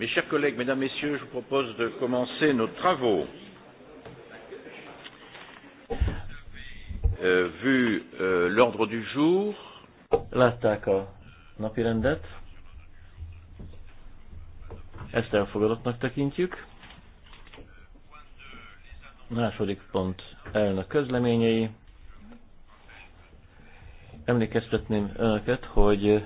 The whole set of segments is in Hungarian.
Mes chers collègues, Mesdames, Messieurs, je vous propose de commencer nos travaux. Euh, vu euh, l'ordre du jour, látták a napirendet, ezt elfogadottnak tekintjük. Második pont elnök közleményei. Emlékeztetném önöket, hogy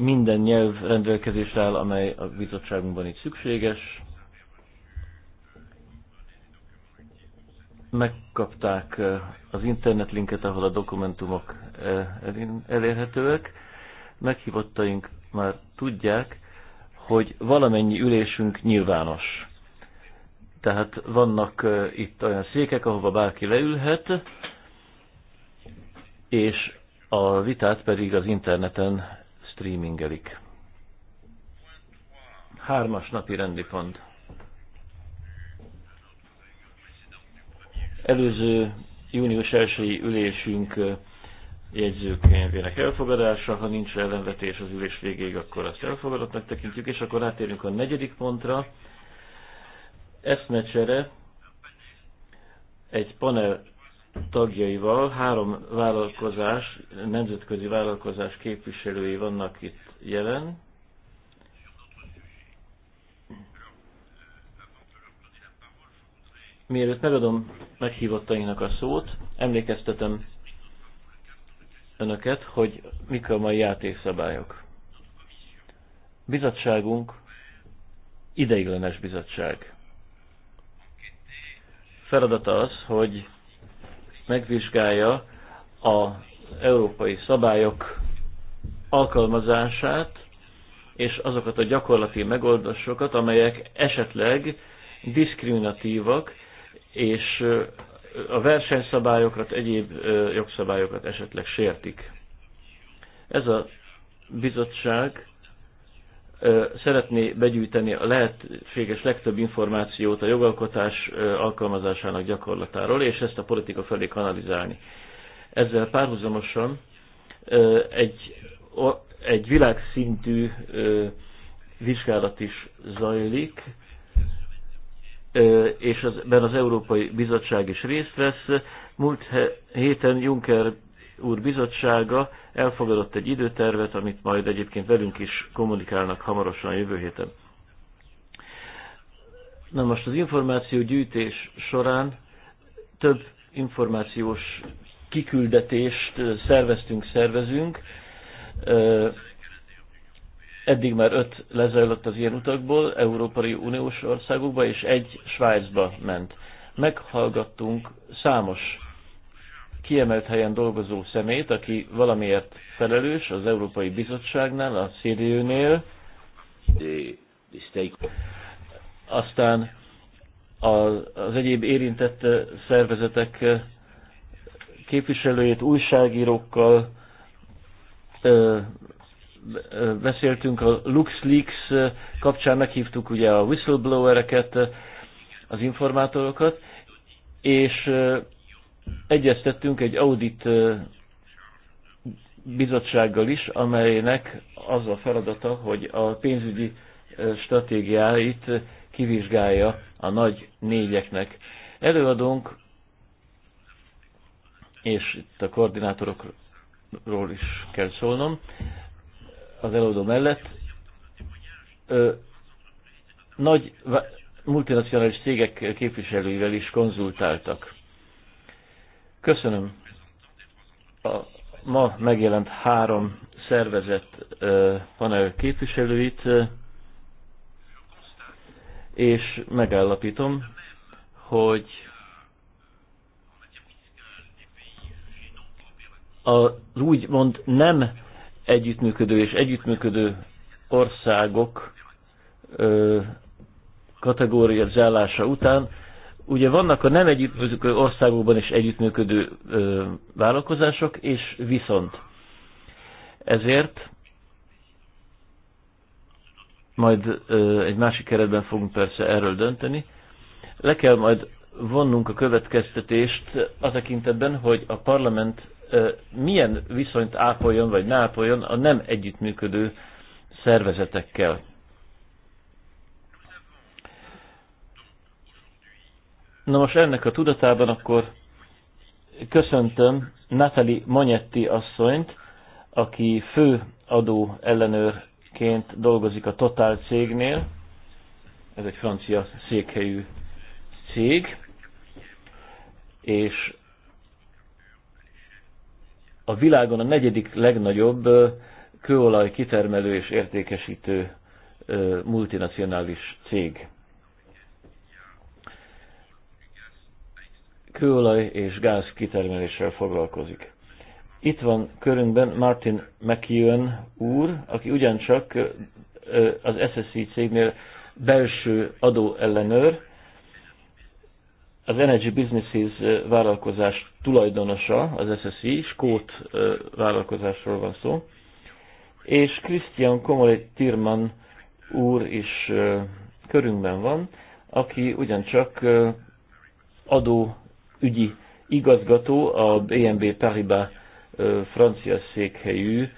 minden nyelv rendelkezésre áll, amely a bizottságunkban itt szükséges. Megkapták eh, az internetlinket, ahol a dokumentumok eh, elérhetőek. Meghívottaink már tudják, hogy valamennyi ülésünk nyilvános. Tehát vannak eh, itt olyan székek, ahova bárki leülhet, és a vitát pedig az interneten streamingelik. Hármas napi rendi pont. Előző június elsői ülésünk jegyzőkönyvének elfogadása, ha nincs ellenvetés az ülés végéig, akkor azt elfogadottnak tekintjük, és akkor átérünk a negyedik pontra. Eszmecsere egy panel tagjaival. Három vállalkozás, nemzetközi vállalkozás képviselői vannak itt jelen. Mielőtt megadom meghívottainak a szót, emlékeztetem önöket, hogy mik a mai játékszabályok. Bizottságunk ideiglenes bizottság. Feladata az, hogy megvizsgálja az európai szabályok alkalmazását, és azokat a gyakorlati megoldásokat, amelyek esetleg diszkriminatívak, és a versenyszabályokat, egyéb jogszabályokat esetleg sértik. Ez a bizottság szeretné begyűjteni a lehetséges legtöbb információt a jogalkotás alkalmazásának gyakorlatáról, és ezt a politika felé kanalizálni. Ezzel párhuzamosan egy, egy világszintű vizsgálat is zajlik, és ebben az Európai Bizottság is részt vesz. Múlt héten Juncker úr bizottsága elfogadott egy időtervet, amit majd egyébként velünk is kommunikálnak hamarosan jövő héten. Na most az információ gyűjtés során több információs kiküldetést szerveztünk, szervezünk. Eddig már öt lezajlott az ilyen utakból, Európai Uniós országokba, és egy Svájcba ment. Meghallgattunk számos kiemelt helyen dolgozó szemét, aki valamiért felelős az Európai Bizottságnál, a CDU-nél, aztán az egyéb érintett szervezetek képviselőjét, újságírókkal beszéltünk, a LuxLeaks kapcsán meghívtuk ugye a whistleblowereket, az informátorokat, és egyeztettünk egy audit bizottsággal is, amelynek az a feladata, hogy a pénzügyi stratégiáit kivizsgálja a nagy négyeknek. Előadunk és itt a koordinátorokról is kell szólnom, az előadó mellett, ö, nagy multinacionális cégek képviselőivel is konzultáltak. Köszönöm. A ma megjelent három szervezet panel képviselőit, és megállapítom, hogy az úgymond nem együttműködő és együttműködő országok kategóriázása után Ugye vannak a nem együttműködő országokban is együttműködő ö, vállalkozások, és viszont. Ezért majd ö, egy másik keretben fogunk persze erről dönteni. Le kell majd vonnunk a következtetést a tekintetben, hogy a parlament ö, milyen viszonyt ápoljon vagy ne ápoljon a nem együttműködő szervezetekkel. Na most ennek a tudatában akkor köszöntöm Natali Monyetti asszonyt, aki fő adó ellenőrként dolgozik a Total cégnél. Ez egy francia székhelyű cég, és a világon a negyedik legnagyobb kőolaj kitermelő és értékesítő multinacionális cég. kőolaj és gáz kitermeléssel foglalkozik. Itt van körünkben Martin McEwen úr, aki ugyancsak az SSC cégnél belső adóellenőr, az Energy Businesses vállalkozás tulajdonosa, az SSI, skót vállalkozásról van szó, és Christian Komolé Tirman úr is körünkben van, aki ugyancsak adó ügyi igazgató, a BNB Paribas francia székhelyű,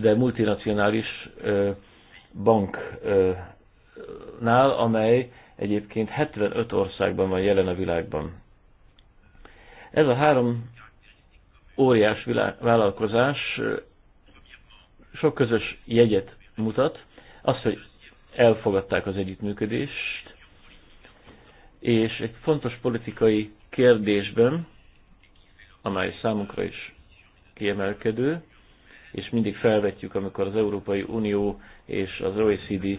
de multinacionális banknál, amely egyébként 75 országban van jelen a világban. Ez a három óriás vállalkozás sok közös jegyet mutat. Az, hogy elfogadták az együttműködést, és egy fontos politikai kérdésben, amely számunkra is kiemelkedő, és mindig felvetjük, amikor az Európai Unió és az OECD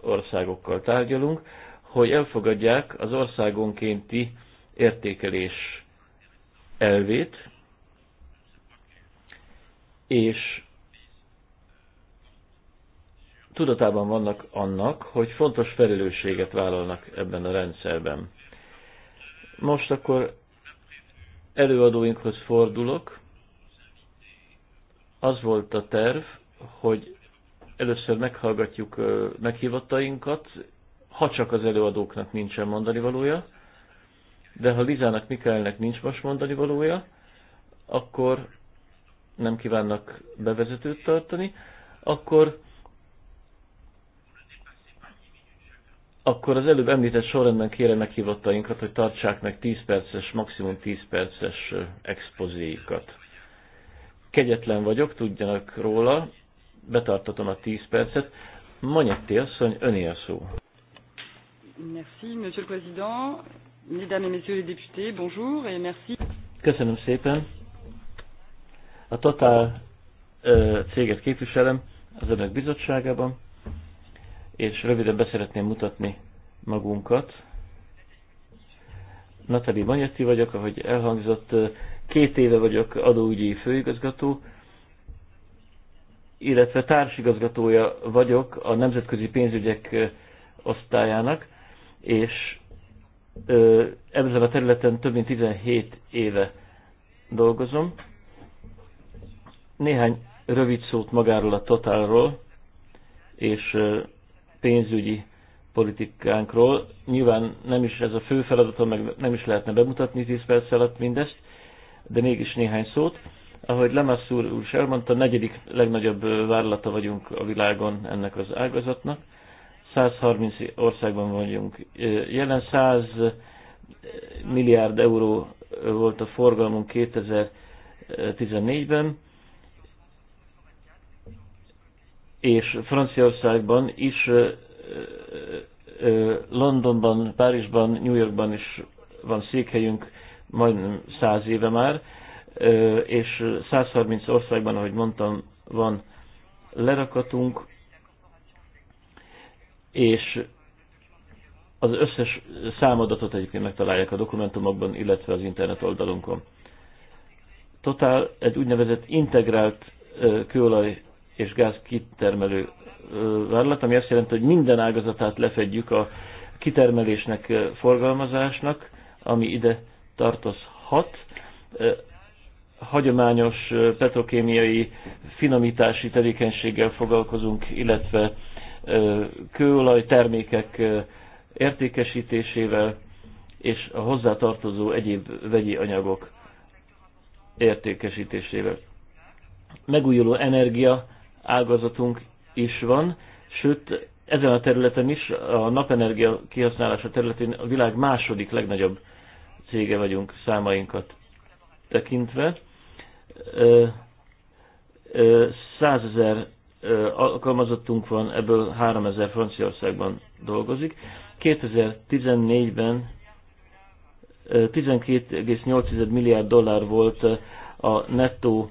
országokkal tárgyalunk, hogy elfogadják az országonkénti értékelés elvét, és tudatában vannak annak, hogy fontos felelősséget vállalnak ebben a rendszerben. Most akkor előadóinkhoz fordulok. Az volt a terv, hogy először meghallgatjuk meghívottainkat, ha csak az előadóknak nincsen mondani valója, de ha Lizának, Mikaelnek nincs most mondani valója, akkor nem kívánnak bevezetőt tartani, akkor akkor az előbb említett sorrendben kérem meghívottainkat, hogy tartsák meg 10 perces, maximum 10 perces expozéikat. Kegyetlen vagyok, tudjanak róla, betartatom a 10 percet. Manyetti asszony, öné a szó. Merci, monsieur le président, mesdames et messieurs les députés, bonjour et merci. Köszönöm szépen. A Total céget képviselem az önök bizottságában és röviden beszeretném mutatni magunkat. Natali Manyeti vagyok, ahogy elhangzott, két éve vagyok adóügyi főigazgató, illetve társigazgatója vagyok a Nemzetközi Pénzügyek osztályának, és ebben a területen több mint 17 éve dolgozom. Néhány rövid szót magáról a Totálról, és pénzügyi politikánkról. Nyilván nem is ez a fő feladatom, meg nem is lehetne bemutatni 10 perc alatt mindezt, de mégis néhány szót. Ahogy Lemassur úr is elmondta, negyedik legnagyobb vállalata vagyunk a világon ennek az ágazatnak. 130 országban vagyunk. Jelen 100 milliárd euró volt a forgalmunk 2014-ben, és Franciaországban is, Londonban, Párizsban, New Yorkban is van székhelyünk, majdnem száz éve már, és 130 országban, ahogy mondtam, van lerakatunk, és az összes számadatot egyébként megtalálják a dokumentumokban, illetve az internet oldalunkon. Totál egy úgynevezett integrált kőolaj és gáz kitermelő vállalat, ami azt jelenti, hogy minden ágazatát lefedjük a kitermelésnek, forgalmazásnak, ami ide tartozhat. Hagyományos petrokémiai finomítási tevékenységgel foglalkozunk, illetve kőolaj termékek értékesítésével és a hozzátartozó egyéb vegyi anyagok értékesítésével. Megújuló energia ágazatunk is van, sőt, ezen a területen is, a napenergia kihasználása területén a világ második legnagyobb cége vagyunk számainkat tekintve. 100 alkalmazottunk van, ebből 3000 Franciaországban dolgozik. 2014-ben 12,8 milliárd dollár volt a nettó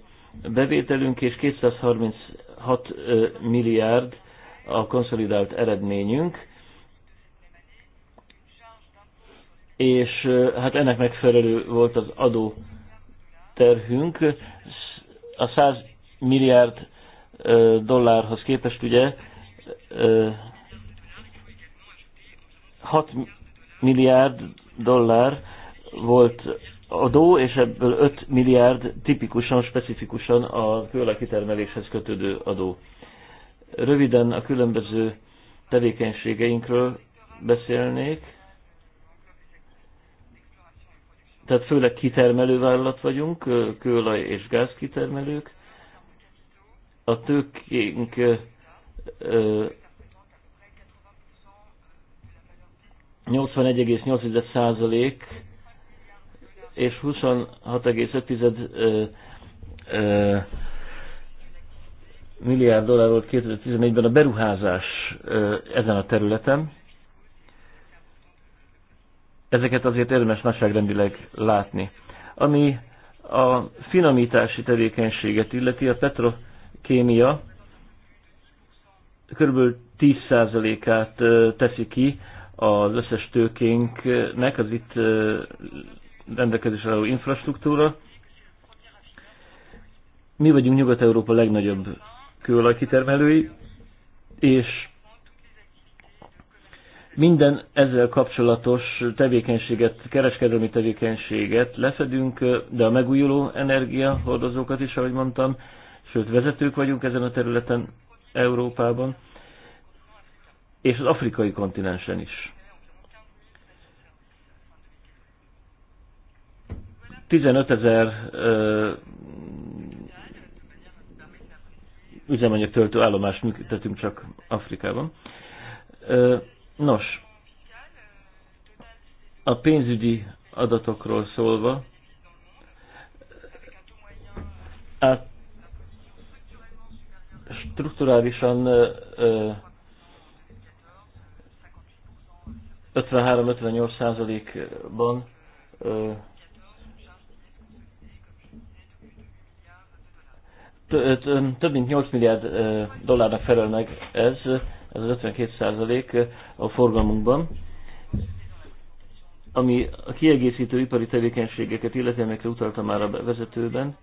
bevételünk, és 230 6 milliárd a konszolidált eredményünk, és hát ennek megfelelő volt az adó terhünk. A 100 milliárd dollárhoz képest ugye 6 milliárd dollár volt adó, és ebből 5 milliárd tipikusan, specifikusan a kőolajkitermeléshez kötődő adó. Röviden a különböző tevékenységeinkről beszélnék. Tehát főleg kitermelővállalat vagyunk, kőolaj és gáz kitermelők. A tőkénk ö, 81,8% és 26,5 milliárd dollár volt 2014-ben a beruházás ezen a területen. Ezeket azért érdemes nagyságrendileg látni. Ami a finomítási tevékenységet illeti, a petrokémia kb. 10%-át teszi ki az összes tőkénknek, az itt rendelkezésre álló infrastruktúra. Mi vagyunk Nyugat-Európa legnagyobb kőolajkitermelői, és minden ezzel kapcsolatos tevékenységet, kereskedelmi tevékenységet lefedünk, de a megújuló energiahordozókat is, ahogy mondtam, sőt vezetők vagyunk ezen a területen Európában, és az afrikai kontinensen is. 15 ezer üzemanyagtöltő állomást működtetünk csak Afrikában. Nos, a pénzügyi adatokról szólva, át strukturálisan 53-58 százalékban több mint 8 milliárd dollárnak felel meg ez, ez az 52 százalék a forgalmunkban, ami a kiegészítő ipari tevékenységeket, illetve amikre utaltam már a vezetőben,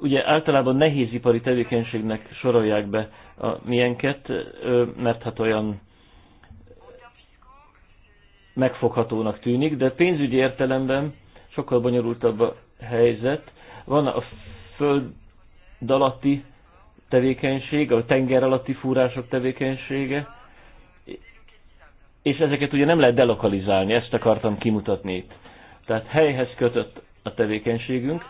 ugye általában nehéz ipari tevékenységnek sorolják be a milyenket, mert hát olyan megfoghatónak tűnik, de pénzügyi értelemben sokkal bonyolultabb a helyzet. Van a föld alatti tevékenység, a tenger alatti fúrások tevékenysége, és ezeket ugye nem lehet delokalizálni, ezt akartam kimutatni itt. Tehát helyhez kötött a tevékenységünk,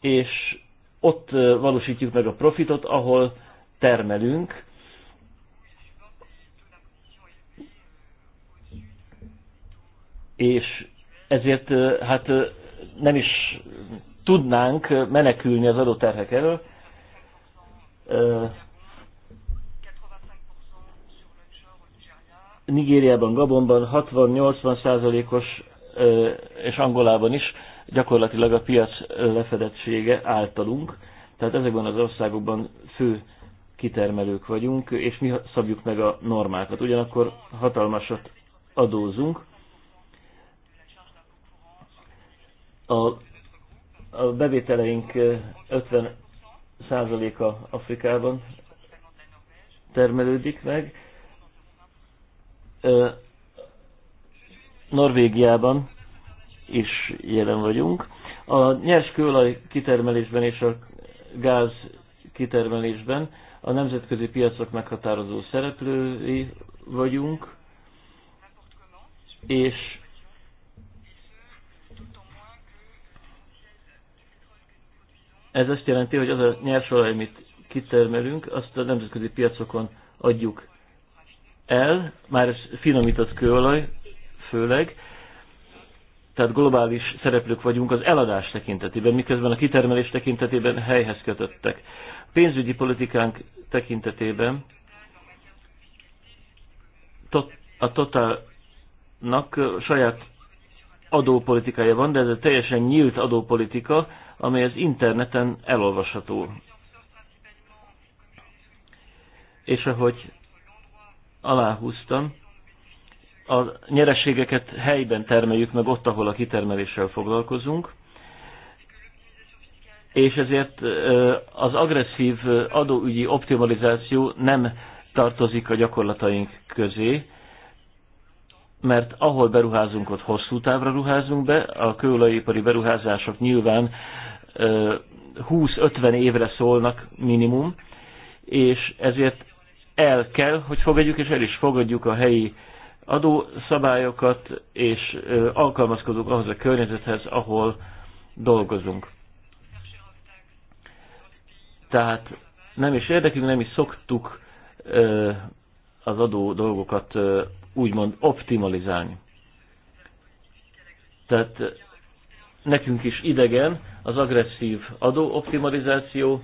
és ott valósítjuk meg a profitot, ahol termelünk. És ezért hát nem is tudnánk menekülni az terhek elől. Nigériában, Gabonban 60-80 százalékos és Angolában is gyakorlatilag a piac lefedettsége általunk. Tehát ezekben az országokban fő kitermelők vagyunk, és mi szabjuk meg a normákat. Ugyanakkor hatalmasat adózunk. A a bevételeink 50%-a Afrikában termelődik meg. Norvégiában is jelen vagyunk. A nyers kőolaj kitermelésben és a gáz kitermelésben a nemzetközi piacok meghatározó szereplői vagyunk, és Ez azt jelenti, hogy az a nyersolaj, amit kitermelünk, azt a nemzetközi piacokon adjuk el, már ez finomított kőolaj főleg, tehát globális szereplők vagyunk az eladás tekintetében, miközben a kitermelés tekintetében helyhez kötöttek. Pénzügyi politikánk tekintetében a totálnak saját adópolitikája van, de ez egy teljesen nyílt adópolitika, amely az interneten elolvasható. És ahogy aláhúztam, a nyereségeket helyben termeljük meg ott, ahol a kitermeléssel foglalkozunk, és ezért az agresszív adóügyi optimalizáció nem tartozik a gyakorlataink közé, mert ahol beruházunk, ott hosszú távra ruházunk be, a kőolajipari beruházások nyilván 20-50 évre szólnak minimum, és ezért el kell, hogy fogadjuk, és el is fogadjuk a helyi adószabályokat, és alkalmazkodunk ahhoz a környezethez, ahol dolgozunk. Tehát nem is érdekünk, nem is szoktuk az adó dolgokat úgymond optimalizálni. Tehát nekünk is idegen az agresszív adóoptimalizáció,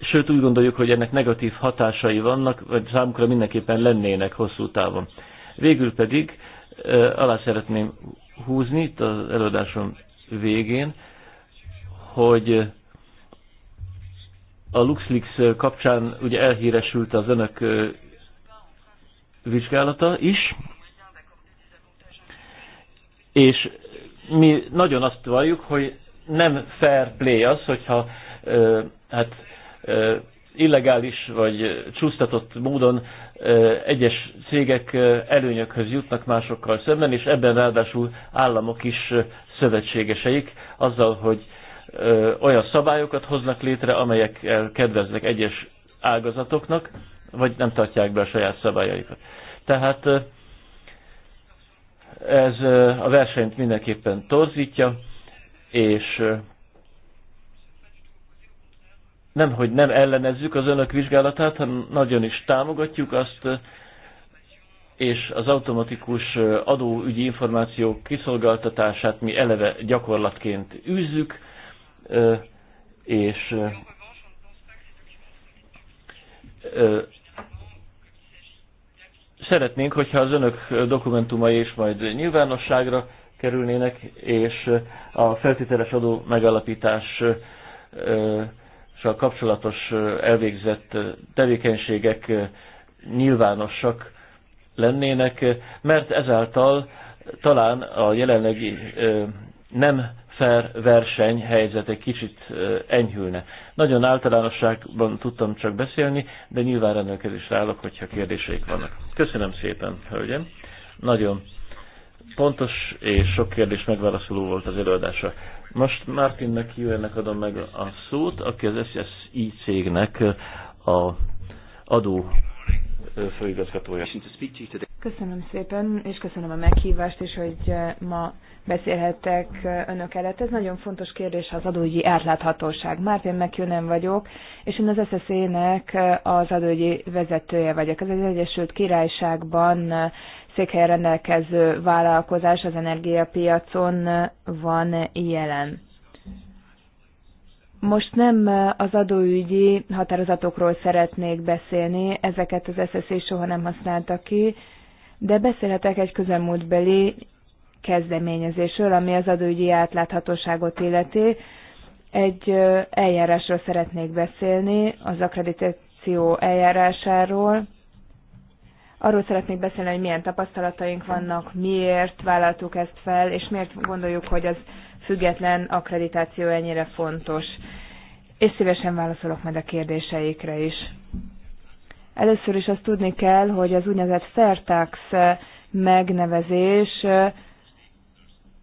sőt úgy gondoljuk, hogy ennek negatív hatásai vannak, vagy számukra mindenképpen lennének hosszú távon. Végül pedig alá szeretném húzni itt az előadásom végén, hogy a LuxLeaks kapcsán ugye elhíresült az önök vizsgálata is, és mi nagyon azt valljuk, hogy nem fair play az, hogyha ö, hát ö, illegális vagy csúsztatott módon ö, egyes cégek előnyökhöz jutnak másokkal szemben, és ebben ráadásul államok is szövetségeseik azzal, hogy ö, olyan szabályokat hoznak létre, amelyek kedveznek egyes ágazatoknak, vagy nem tartják be a saját szabályaikat. Tehát ez a versenyt mindenképpen torzítja, és nem, hogy nem ellenezzük az önök vizsgálatát, hanem nagyon is támogatjuk azt, és az automatikus adóügyi információk kiszolgáltatását mi eleve gyakorlatként űzzük, és Szeretnénk, hogyha az önök dokumentumai is majd nyilvánosságra kerülnének, és a feltételes adó megalapítással kapcsolatos elvégzett tevékenységek nyilvánosak lennének, mert ezáltal talán a jelenlegi nem fair verseny helyzet egy kicsit enyhülne. Nagyon általánosságban tudtam csak beszélni, de nyilván rendelkezésre állok, hogyha kérdéseik vannak. Köszönöm szépen, hölgyem. Nagyon pontos és sok kérdés megválaszoló volt az előadása. Most Martinnek Hewernek adom meg a szót, aki az SSI cégnek a adó főigazgatója. Köszönöm szépen, és köszönöm a meghívást és hogy eh, ma beszélhettek eh, önök előtt. Ez nagyon fontos kérdés az adógyi átláthatóság. Mártin nem vagyok, és én az SSZ-nek eh, az adógyi vezetője vagyok. Ez az Egyesült Királyságban székhelyen rendelkező vállalkozás az energiapiacon van jelen. Most nem az adóügyi határozatokról szeretnék beszélni, ezeket az SSZ soha nem használta ki, de beszélhetek egy közelmúltbeli kezdeményezésről, ami az adóügyi átláthatóságot illeti. Egy eljárásról szeretnék beszélni, az akkreditáció eljárásáról. Arról szeretnék beszélni, hogy milyen tapasztalataink vannak, miért vállaltuk ezt fel, és miért gondoljuk, hogy az független akkreditáció ennyire fontos. És szívesen válaszolok majd a kérdéseikre is. Először is azt tudni kell, hogy az úgynevezett Fairtax megnevezés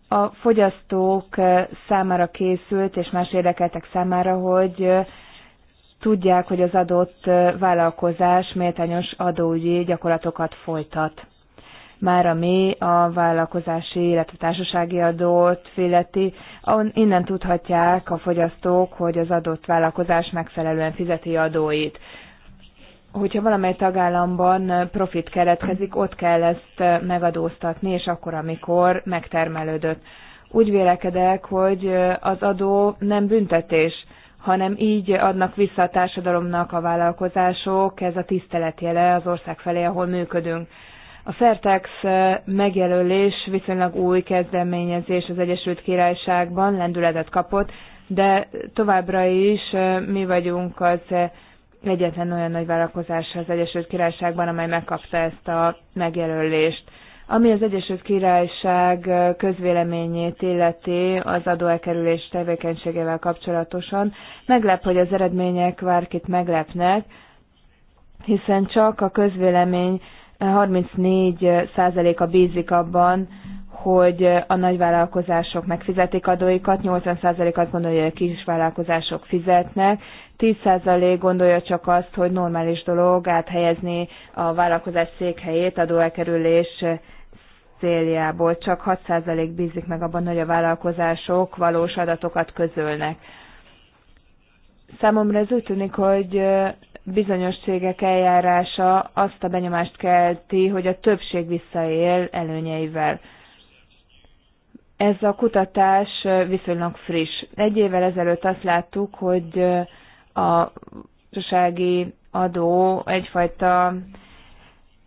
a fogyasztók számára készült, és más érdekeltek számára, hogy tudják, hogy az adott vállalkozás méltányos adóügyi gyakorlatokat folytat már a mély, a vállalkozási, illetve társasági adót filleti, Innen tudhatják a fogyasztók, hogy az adott vállalkozás megfelelően fizeti adóit. Hogyha valamely tagállamban profit keletkezik, ott kell ezt megadóztatni, és akkor, amikor megtermelődött. Úgy vélekedek, hogy az adó nem büntetés, hanem így adnak vissza a társadalomnak a vállalkozások, ez a tiszteletjele az ország felé, ahol működünk. A Fertax eh, megjelölés viszonylag új kezdeményezés az Egyesült Királyságban, lendületet kapott, de továbbra is eh, mi vagyunk az eh, egyetlen olyan nagy vállalkozás az Egyesült Királyságban, amely megkapta ezt a megjelölést. Ami az Egyesült Királyság közvéleményét illeti az adóelkerülés tevékenységével kapcsolatosan, meglep, hogy az eredmények várkit meglepnek, hiszen csak a közvélemény 34%-a bízik abban, hogy a nagyvállalkozások megfizetik adóikat, 80% azt gondolja, hogy a kisvállalkozások fizetnek, 10% gondolja csak azt, hogy normális dolog áthelyezni a vállalkozás székhelyét adóelkerülés céljából. Csak 6% bízik meg abban, hogy a vállalkozások valós adatokat közölnek. Számomra ez úgy tűnik, hogy bizonyos cégek eljárása azt a benyomást kelti, hogy a többség visszaél előnyeivel. Ez a kutatás viszonylag friss. Egy évvel ezelőtt azt láttuk, hogy a gazdasági adó egyfajta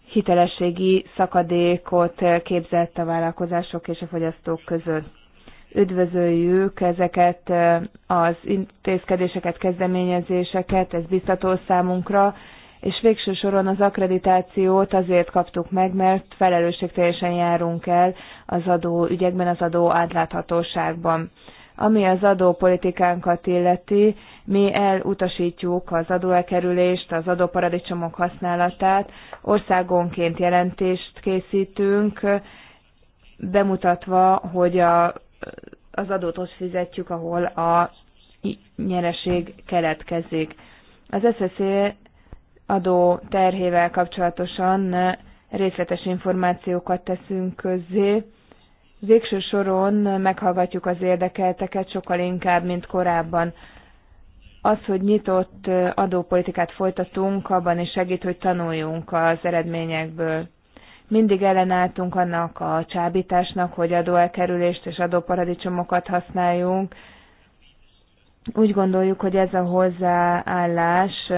hitelességi szakadékot képzett a vállalkozások és a fogyasztók között. Üdvözöljük ezeket az intézkedéseket, kezdeményezéseket, ez biztató számunkra, és végső soron az akkreditációt azért kaptuk meg, mert felelősségteljesen járunk el az adó ügyekben, az adó átláthatóságban. Ami az adópolitikánkat illeti, mi elutasítjuk az adóelkerülést, az adóparadicsomok használatát, országonként jelentést készítünk, bemutatva, hogy a az adót ott fizetjük, ahol a nyereség keletkezik. Az SSZ adó terhével kapcsolatosan részletes információkat teszünk közzé. Végső soron meghallgatjuk az érdekelteket sokkal inkább, mint korábban. Az, hogy nyitott adópolitikát folytatunk, abban is segít, hogy tanuljunk az eredményekből. Mindig ellenálltunk annak a csábításnak, hogy adóelkerülést és adóparadicsomokat használjunk. Úgy gondoljuk, hogy ez a hozzáállás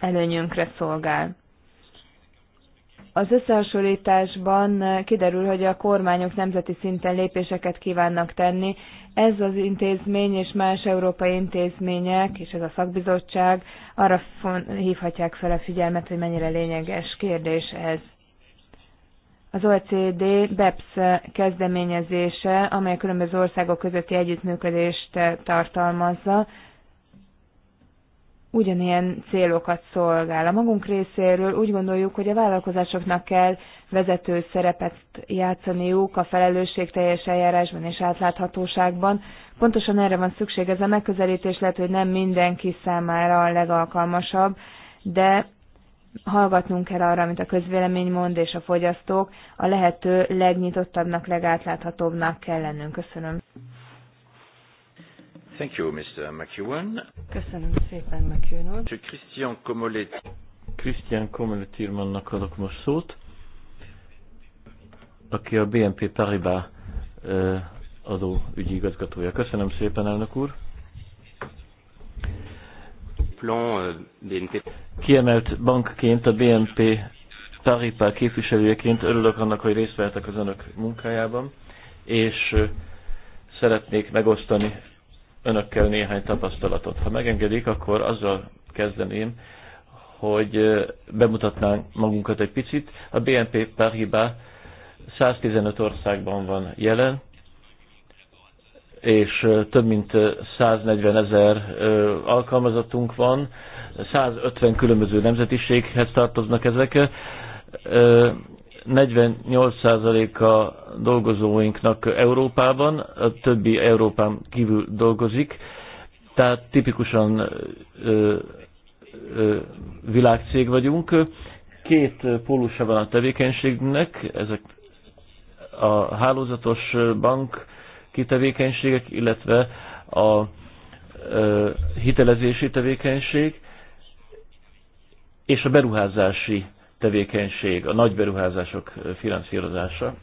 előnyünkre szolgál. Az összehasonlításban kiderül, hogy a kormányok nemzeti szinten lépéseket kívánnak tenni. Ez az intézmény és más európai intézmények, és ez a szakbizottság arra hívhatják fel a figyelmet, hogy mennyire lényeges kérdés ez az OECD BEPS kezdeményezése, amely a különböző országok közötti együttműködést tartalmazza, ugyanilyen célokat szolgál. A magunk részéről úgy gondoljuk, hogy a vállalkozásoknak kell vezető szerepet játszaniuk a felelősség teljes eljárásban és átláthatóságban. Pontosan erre van szükség. Ez a megközelítés lehet, hogy nem mindenki számára a legalkalmasabb, de hallgatnunk kell arra, amit a közvélemény mond és a fogyasztók, a lehető legnyitottabbnak, legátláthatóbbnak kell lennünk. Köszönöm. Thank you, Mr. McEwan. Köszönöm szépen, McEwan Christian Komolet. Christian Komolet Irmannak adok most szót, aki a BNP Paribas adó igazgatója. Köszönöm szépen, elnök úr plan euh, BNP. Kiemelt bankként a BNP Paribas képviselőjeként örülök annak, hogy részt vettek az önök munkájában, és szeretnék megosztani önökkel néhány tapasztalatot. Ha megengedik, akkor azzal kezdeném, hogy bemutatnánk magunkat egy picit. A BNP Paribas 115 országban van jelen, és több mint 140 ezer alkalmazatunk van, 150 különböző nemzetiséghez tartoznak ezek. 48%-a dolgozóinknak Európában, a többi Európán kívül dolgozik, tehát tipikusan ö, ö, világcég vagyunk. Két pólusa van a tevékenységnek, ezek a hálózatos bank, tevékenységek, illetve a ö, hitelezési tevékenység és a beruházási tevékenység, a nagy beruházások finanszírozása.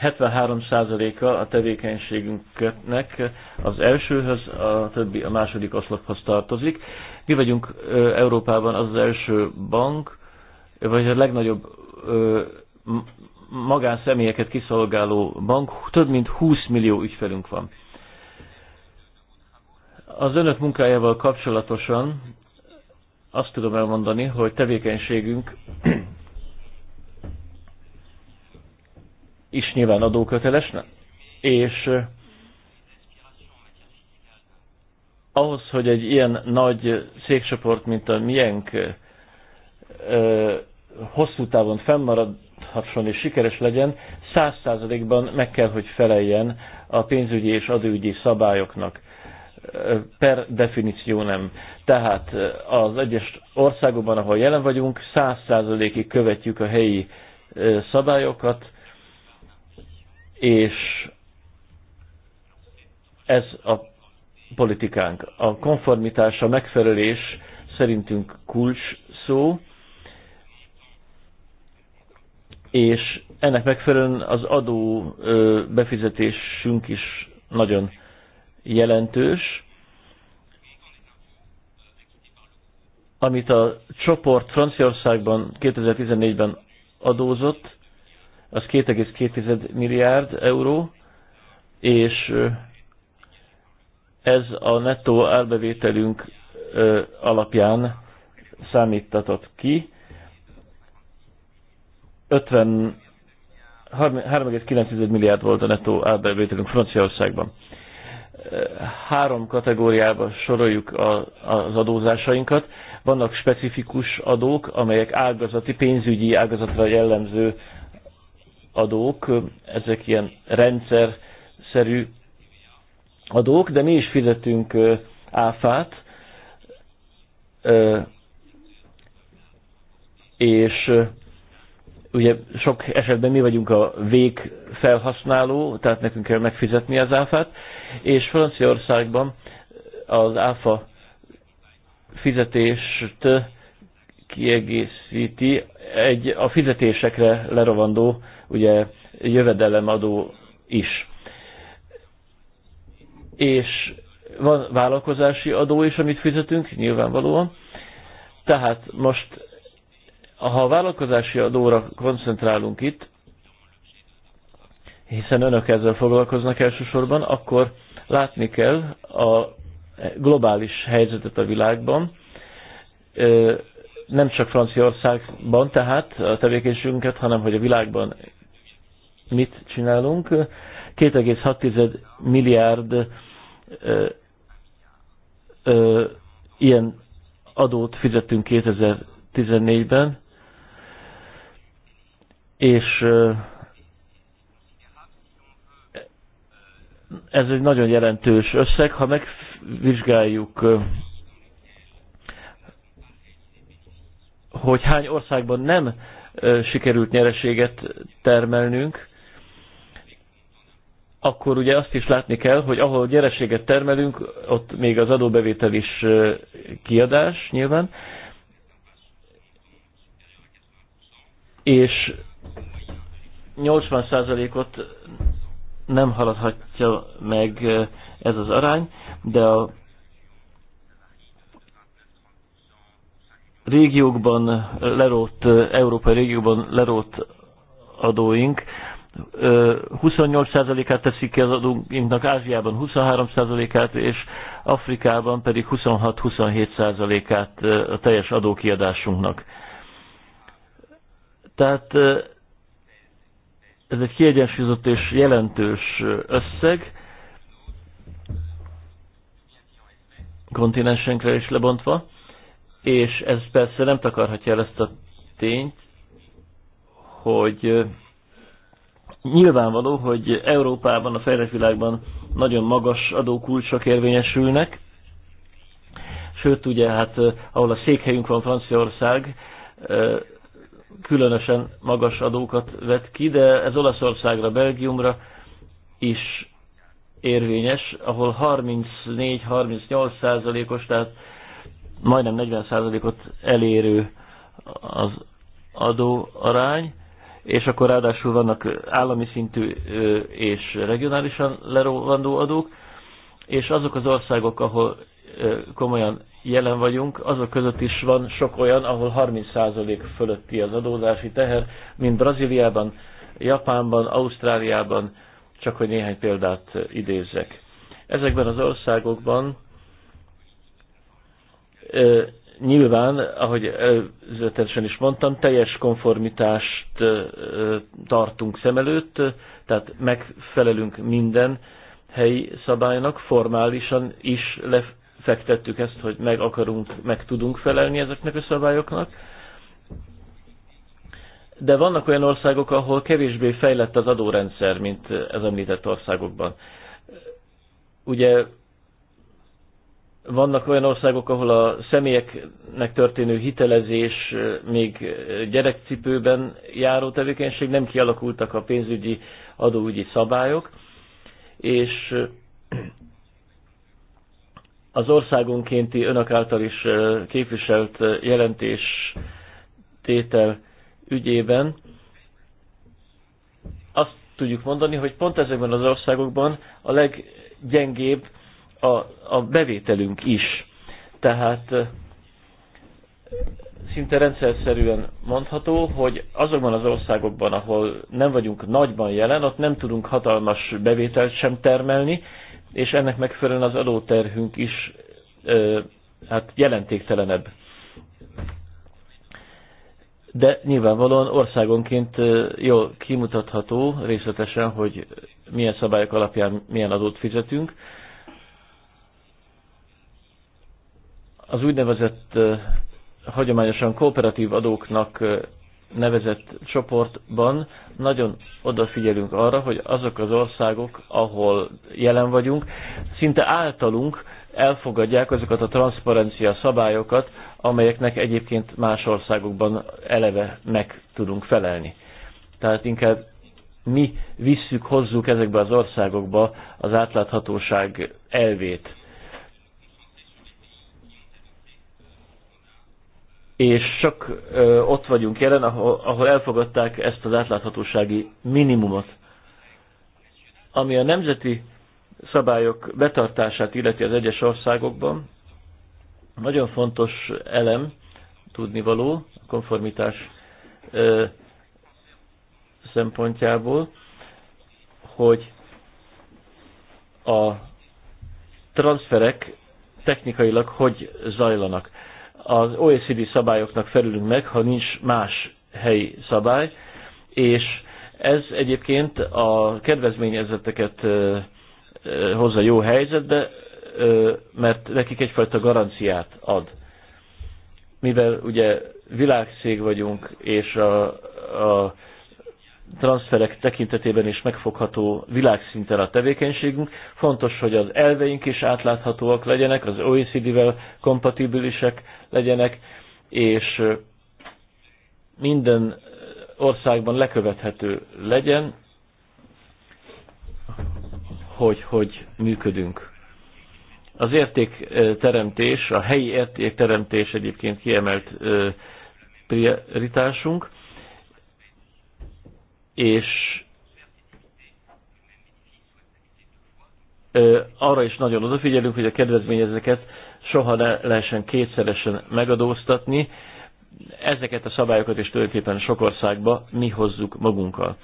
73%-a a tevékenységünknek az elsőhöz, a többi a második oszlophoz tartozik. Mi vagyunk Európában az, az első bank, vagy a legnagyobb magánszemélyeket kiszolgáló bank, több mint 20 millió ügyfelünk van. Az önök munkájával kapcsolatosan azt tudom elmondani, hogy tevékenységünk is nyilván adóköteles, és eh, ahhoz, hogy egy ilyen nagy székcsoport, mint a miénk, eh, hosszú távon fennmarad, fennmaradhasson és sikeres legyen, száz százalékban meg kell, hogy feleljen a pénzügyi és adóügyi szabályoknak. Per definíció nem. Tehát az egyes országokban, ahol jelen vagyunk, száz százalékig követjük a helyi szabályokat, és ez a politikánk. A konformitás, a megfelelés szerintünk kulcs szó, és ennek megfelelően az adó befizetésünk is nagyon jelentős, amit a csoport Franciaországban 2014-ben adózott, az 2,2 milliárd euró, és ez a nettó árbevételünk alapján számítatott ki. 50 3,9 milliárd volt a nettó árbevételünk Franciaországban. Három kategóriába soroljuk a, az adózásainkat. Vannak specifikus adók, amelyek ágazati, pénzügyi ágazatra jellemző adók, ezek ilyen rendszerszerű adók, de mi is fizetünk áfát, és ugye sok esetben mi vagyunk a vég felhasználó, tehát nekünk kell megfizetni az áfát, és Franciaországban az áfa fizetést kiegészíti egy a fizetésekre lerovandó ugye, jövedelemadó is. És van vállalkozási adó is, amit fizetünk, nyilvánvalóan. Tehát most ha a vállalkozási adóra koncentrálunk itt, hiszen önök ezzel foglalkoznak elsősorban, akkor látni kell a globális helyzetet a világban, nem csak Franciaországban tehát a tevékenységünket, hanem hogy a világban mit csinálunk. 2,6 milliárd ö, ö, ilyen adót fizettünk 2014-ben, és ez egy nagyon jelentős összeg. Ha megvizsgáljuk, hogy hány országban nem sikerült nyereséget termelnünk, akkor ugye azt is látni kell, hogy ahol nyereséget termelünk, ott még az adóbevétel is kiadás nyilván, és 80%-ot nem haladhatja meg ez az arány, de a régiókban lerót, európai régiókban lerót adóink 28%-át teszik ki az adóinknak, Ázsiában 23%-át, és Afrikában pedig 26-27%-át a teljes adókiadásunknak. Tehát ez egy kiegyensúlyozott és jelentős összeg, kontinensenkre is lebontva, és ez persze nem takarhatja el ezt a tényt, hogy nyilvánvaló, hogy Európában, a fejlett világban nagyon magas adókulcsok érvényesülnek, sőt ugye hát ahol a székhelyünk van Franciaország, különösen magas adókat vet ki, de ez Olaszországra, Belgiumra is érvényes, ahol 34-38 százalékos, tehát majdnem 40 százalékot elérő az adóarány, és akkor ráadásul vannak állami szintű és regionálisan lerovandó adók, és azok az országok, ahol komolyan jelen vagyunk, azok között is van sok olyan, ahol 30% fölötti az adózási teher, mint Brazíliában, Japánban, Ausztráliában, csak hogy néhány példát idézzek. Ezekben az országokban nyilván, ahogy előzetesen is mondtam, teljes konformitást tartunk szem előtt, tehát megfelelünk minden helyi szabálynak, formálisan is fektettük ezt, hogy meg akarunk, meg tudunk felelni ezeknek a szabályoknak. De vannak olyan országok, ahol kevésbé fejlett az adórendszer, mint az említett országokban. Ugye vannak olyan országok, ahol a személyeknek történő hitelezés még gyerekcipőben járó tevékenység, nem kialakultak a pénzügyi adóügyi szabályok, és az országonkénti önök által is képviselt jelentés tétel ügyében azt tudjuk mondani, hogy pont ezekben az országokban a leggyengébb a, a bevételünk is. Tehát szinte rendszerszerűen mondható, hogy azokban az országokban, ahol nem vagyunk nagyban jelen, ott nem tudunk hatalmas bevételt sem termelni, és ennek megfelelően az adóterhünk is ö, hát jelentéktelenebb. De nyilvánvalóan országonként jól kimutatható részletesen, hogy milyen szabályok alapján milyen adót fizetünk. Az úgynevezett hagyományosan kooperatív adóknak nevezett csoportban nagyon odafigyelünk arra, hogy azok az országok, ahol jelen vagyunk, szinte általunk elfogadják azokat a transzparencia szabályokat, amelyeknek egyébként más országokban eleve meg tudunk felelni. Tehát inkább mi visszük, hozzuk ezekbe az országokba az átláthatóság elvét. és sok ö, ott vagyunk jelen, ahol, ahol elfogadták ezt az átláthatósági minimumot. Ami a nemzeti szabályok betartását illeti az egyes országokban, nagyon fontos elem, tudnivaló, a konformitás ö, szempontjából, hogy a transferek technikailag hogy zajlanak az OECD szabályoknak felülünk meg, ha nincs más helyi szabály, és ez egyébként a kedvezményezeteket hozza jó helyzetbe, mert nekik egyfajta garanciát ad. Mivel ugye világszég vagyunk, és a, a transferek tekintetében is megfogható világszinten a tevékenységünk. Fontos, hogy az elveink is átláthatóak legyenek, az OECD-vel kompatibilisek legyenek, és minden országban lekövethető legyen, hogy hogy működünk. Az értékteremtés, a helyi értékteremtés egyébként kiemelt prioritásunk, és arra is nagyon odafigyelünk, hogy a kedvezményezeket soha ne lehessen kétszeresen megadóztatni. Ezeket a szabályokat is tulajdonképpen sok országba mi hozzuk magunkkal.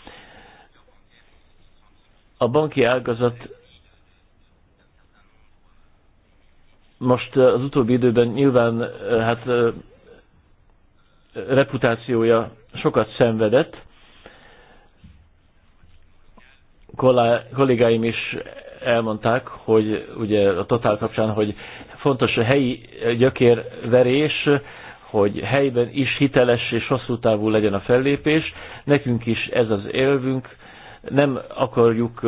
A banki ágazat most az utóbbi időben nyilván hát reputációja sokat szenvedett, kollégáim is elmondták, hogy ugye a totál kapcsán, hogy fontos a helyi gyökérverés, hogy helyben is hiteles és hosszú távú legyen a fellépés. Nekünk is ez az élvünk. Nem akarjuk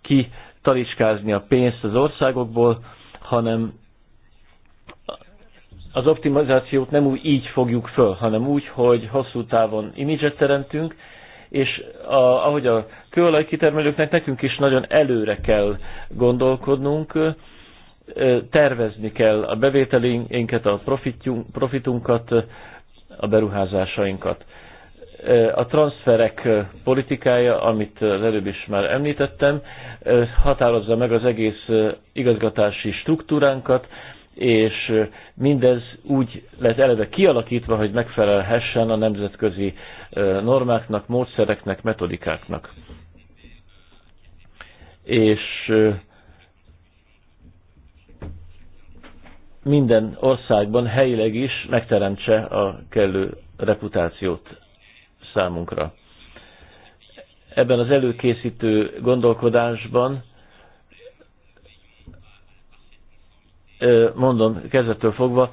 ki a pénzt az országokból, hanem az optimizációt nem úgy így fogjuk föl, hanem úgy, hogy hosszú távon imidzset teremtünk, és a, ahogy a kőolaj kitermelőknek nekünk is nagyon előre kell gondolkodnunk, tervezni kell a bevételénket, a profitunkat, a beruházásainkat. A transferek politikája, amit az előbb is már említettem, határozza meg az egész igazgatási struktúránkat, és mindez úgy lett eleve kialakítva, hogy megfelelhessen a nemzetközi normáknak, módszereknek, metodikáknak. És minden országban helyileg is megteremtse a kellő reputációt számunkra. Ebben az előkészítő gondolkodásban mondom, kezdettől fogva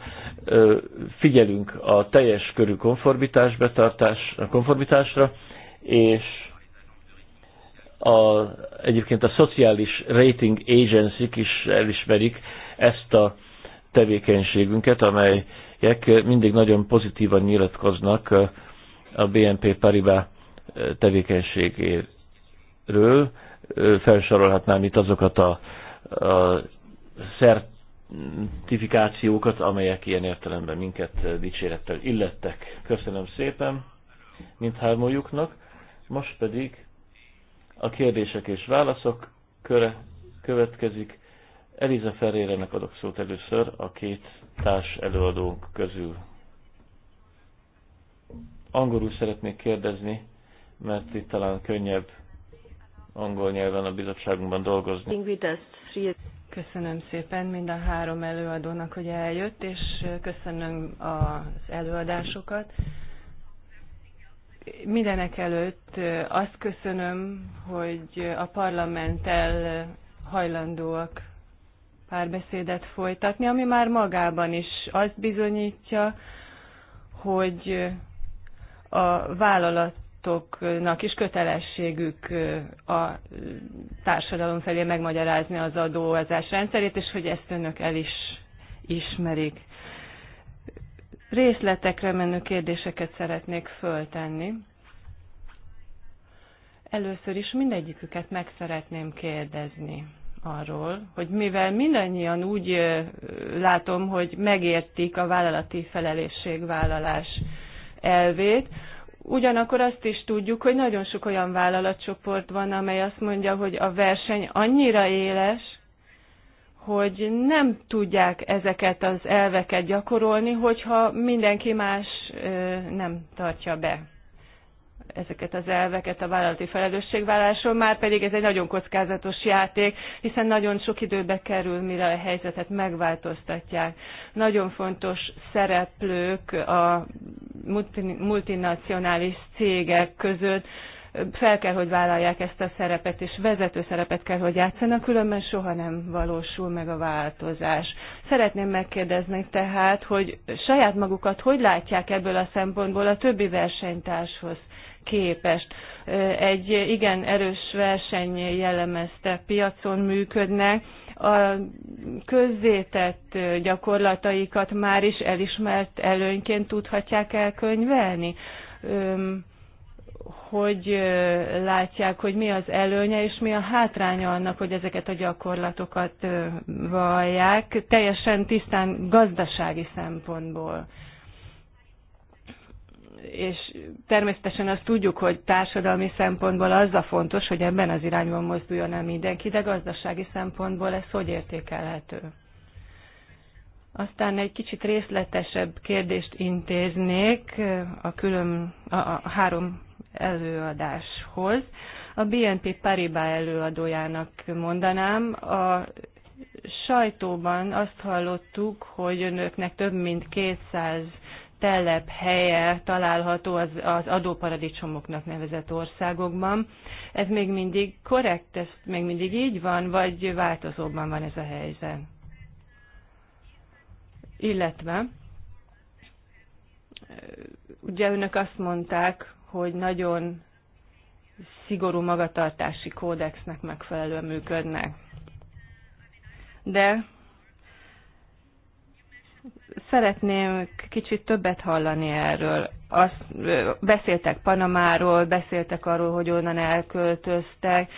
figyelünk a teljes körű konformitás betartás, konformitásra, és a, egyébként a szociális rating agency is elismerik ezt a tevékenységünket, amelyek mindig nagyon pozitívan nyilatkoznak a BNP Paribas tevékenységéről. Felsorolhatnám itt azokat a, a szert notifikációkat, amelyek ilyen értelemben minket dicsérettel illettek. Köszönöm szépen mindhármójuknak. Most pedig a kérdések és válaszok köre következik. Eliza Ferrérenek adok szót először a két társ előadónk közül. Angolul szeretnék kérdezni, mert itt talán könnyebb angol nyelven a bizottságunkban dolgozni. Köszönöm szépen mind a három előadónak, hogy eljött, és köszönöm az előadásokat. Mindenek előtt azt köszönöm, hogy a parlamenttel hajlandóak párbeszédet folytatni, ami már magában is azt bizonyítja, hogy a vállalat pártoknak is kötelességük a társadalom felé megmagyarázni az adózás rendszerét, és hogy ezt önök el is ismerik. Részletekre menő kérdéseket szeretnék föltenni. Először is mindegyiküket meg szeretném kérdezni arról, hogy mivel mindannyian úgy látom, hogy megértik a vállalati felelősségvállalás elvét, Ugyanakkor azt is tudjuk, hogy nagyon sok olyan vállalatcsoport van, amely azt mondja, hogy a verseny annyira éles, hogy nem tudják ezeket az elveket gyakorolni, hogyha mindenki más nem tartja be ezeket az elveket a vállalati felelősségvállásról, már pedig ez egy nagyon kockázatos játék, hiszen nagyon sok időbe kerül, mire a helyzetet megváltoztatják. Nagyon fontos szereplők a multinacionális cégek között, fel kell, hogy vállalják ezt a szerepet, és vezető szerepet kell, hogy játszanak, különben soha nem valósul meg a változás. Szeretném megkérdezni tehát, hogy saját magukat hogy látják ebből a szempontból a többi versenytárshoz képest. Egy igen erős verseny jellemezte piacon működnek, a közzétett gyakorlataikat már is elismert előnyként tudhatják elkönyvelni hogy látják, hogy mi az előnye és mi a hátránya annak, hogy ezeket a gyakorlatokat vallják, teljesen tisztán gazdasági szempontból és természetesen azt tudjuk, hogy társadalmi szempontból az a fontos, hogy ebben az irányban mozduljon el mindenki, de gazdasági szempontból ez hogy értékelhető? Aztán egy kicsit részletesebb kérdést intéznék a, külön, a, a három előadáshoz. A BNP Paribas előadójának mondanám, a sajtóban azt hallottuk, hogy önöknek több mint 200 helye található az, az adóparadicsomoknak nevezett országokban. Ez még mindig korrekt, ez még mindig így van, vagy változóban van ez a helyzet? Illetve, ugye önök azt mondták, hogy nagyon szigorú magatartási kódexnek megfelelően működnek. De Szeretném kicsit többet hallani erről. Azt, beszéltek Panamáról, beszéltek arról, hogy onnan elköltöztek.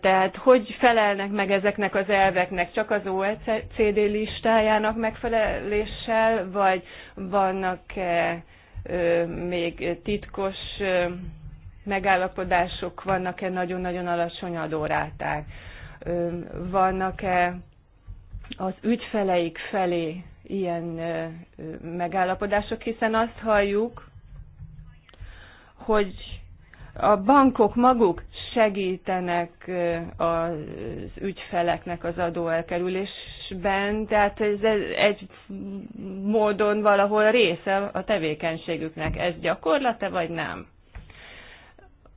Tehát hogy felelnek meg ezeknek az elveknek? Csak az OECD listájának megfeleléssel, vagy vannak-e még titkos megállapodások, vannak-e nagyon-nagyon alacsony adóráták, vannak-e az ügyfeleik felé ilyen megállapodások, hiszen azt halljuk, hogy a bankok maguk segítenek az ügyfeleknek az adóelkerülésben, tehát ez egy módon valahol része a tevékenységüknek. Ez gyakorlata vagy nem?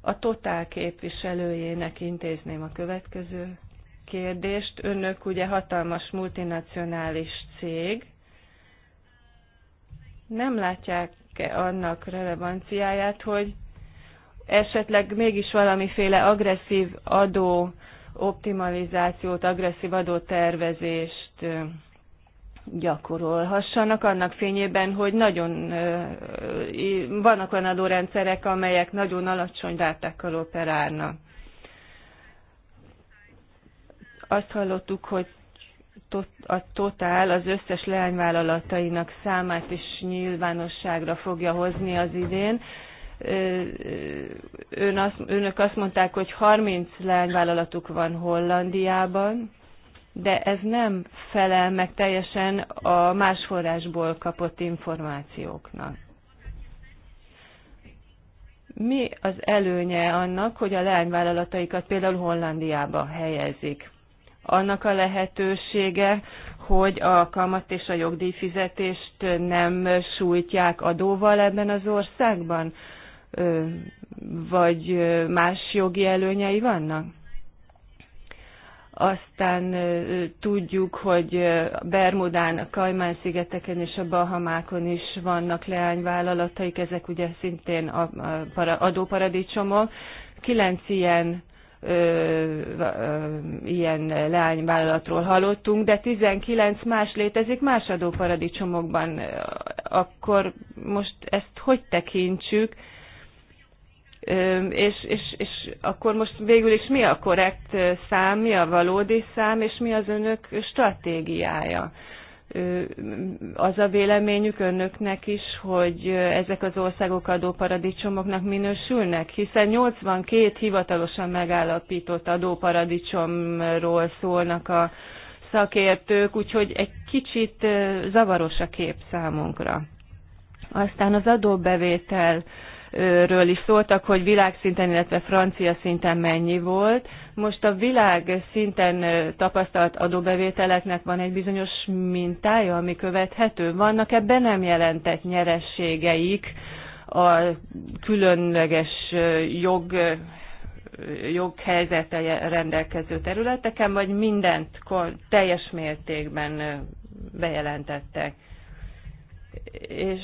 A totál képviselőjének intézném a következő kérdést. Önök ugye hatalmas multinacionális cég, nem látják -e annak relevanciáját, hogy esetleg mégis valamiféle agresszív adó optimalizációt, agresszív adótervezést gyakorolhassanak, annak fényében, hogy nagyon vannak olyan adórendszerek, amelyek nagyon alacsony rátákkal operálnak. Azt hallottuk, hogy a Total az összes leányvállalatainak számát is nyilvánosságra fogja hozni az idén. Ön azt, önök azt mondták, hogy 30 leányvállalatuk van Hollandiában, de ez nem felel meg teljesen a más forrásból kapott információknak. Mi az előnye annak, hogy a leányvállalataikat például Hollandiába helyezik? annak a lehetősége, hogy a kamat és a jogdíjfizetést nem sújtják adóval ebben az országban? Vagy más jogi előnyei vannak? Aztán tudjuk, hogy Bermudán, a Kajmán-szigeteken és a Bahamákon is vannak leányvállalataik, ezek ugye szintén adóparadicsomok. Kilenc ilyen ilyen leányvállalatról hallottunk, de 19 más létezik más adóparadicsomokban. Akkor most ezt hogy tekintsük? És, és, és akkor most végül is mi a korrekt szám, mi a valódi szám, és mi az önök stratégiája? az a véleményük önöknek is, hogy ezek az országok adóparadicsomoknak minősülnek, hiszen 82 hivatalosan megállapított adóparadicsomról szólnak a szakértők, úgyhogy egy kicsit zavaros a kép számunkra. Aztán az adóbevételről is szóltak, hogy világszinten, illetve francia szinten mennyi volt. Most a világ szinten tapasztalt adóbevételeknek van egy bizonyos mintája, ami követhető. Vannak ebben nem jelentett nyerességeik a különleges jog joghelyzete rendelkező területeken, vagy mindent teljes mértékben bejelentettek. És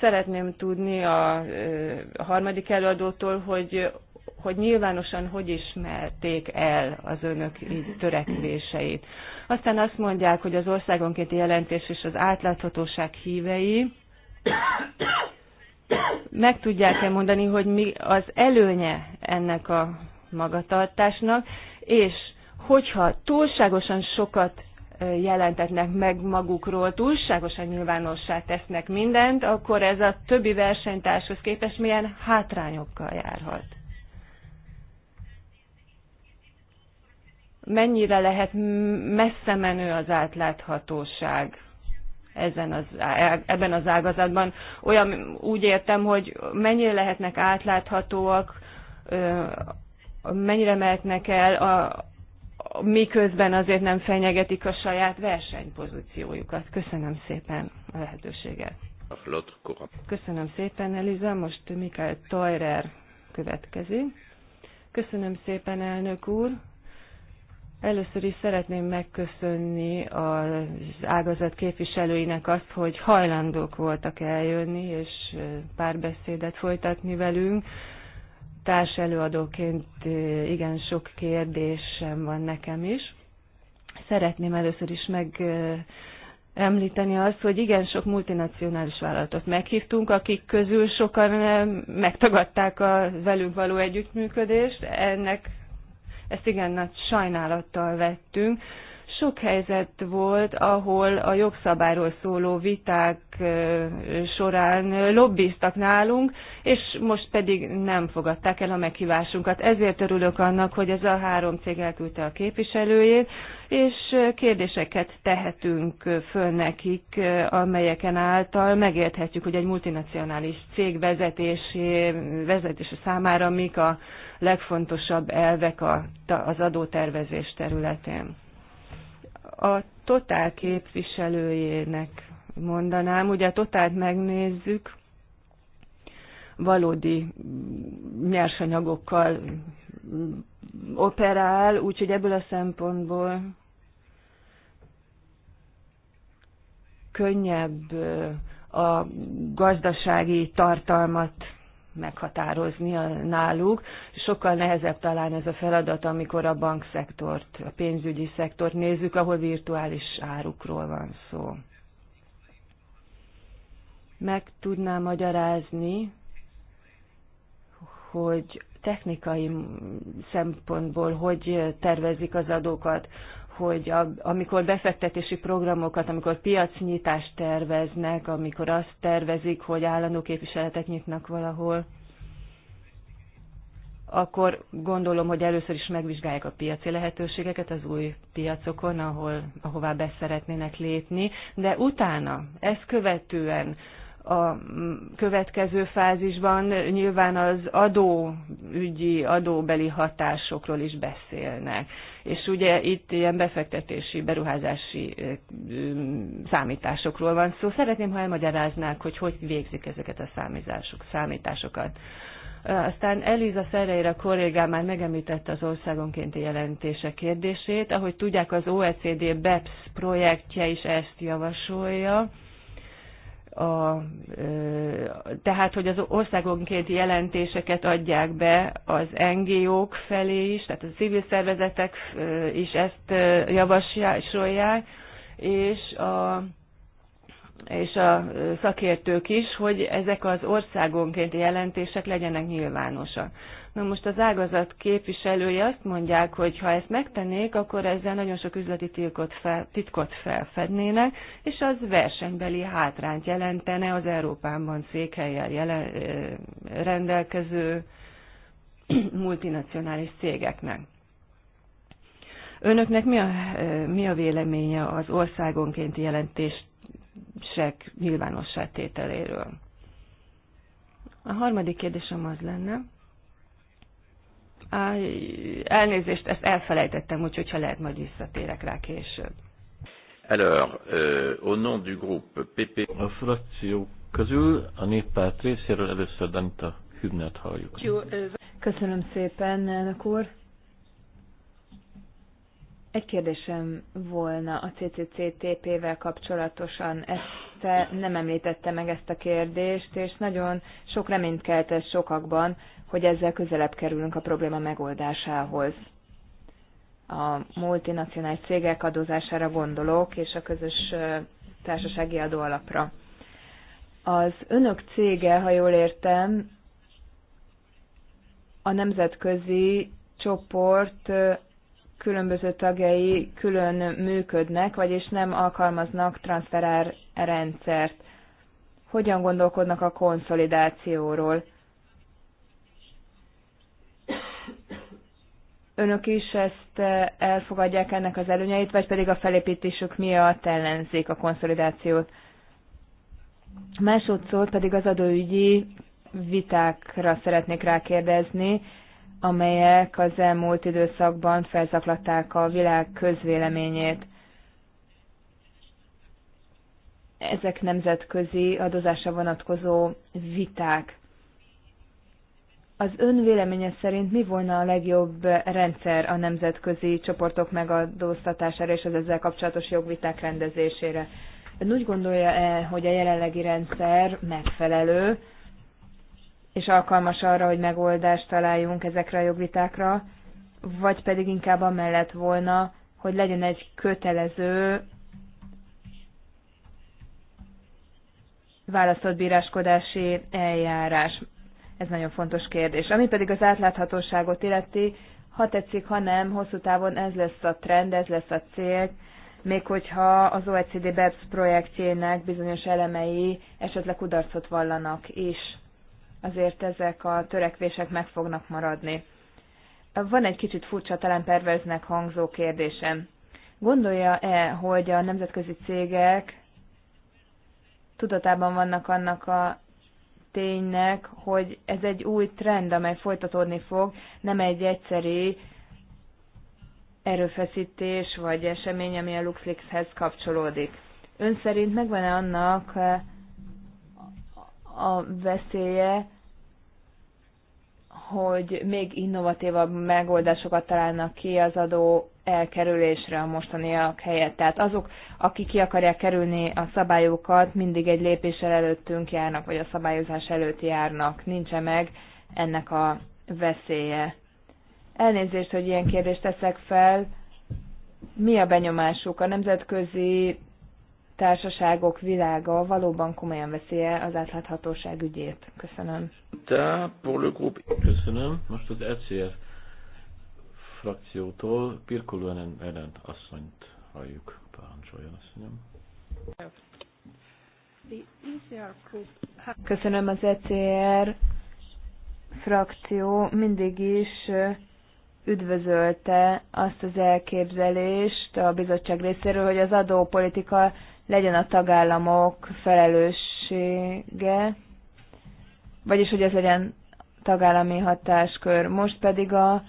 szeretném tudni a harmadik előadótól, hogy hogy nyilvánosan hogy ismerték el az önök törekvéseit. Aztán azt mondják, hogy az országonkénti jelentés és az átláthatóság hívei. Meg tudják-e mondani, hogy mi az előnye ennek a magatartásnak, és hogyha túlságosan sokat jelentetnek meg magukról, túlságosan nyilvánossá tesznek mindent, akkor ez a többi versenytárshoz képest milyen hátrányokkal járhat. mennyire lehet messze menő az átláthatóság ezen az, ebben az ágazatban. Olyan úgy értem, hogy mennyire lehetnek átláthatóak, mennyire mehetnek el, a, miközben azért nem fenyegetik a saját versenypozíciójukat. Köszönöm szépen a lehetőséget. Köszönöm szépen, Eliza. Most Mikael Toirer következik. Köszönöm szépen, elnök úr. Először is szeretném megköszönni az ágazat képviselőinek azt, hogy hajlandók voltak eljönni és párbeszédet folytatni velünk. Társelőadóként igen sok kérdésem van nekem is. Szeretném először is meg említeni azt, hogy igen sok multinacionális vállalatot meghívtunk, akik közül sokan megtagadták a velünk való együttműködést. Ennek ezt igen nagy sajnálattal vettünk sok helyzet volt, ahol a jogszabályról szóló viták során lobbiztak nálunk, és most pedig nem fogadták el a meghívásunkat. Ezért örülök annak, hogy ez a három cég elküldte a képviselőjét, és kérdéseket tehetünk föl nekik, amelyeken által megérthetjük, hogy egy multinacionális cég vezetési vezetése számára mik a legfontosabb elvek az adótervezés területén a totál képviselőjének mondanám. Ugye a totált megnézzük, valódi nyersanyagokkal operál, úgyhogy ebből a szempontból könnyebb a gazdasági tartalmat meghatározni a, náluk. Sokkal nehezebb talán ez a feladat, amikor a bankszektort, a pénzügyi szektort nézzük, ahol virtuális árukról van szó. Meg tudnám magyarázni, hogy technikai szempontból hogy tervezik az adókat, hogy a, amikor befektetési programokat, amikor piacnyitást terveznek, amikor azt tervezik, hogy állandó képviseletet nyitnak valahol, akkor gondolom, hogy először is megvizsgálják a piaci lehetőségeket az új piacokon, ahol, ahová beszeretnének lépni, de utána, ezt követően a következő fázisban nyilván az adóügyi, adóbeli hatásokról is beszélnek. És ugye itt ilyen befektetési, beruházási számításokról van szó. Szóval szeretném, ha elmagyaráznák, hogy hogy végzik ezeket a számítások, számításokat. Aztán Eliza Ferreira kollégám már megemlítette az országonkénti jelentése kérdését. Ahogy tudják, az OECD BEPS projektje is ezt javasolja a, tehát, hogy az országonkénti jelentéseket adják be az NGO-k felé is, tehát a civil szervezetek is ezt javasolják, és a, és a szakértők is, hogy ezek az országonkénti jelentések legyenek nyilvánosak. Na most az ágazat képviselői azt mondják, hogy ha ezt megtennék, akkor ezzel nagyon sok üzleti titkot, fel, titkot felfednének, és az versenybeli hátrányt jelentene az Európában székhelyel jelen, rendelkező multinacionális cégeknek. Önöknek mi a, mi a véleménye az országonkénti jelentések nyilvánossá tételéről? A harmadik kérdésem az lenne, Elnézést, ezt elfelejtettem, úgyhogy ha lehet, majd visszatérek rá később. Alors, euh, au nom du groupe PP... A frakció közül a néppárt részéről először Danita Hübnert halljuk. Köszönöm szépen, elnök úr. Egy kérdésem volna a CCCTP-vel kapcsolatosan. Ezt nem említette meg ezt a kérdést, és nagyon sok reményt keltett sokakban, hogy ezzel közelebb kerülünk a probléma megoldásához. A multinacionális cégek adózására gondolok, és a közös társasági adóalapra. Az önök cége, ha jól értem, a nemzetközi csoport különböző tagjai külön működnek, vagyis nem alkalmaznak transferár rendszert. Hogyan gondolkodnak a konszolidációról? önök is ezt eh, elfogadják ennek az előnyeit, vagy pedig a felépítésük miatt ellenzik a konszolidációt. Másodszor pedig az adóügyi vitákra szeretnék rákérdezni, amelyek az elmúlt időszakban felzaklatták a világ közvéleményét. Ezek nemzetközi adozásra vonatkozó viták. Az ön véleménye szerint mi volna a legjobb rendszer a nemzetközi csoportok megadóztatására és az ezzel kapcsolatos jogviták rendezésére? Ön úgy gondolja-e, hogy a jelenlegi rendszer megfelelő, és alkalmas arra, hogy megoldást találjunk ezekre a jogvitákra, vagy pedig inkább amellett volna, hogy legyen egy kötelező választott bíráskodási eljárás. Ez nagyon fontos kérdés. Ami pedig az átláthatóságot illeti, ha tetszik, ha nem, hosszú távon ez lesz a trend, ez lesz a cél, még hogyha az OECD BEPS projektjének bizonyos elemei esetleg kudarcot vallanak is. Azért ezek a törekvések meg fognak maradni. Van egy kicsit furcsa, talán perverznek hangzó kérdésem. Gondolja-e, hogy a nemzetközi cégek tudatában vannak annak a ténynek, hogy ez egy új trend, amely folytatódni fog, nem egy egyszeri erőfeszítés vagy esemény, ami a LuxLeakshez kapcsolódik. Ön szerint megvan-e annak eh, a veszélye, hogy még innovatívabb megoldásokat találnak ki az adó elkerülésre a mostaniak helyett. Tehát azok, akik ki akarják kerülni a szabályokat, mindig egy lépéssel előttünk járnak, vagy a szabályozás előtt járnak. Nincse meg ennek a veszélye. Elnézést, hogy ilyen kérdést teszek fel. Mi a benyomásuk? A nemzetközi társaságok világa valóban komolyan veszélye az átláthatóság ügyét. Köszönöm. Köszönöm. Most az ECF frakciótól Pirkulónen ellen asszonyt halljuk. Parancsoljon, asszonyom. Köszönöm az ECR frakció mindig is üdvözölte azt az elképzelést a bizottság részéről, hogy az adópolitika legyen a tagállamok felelőssége, vagyis hogy ez legyen tagállami hatáskör. Most pedig a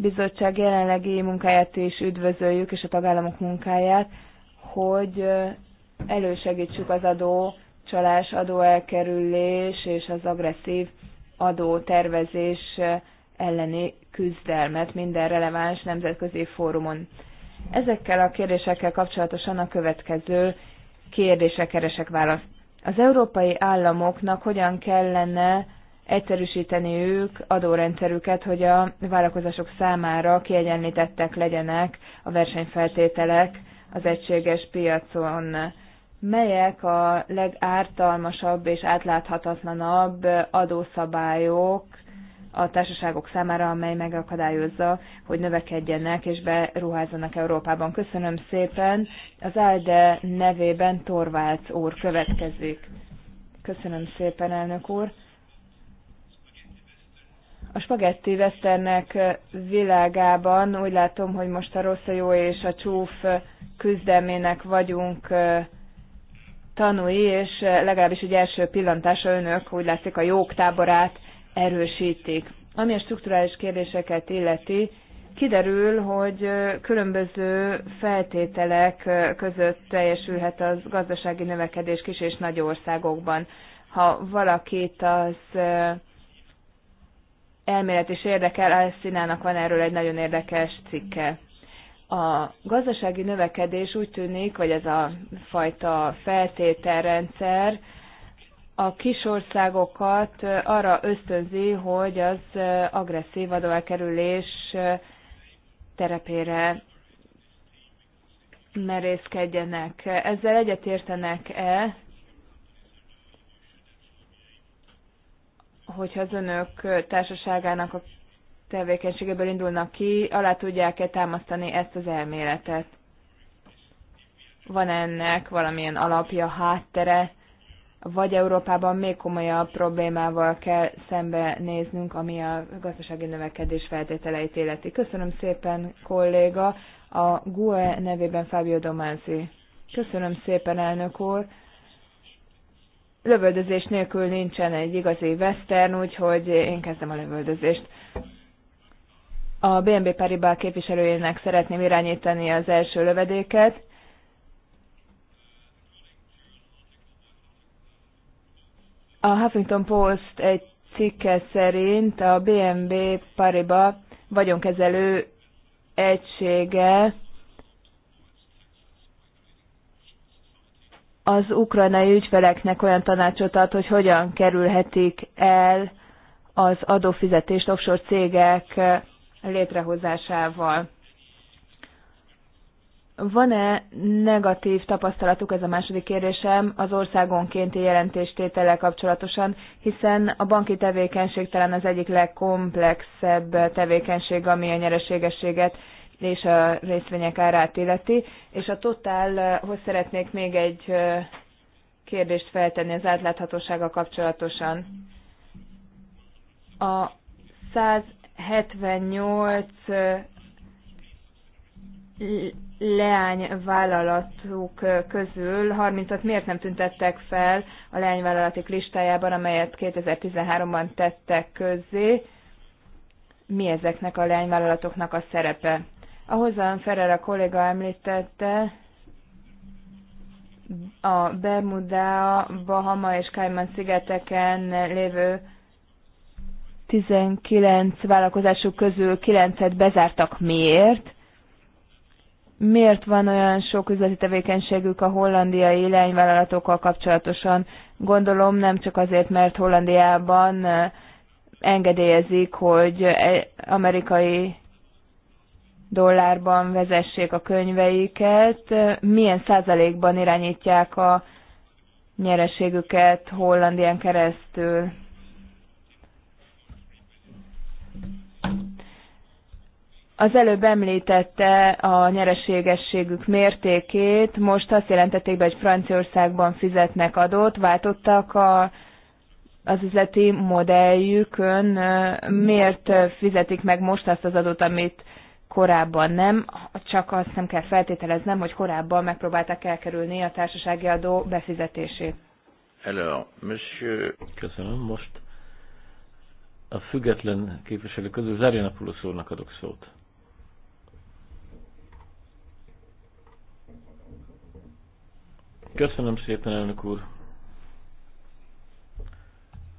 bizottság jelenlegi munkáját is üdvözöljük, és a tagállamok munkáját, hogy elősegítsük az adó csalás, adóelkerülés és az agresszív adótervezés elleni küzdelmet minden releváns nemzetközi fórumon. Ezekkel a kérdésekkel kapcsolatosan a következő kérdésre keresek választ. Az európai államoknak hogyan kellene egyszerűsíteni ők adórendszerüket, hogy a vállalkozások számára kiegyenlítettek legyenek a versenyfeltételek az egységes piacon. Melyek a legártalmasabb és átláthatatlanabb adószabályok a társaságok számára, amely megakadályozza, hogy növekedjenek és beruházzanak Európában. Köszönöm szépen. Az ALDE nevében Torvalds úr következik. Köszönöm szépen, elnök úr. A spagetti westernek világában úgy látom, hogy most a rossz, a jó és a csúf küzdelmének vagyunk tanúi, és legalábbis egy első pillantása önök úgy látszik a jók táborát erősítik. Ami a strukturális kérdéseket illeti, kiderül, hogy különböző feltételek között teljesülhet az gazdasági növekedés kis és nagy országokban. Ha valakit az elmélet is érdekel, Alszinának van erről egy nagyon érdekes cikke. A gazdasági növekedés úgy tűnik, vagy ez a fajta feltételrendszer a kis országokat arra ösztönzi, hogy az agresszív adóelkerülés terepére merészkedjenek. Ezzel egyetértenek-e? hogyha az önök társaságának a tevékenységéből indulnak ki, alá tudják-e támasztani ezt az elméletet? Van ennek valamilyen alapja, háttere, vagy Európában még komolyabb problémával kell szembenéznünk, ami a gazdasági növekedés feltételeit életi. Köszönöm szépen, kolléga, a GUE nevében Fábio Domázi. Köszönöm szépen, elnök úr lövöldözés nélkül nincsen egy igazi western, úgyhogy én kezdem a lövöldözést. A BNB Paribas képviselőjének szeretném irányítani az első lövedéket. A Huffington Post egy cikke szerint a BNB Paribas vagyonkezelő egysége az ukrajnai ügyfeleknek olyan tanácsot ad, hogy hogyan kerülhetik el az adófizetést offshore cégek létrehozásával. Van-e negatív tapasztalatuk, ez a második kérdésem, az országonkénti jelentéstétele kapcsolatosan, hiszen a banki tevékenység talán az egyik legkomplexebb tevékenység, ami a nyereségességet és a részvények árát illeti. És a totálhoz eh, szeretnék még egy eh, kérdést feltenni az átláthatósága kapcsolatosan. A 178 eh, leányvállalatuk közül 30-at miért nem tüntettek fel a leányvállalatik listájában, amelyet 2013-ban tettek közzé? Mi ezeknek a leányvállalatoknak a szerepe? Ahozan Ferrer a kolléga említette, a Bermuda, Bahama és Cayman szigeteken lévő 19 vállalkozásuk közül 9-et bezártak. Miért? Miért van olyan sok üzleti tevékenységük a hollandiai lányvállalatokkal kapcsolatosan? Gondolom nem csak azért, mert Hollandiában eh, engedélyezik, hogy e- amerikai dollárban vezessék a könyveiket, milyen százalékban irányítják a nyereségüket Hollandián keresztül. Az előbb említette a nyereségességük mértékét, most azt jelentették be, hogy Franciaországban fizetnek adót, váltottak a, az üzleti modelljükön, miért fizetik meg most azt az adót, amit korábban nem, csak azt nem kell feltételeznem, hogy korábban megpróbálták elkerülni a társasági adó befizetését. Hello, monsieur... Köszönöm, most a független képviselő közül Zárjanapulosz úrnak adok szót. Köszönöm szépen, elnök úr.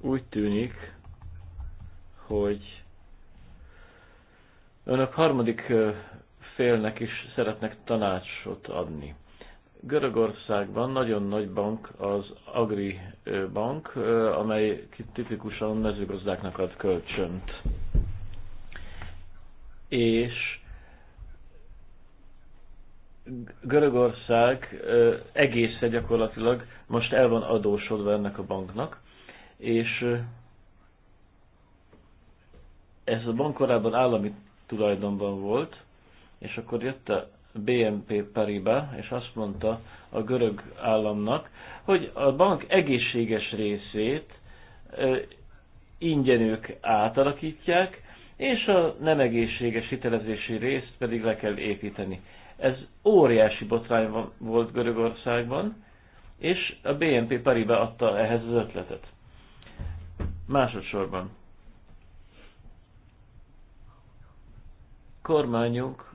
Úgy tűnik, hogy Önök harmadik félnek is szeretnek tanácsot adni. Görögországban nagyon nagy bank az Agri Bank, amely tipikusan mezőgazdáknak ad kölcsönt. És Görögország egészen gyakorlatilag most el van adósodva ennek a banknak, és ez a bank korábban állami tulajdonban volt, és akkor jött a BNP Paribas, és azt mondta a görög államnak, hogy a bank egészséges részét ingyenők átalakítják, és a nem egészséges hitelezési részt pedig le kell építeni. Ez óriási botrány volt Görögországban, és a BNP Paribas adta ehhez az ötletet. Másodszorban kormányunk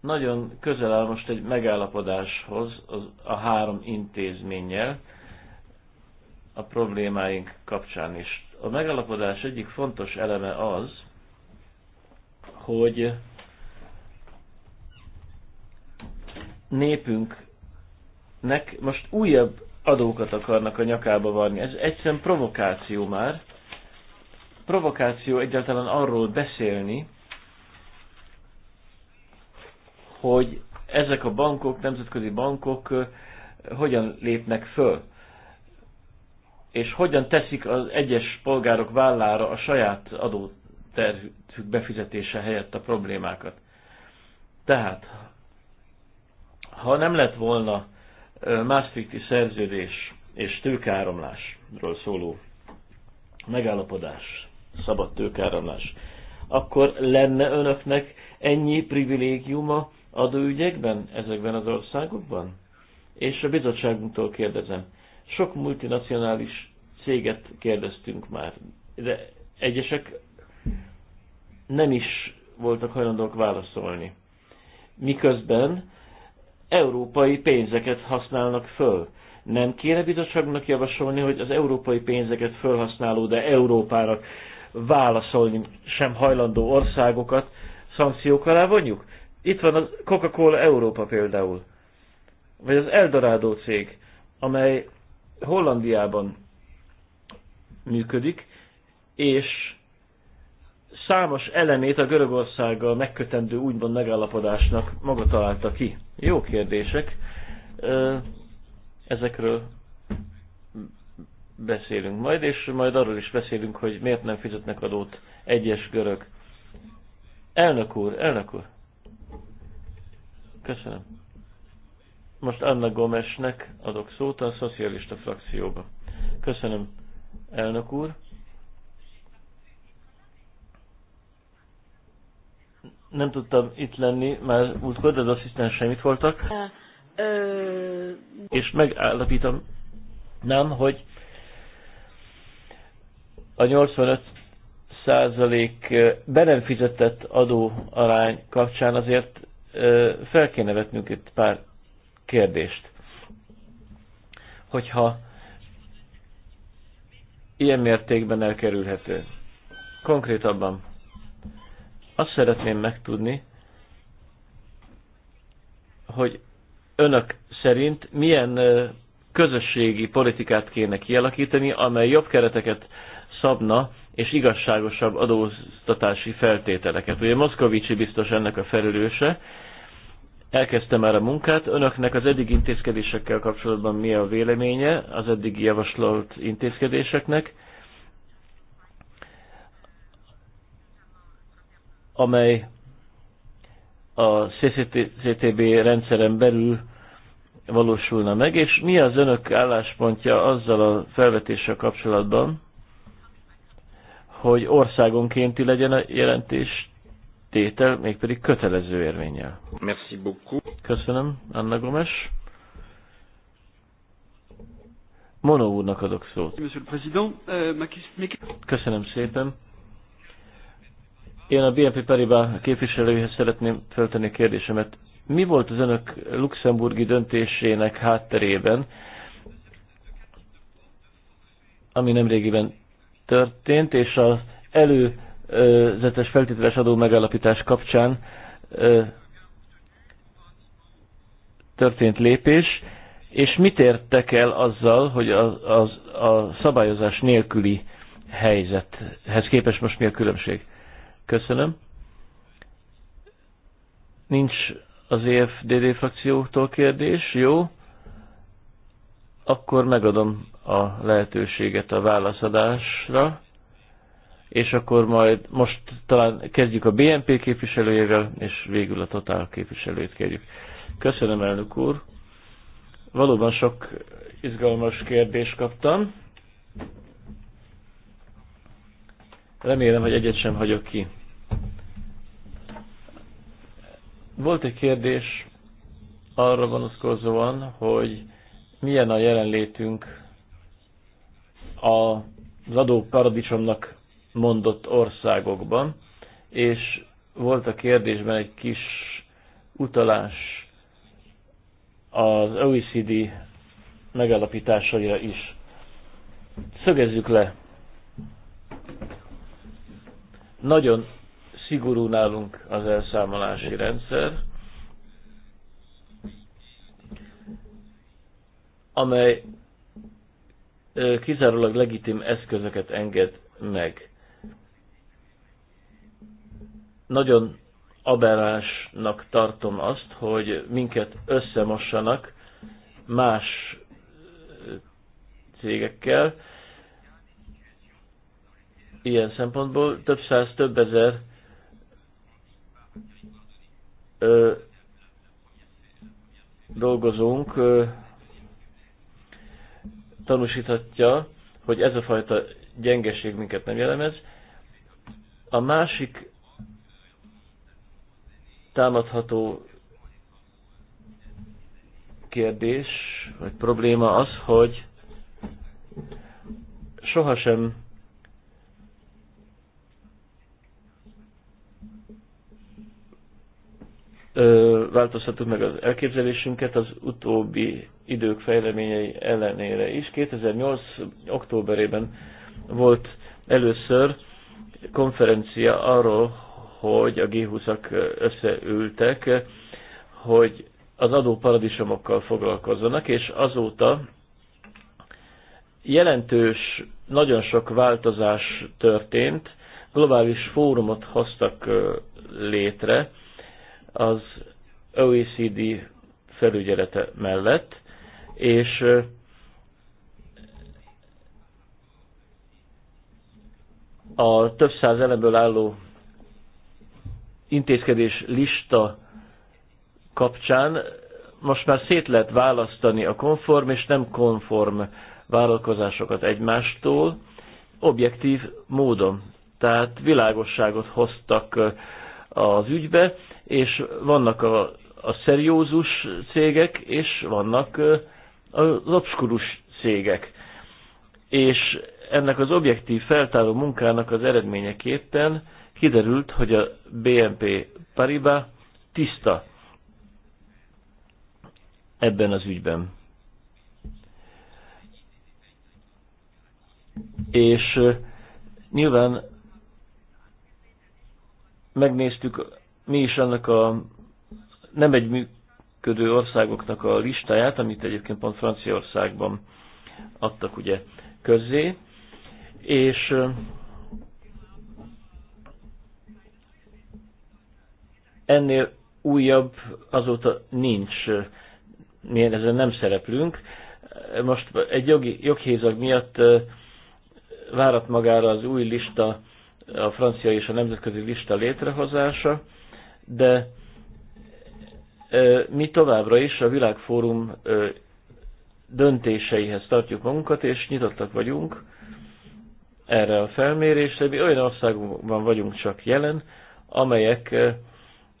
nagyon közel áll most egy megállapodáshoz az, a három intézménnyel a problémáink kapcsán is. A megállapodás egyik fontos eleme az, hogy népünknek most újabb adókat akarnak a nyakába varni. Ez egyszerűen provokáció már. Provokáció egyáltalán arról beszélni, hogy ezek a bankok, nemzetközi bankok hogyan lépnek föl, és hogyan teszik az egyes polgárok vállára a saját adóterhük befizetése helyett a problémákat. Tehát, ha nem lett volna Maastrichti szerződés és tőkáramlásról szóló megállapodás, szabad tőkáramlás, akkor lenne önöknek ennyi privilégiuma, adóügyekben ezekben az országokban? És a bizottságunktól kérdezem. Sok multinacionális céget kérdeztünk már, de egyesek nem is voltak hajlandók válaszolni. Miközben európai pénzeket használnak föl. Nem kéne bizottságnak javasolni, hogy az európai pénzeket felhasználó, de Európának válaszolni sem hajlandó országokat szankciók alá vonjuk? Itt van a Coca-Cola Európa például, vagy az Eldorado cég, amely Hollandiában működik, és számos elemét a Görögországgal megkötendő úgymond megállapodásnak maga találta ki. Jó kérdések. Ezekről beszélünk majd, és majd arról is beszélünk, hogy miért nem fizetnek adót egyes görög. Elnök úr, elnök úr, Köszönöm. Most Anna Gomesnek adok szót a szocialista frakcióba. Köszönöm, elnök úr. Nem tudtam itt lenni, már múltkor, de az asszisztenseim itt voltak. És megállapítom nem, hogy a 85 százalék be nem fizetett adó arány kapcsán azért fel kéne vetnünk itt pár kérdést. Hogyha ilyen mértékben elkerülhető. Konkrétabban azt szeretném megtudni, hogy önök szerint milyen közösségi politikát kéne kialakítani, amely jobb kereteket szabna, és igazságosabb adóztatási feltételeket. Ugye Moszkovicsi biztos ennek a felelőse, elkezdte már a munkát. Önöknek az eddig intézkedésekkel kapcsolatban mi a véleménye az eddigi javaslott intézkedéseknek, amely a CCTB rendszeren belül valósulna meg, és mi az önök álláspontja azzal a felvetéssel kapcsolatban, hogy országonkénti legyen a jelentés tétel, mégpedig kötelező érvényel. Merci beaucoup. Köszönöm, Anna Gomes. Mono úrnak adok szót. Euh, Köszönöm szépen. Én a BNP Paribas képviselőjéhez szeretném feltenni a kérdésemet. Mi volt az önök luxemburgi döntésének hátterében, ami nemrégiben történt, és az elő előzetes feltételes adó megállapítás kapcsán történt lépés, és mit értek el azzal, hogy a, a, a szabályozás nélküli helyzethez képest most mi a különbség? Köszönöm. Nincs az EFDD frakciótól kérdés, jó? Akkor megadom a lehetőséget a válaszadásra és akkor majd most talán kezdjük a BNP képviselőjével, és végül a Totál képviselőjét kérjük. Köszönöm, elnök úr! Valóban sok izgalmas kérdést kaptam. Remélem, hogy egyet sem hagyok ki. Volt egy kérdés arra vonatkozóan, hogy milyen a jelenlétünk az adóparadicsomnak mondott országokban, és volt a kérdésben egy kis utalás az OECD megalapításaira is. Szögezzük le. Nagyon szigorú nálunk az elszámolási rendszer, amely kizárólag legitim eszközöket enged meg nagyon aberrásnak tartom azt, hogy minket összemossanak más cégekkel. Ilyen szempontból több száz, több ezer ö, dolgozónk ö, tanúsíthatja, hogy ez a fajta gyengeség minket nem jellemez. A másik támadható kérdés, vagy probléma az, hogy sohasem változtattuk meg az elképzelésünket az utóbbi idők fejleményei ellenére is. 2008. októberében volt először konferencia arról, hogy a G20-ak összeültek, hogy az adóparadicsomokkal foglalkozzanak, és azóta jelentős, nagyon sok változás történt, globális fórumot hoztak létre az OECD felügyelete mellett, és a több száz elemből álló intézkedés lista kapcsán most már szét lehet választani a konform és nem konform vállalkozásokat egymástól, objektív módon. Tehát világosságot hoztak az ügybe, és vannak a, a szeriózus cégek, és vannak az obskurus cégek. És ennek az objektív feltáró munkának az eredményeképpen kiderült, hogy a BNP Paribas tiszta ebben az ügyben. És nyilván megnéztük mi is annak a nem egy működő országoknak a listáját, amit egyébként pont Franciaországban adtak ugye közzé, és Ennél újabb azóta nincs, mi ezen nem szereplünk. Most egy jogi, joghézag miatt várat magára az új lista, a francia és a nemzetközi lista létrehozása, de mi továbbra is a világfórum döntéseihez tartjuk magunkat, és nyitottak vagyunk erre a felmérésre. Mi olyan országokban vagyunk csak jelen, amelyek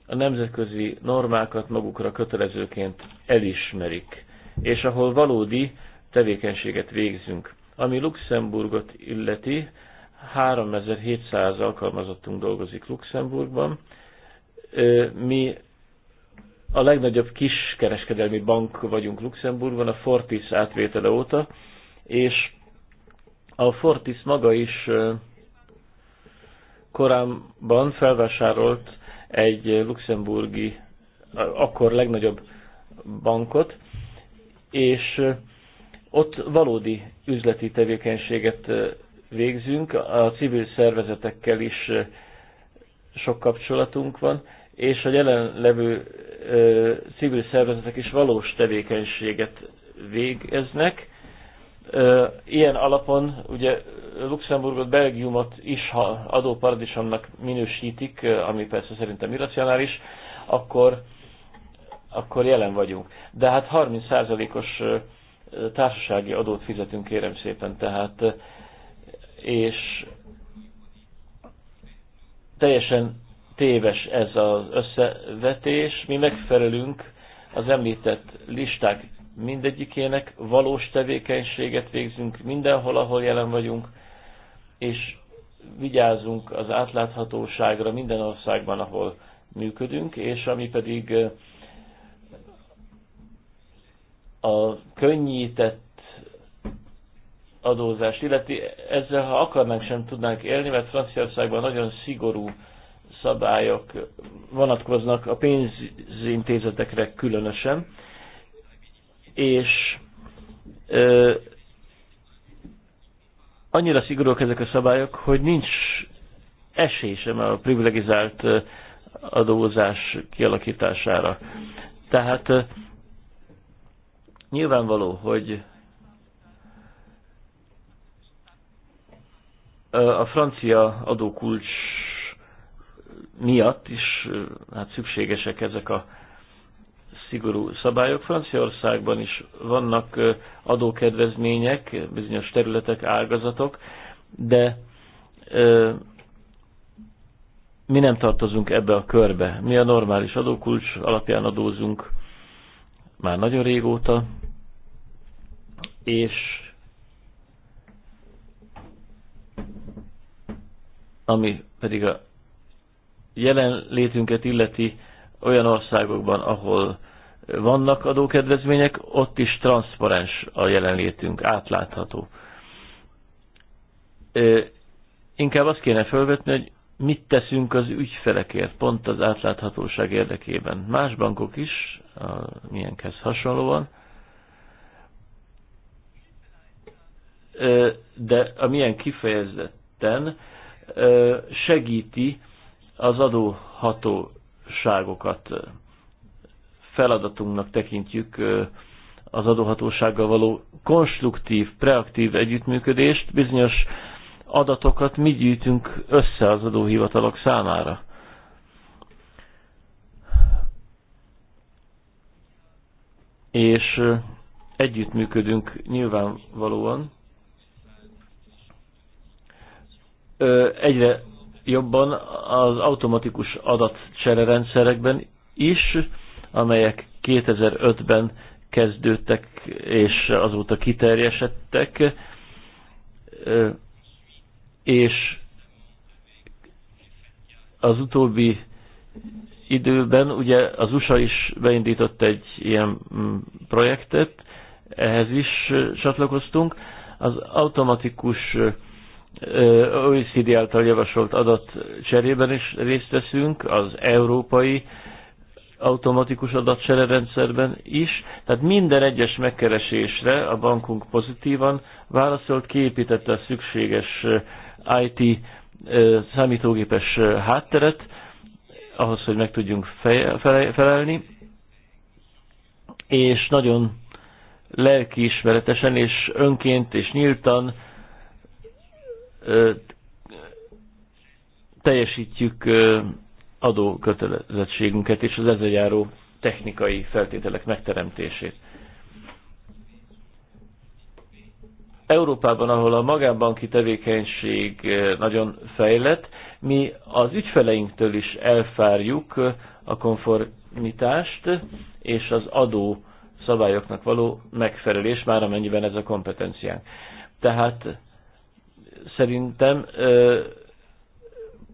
a nemzetközi normákat magukra kötelezőként elismerik, és ahol valódi tevékenységet végzünk. Ami Luxemburgot illeti, 3700 alkalmazottunk dolgozik Luxemburgban. Mi a legnagyobb kiskereskedelmi bank vagyunk Luxemburgban a Fortis átvétele óta, és a Fortis maga is korábban felvásárolt egy luxemburgi, akkor legnagyobb bankot, és ott valódi üzleti tevékenységet végzünk, a civil szervezetekkel is sok kapcsolatunk van, és a jelenlevő civil szervezetek is valós tevékenységet végeznek, Ilyen alapon ugye Luxemburgot, Belgiumot is, ha adóparadicsomnak minősítik, ami persze szerintem irracionális, akkor, akkor jelen vagyunk. De hát 30%-os társasági adót fizetünk, kérem szépen, tehát és teljesen téves ez az összevetés. Mi megfelelünk az említett listák mindegyikének valós tevékenységet végzünk mindenhol, ahol jelen vagyunk, és vigyázzunk az átláthatóságra minden országban, ahol működünk, és ami pedig a könnyített adózás illeti, ezzel ha akarnánk sem tudnánk élni, mert Franciaországban nagyon szigorú szabályok vonatkoznak a pénzintézetekre különösen, és ö, annyira szigorúak ezek a szabályok, hogy nincs esély sem a privilegizált adózás kialakítására. Tehát ö, nyilvánvaló, hogy a francia adókulcs miatt is hát szükségesek ezek a szigorú szabályok. Franciaországban is vannak adókedvezmények, bizonyos területek, ágazatok, de mi nem tartozunk ebbe a körbe. Mi a normális adókulcs alapján adózunk már nagyon régóta, és ami pedig a jelenlétünket illeti olyan országokban, ahol vannak adókedvezmények, ott is transzparens a jelenlétünk, átlátható. Inkább azt kéne felvetni, hogy mit teszünk az ügyfelekért, pont az átláthatóság érdekében. Más bankok is, a milyenkhez hasonlóan, de a milyen kifejezetten segíti az adóhatóságokat feladatunknak tekintjük az adóhatósággal való konstruktív, preaktív együttműködést, bizonyos adatokat mi gyűjtünk össze az adóhivatalok számára. És együttműködünk nyilvánvalóan. Egyre jobban az automatikus rendszerekben is, amelyek 2005-ben kezdődtek, és azóta kiterjesedtek, és az utóbbi időben ugye az USA is beindított egy ilyen mm, projektet, ehhez is csatlakoztunk. Az automatikus OECD által javasolt adat cserében is részt veszünk, az európai automatikus adatcsererendszerben is, tehát minden egyes megkeresésre a bankunk pozitívan válaszolt, kiépítette a szükséges eh, IT eh, számítógépes eh, hátteret, ahhoz, hogy meg tudjunk felelni, és nagyon lelkiismeretesen és önként és nyíltan teljesítjük adó kötelezettségünket és az ezzel járó technikai feltételek megteremtését. Európában, ahol a magánbanki tevékenység eh, nagyon fejlett, mi az ügyfeleinktől is elfárjuk eh, a konformitást és az adó szabályoknak való megfelelés, már amennyiben ez a kompetenciánk. Tehát eh, szerintem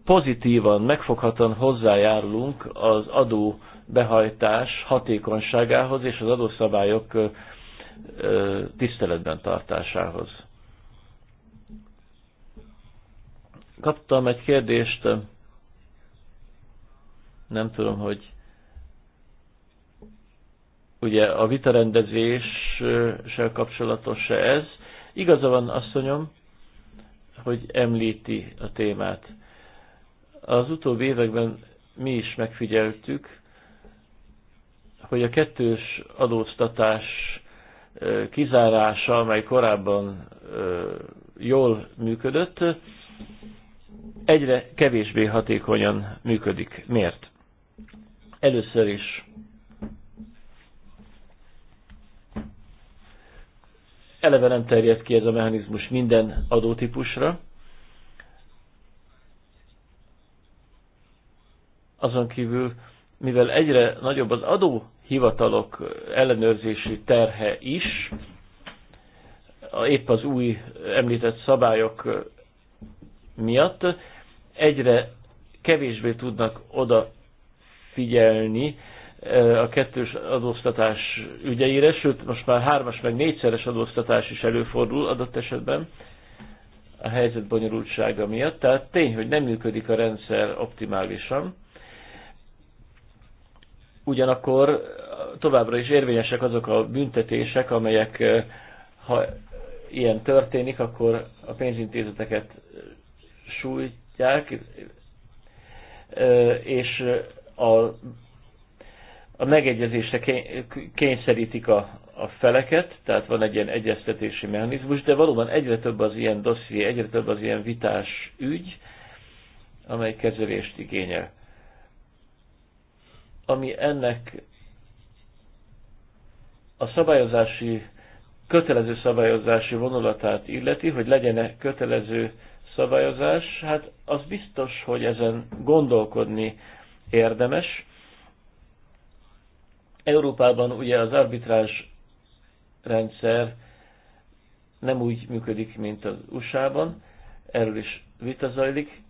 pozitívan, megfoghatóan hozzájárulunk az adó behajtás hatékonyságához és az adószabályok tiszteletben tartásához. Kaptam egy kérdést, nem tudom, hogy ugye a vitarendezéssel kapcsolatos se ez. Igaza van, asszonyom, hogy említi a témát. Az utóbbi években mi is megfigyeltük, hogy a kettős adóztatás kizárása, amely korábban jól működött, egyre kevésbé hatékonyan működik. Miért? Először is eleve nem terjed ki ez a mechanizmus minden adótípusra, Azon kívül, mivel egyre nagyobb az adóhivatalok ellenőrzési terhe is, épp az új említett szabályok miatt egyre kevésbé tudnak oda figyelni eh, a kettős adóztatás ügyeire, sőt most már hármas meg négyszeres adóztatás is előfordul adott esetben a helyzet bonyolultsága miatt. Tehát tény, hogy nem működik a rendszer optimálisan ugyanakkor eh, továbbra is érvényesek azok a büntetések, amelyek eh, ha ilyen történik, akkor a pénzintézeteket eh, sújtják, és a, a megegyezésre kényszerítik a, a feleket, tehát van egy ilyen egyeztetési mechanizmus, de valóban egyre több az ilyen dosszié, egyre több az ilyen vitás ügy, amely kezelést igényel ami ennek a szabályozási, kötelező szabályozási vonulatát illeti, hogy legyen -e kötelező szabályozás, hát az biztos, hogy ezen gondolkodni érdemes. Európában ugye az arbitrás rendszer nem úgy működik, mint az USA-ban, erről is vita zajlik,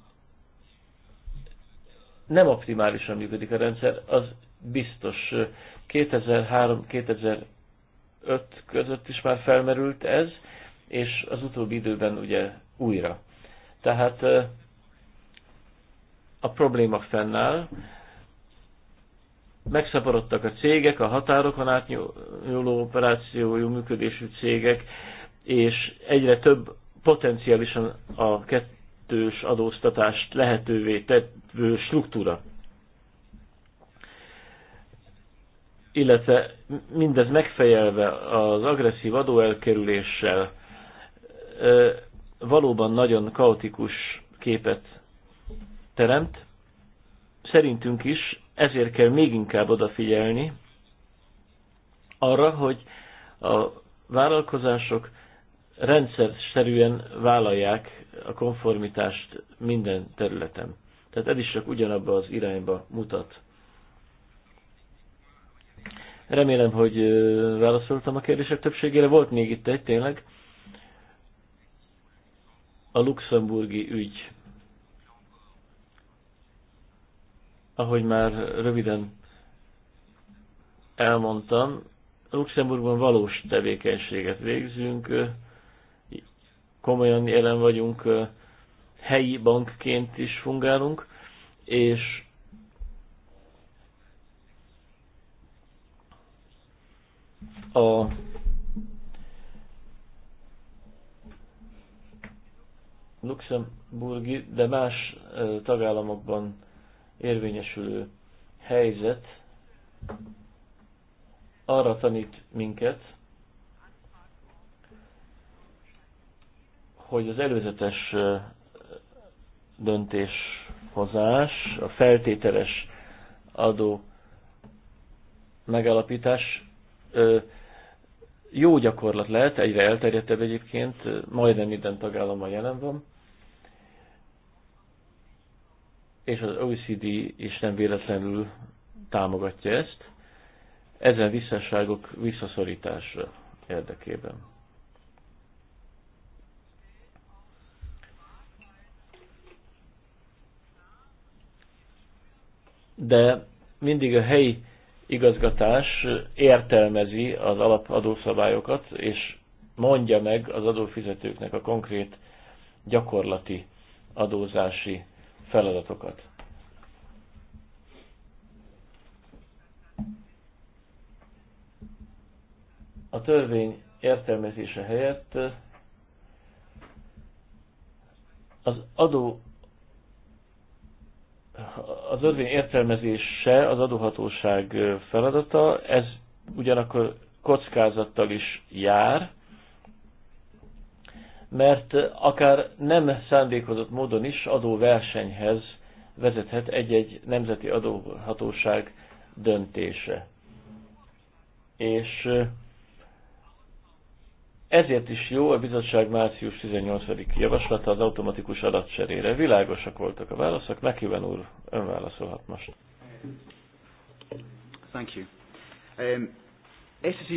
nem optimálisan működik a rendszer, az biztos. 2003-2005 között is már felmerült ez, és az utóbbi időben ugye újra. Tehát a probléma fennáll, megszaporodtak a cégek, a határokon átnyúló operációjú működésű cégek, és egyre több potenciálisan a kettős adóztatást lehetővé tevő struktúra. Illetve mindez megfejelve az agresszív adóelkerüléssel valóban nagyon kaotikus képet teremt. Szerintünk is ezért kell még inkább odafigyelni arra, hogy a vállalkozások rendszer szerűen vállalják a konformitást minden területen. Tehát ez is csak ugyanabba az irányba mutat. Remélem, hogy válaszoltam a kérdések többségére. Volt még itt egy tényleg. A luxemburgi ügy. Ahogy már röviden elmondtam, Luxemburgban valós tevékenységet végzünk, komolyan jelen vagyunk, helyi bankként is fungálunk, és a luxemburgi, de más tagállamokban érvényesülő helyzet arra tanít minket, hogy az előzetes döntéshozás, a feltételes adó megalapítás jó gyakorlat lehet, egyre elterjedtebb egyébként, majdnem minden tagállamban jelen van, és az OECD is nem véletlenül támogatja ezt, ezen visszaságok visszaszorítása érdekében. de mindig a helyi igazgatás értelmezi az alapadószabályokat, és mondja meg az adófizetőknek a konkrét gyakorlati adózási feladatokat. A törvény értelmezése helyett az adó az örvény értelmezése az adóhatóság feladata, ez ugyanakkor kockázattal is jár, mert akár nem szándékozott módon is adóversenyhez vezethet egy-egy nemzeti adóhatóság döntése. És ezért is jó a bizottság március 18. javaslata az automatikus adatcserére. Világosak voltak a válaszok. Mekiven úr, ön válaszolhat most. Thank you.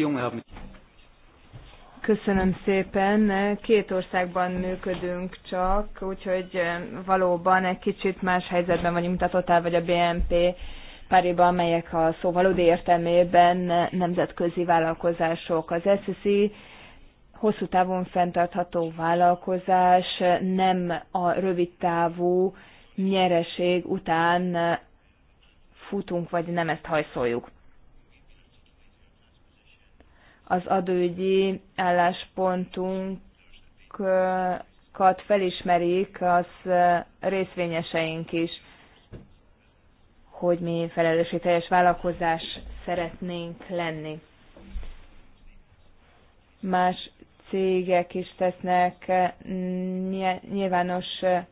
Um, e Köszönöm szépen. Két országban működünk csak, úgyhogy um, valóban egy kicsit más helyzetben vagyunk, mint a Total vagy a BNP páriba, amelyek a szó valódi értelmében nemzetközi vállalkozások. Az SSI e hosszú távon fenntartható vállalkozás nem a rövid távú nyereség után futunk, vagy nem ezt hajszoljuk. Az adőgyi álláspontunkat felismerik az részvényeseink is, hogy mi felelősségteljes vállalkozás szeretnénk lenni. Más cégek is tesznek eh, nyilvános eh,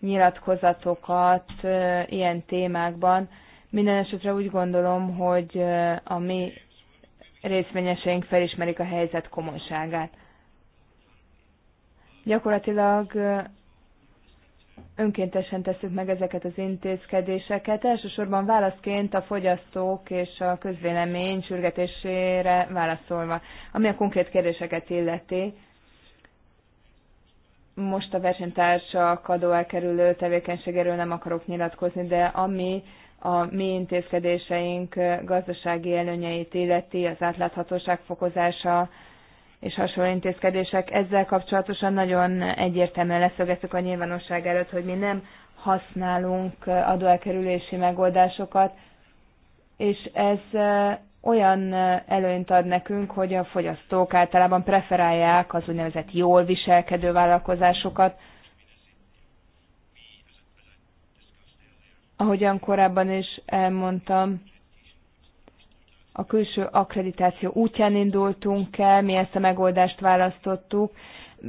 nyilatkozatokat eh, ilyen témákban. Minden esetre úgy gondolom, hogy a mi részvényeseink felismerik a helyzet komolyságát. Gyakorlatilag önkéntesen tesszük meg ezeket az intézkedéseket. Elsősorban válaszként a fogyasztók és a közvélemény sürgetésére válaszolva, ami a konkrét kérdéseket illeti. Most a versenytársak elkerülő tevékenységéről nem akarok nyilatkozni, de ami a mi intézkedéseink gazdasági előnyeit illeti, az átláthatóság fokozása, és hasonló intézkedések. Ezzel kapcsolatosan nagyon egyértelműen leszögeztük a nyilvánosság előtt, hogy mi nem használunk adóelkerülési megoldásokat, és ez olyan előnyt ad nekünk, hogy a fogyasztók általában preferálják az úgynevezett jól viselkedő vállalkozásokat. Ahogyan korábban is elmondtam, a külső akkreditáció útján indultunk el, mi ezt a megoldást választottuk.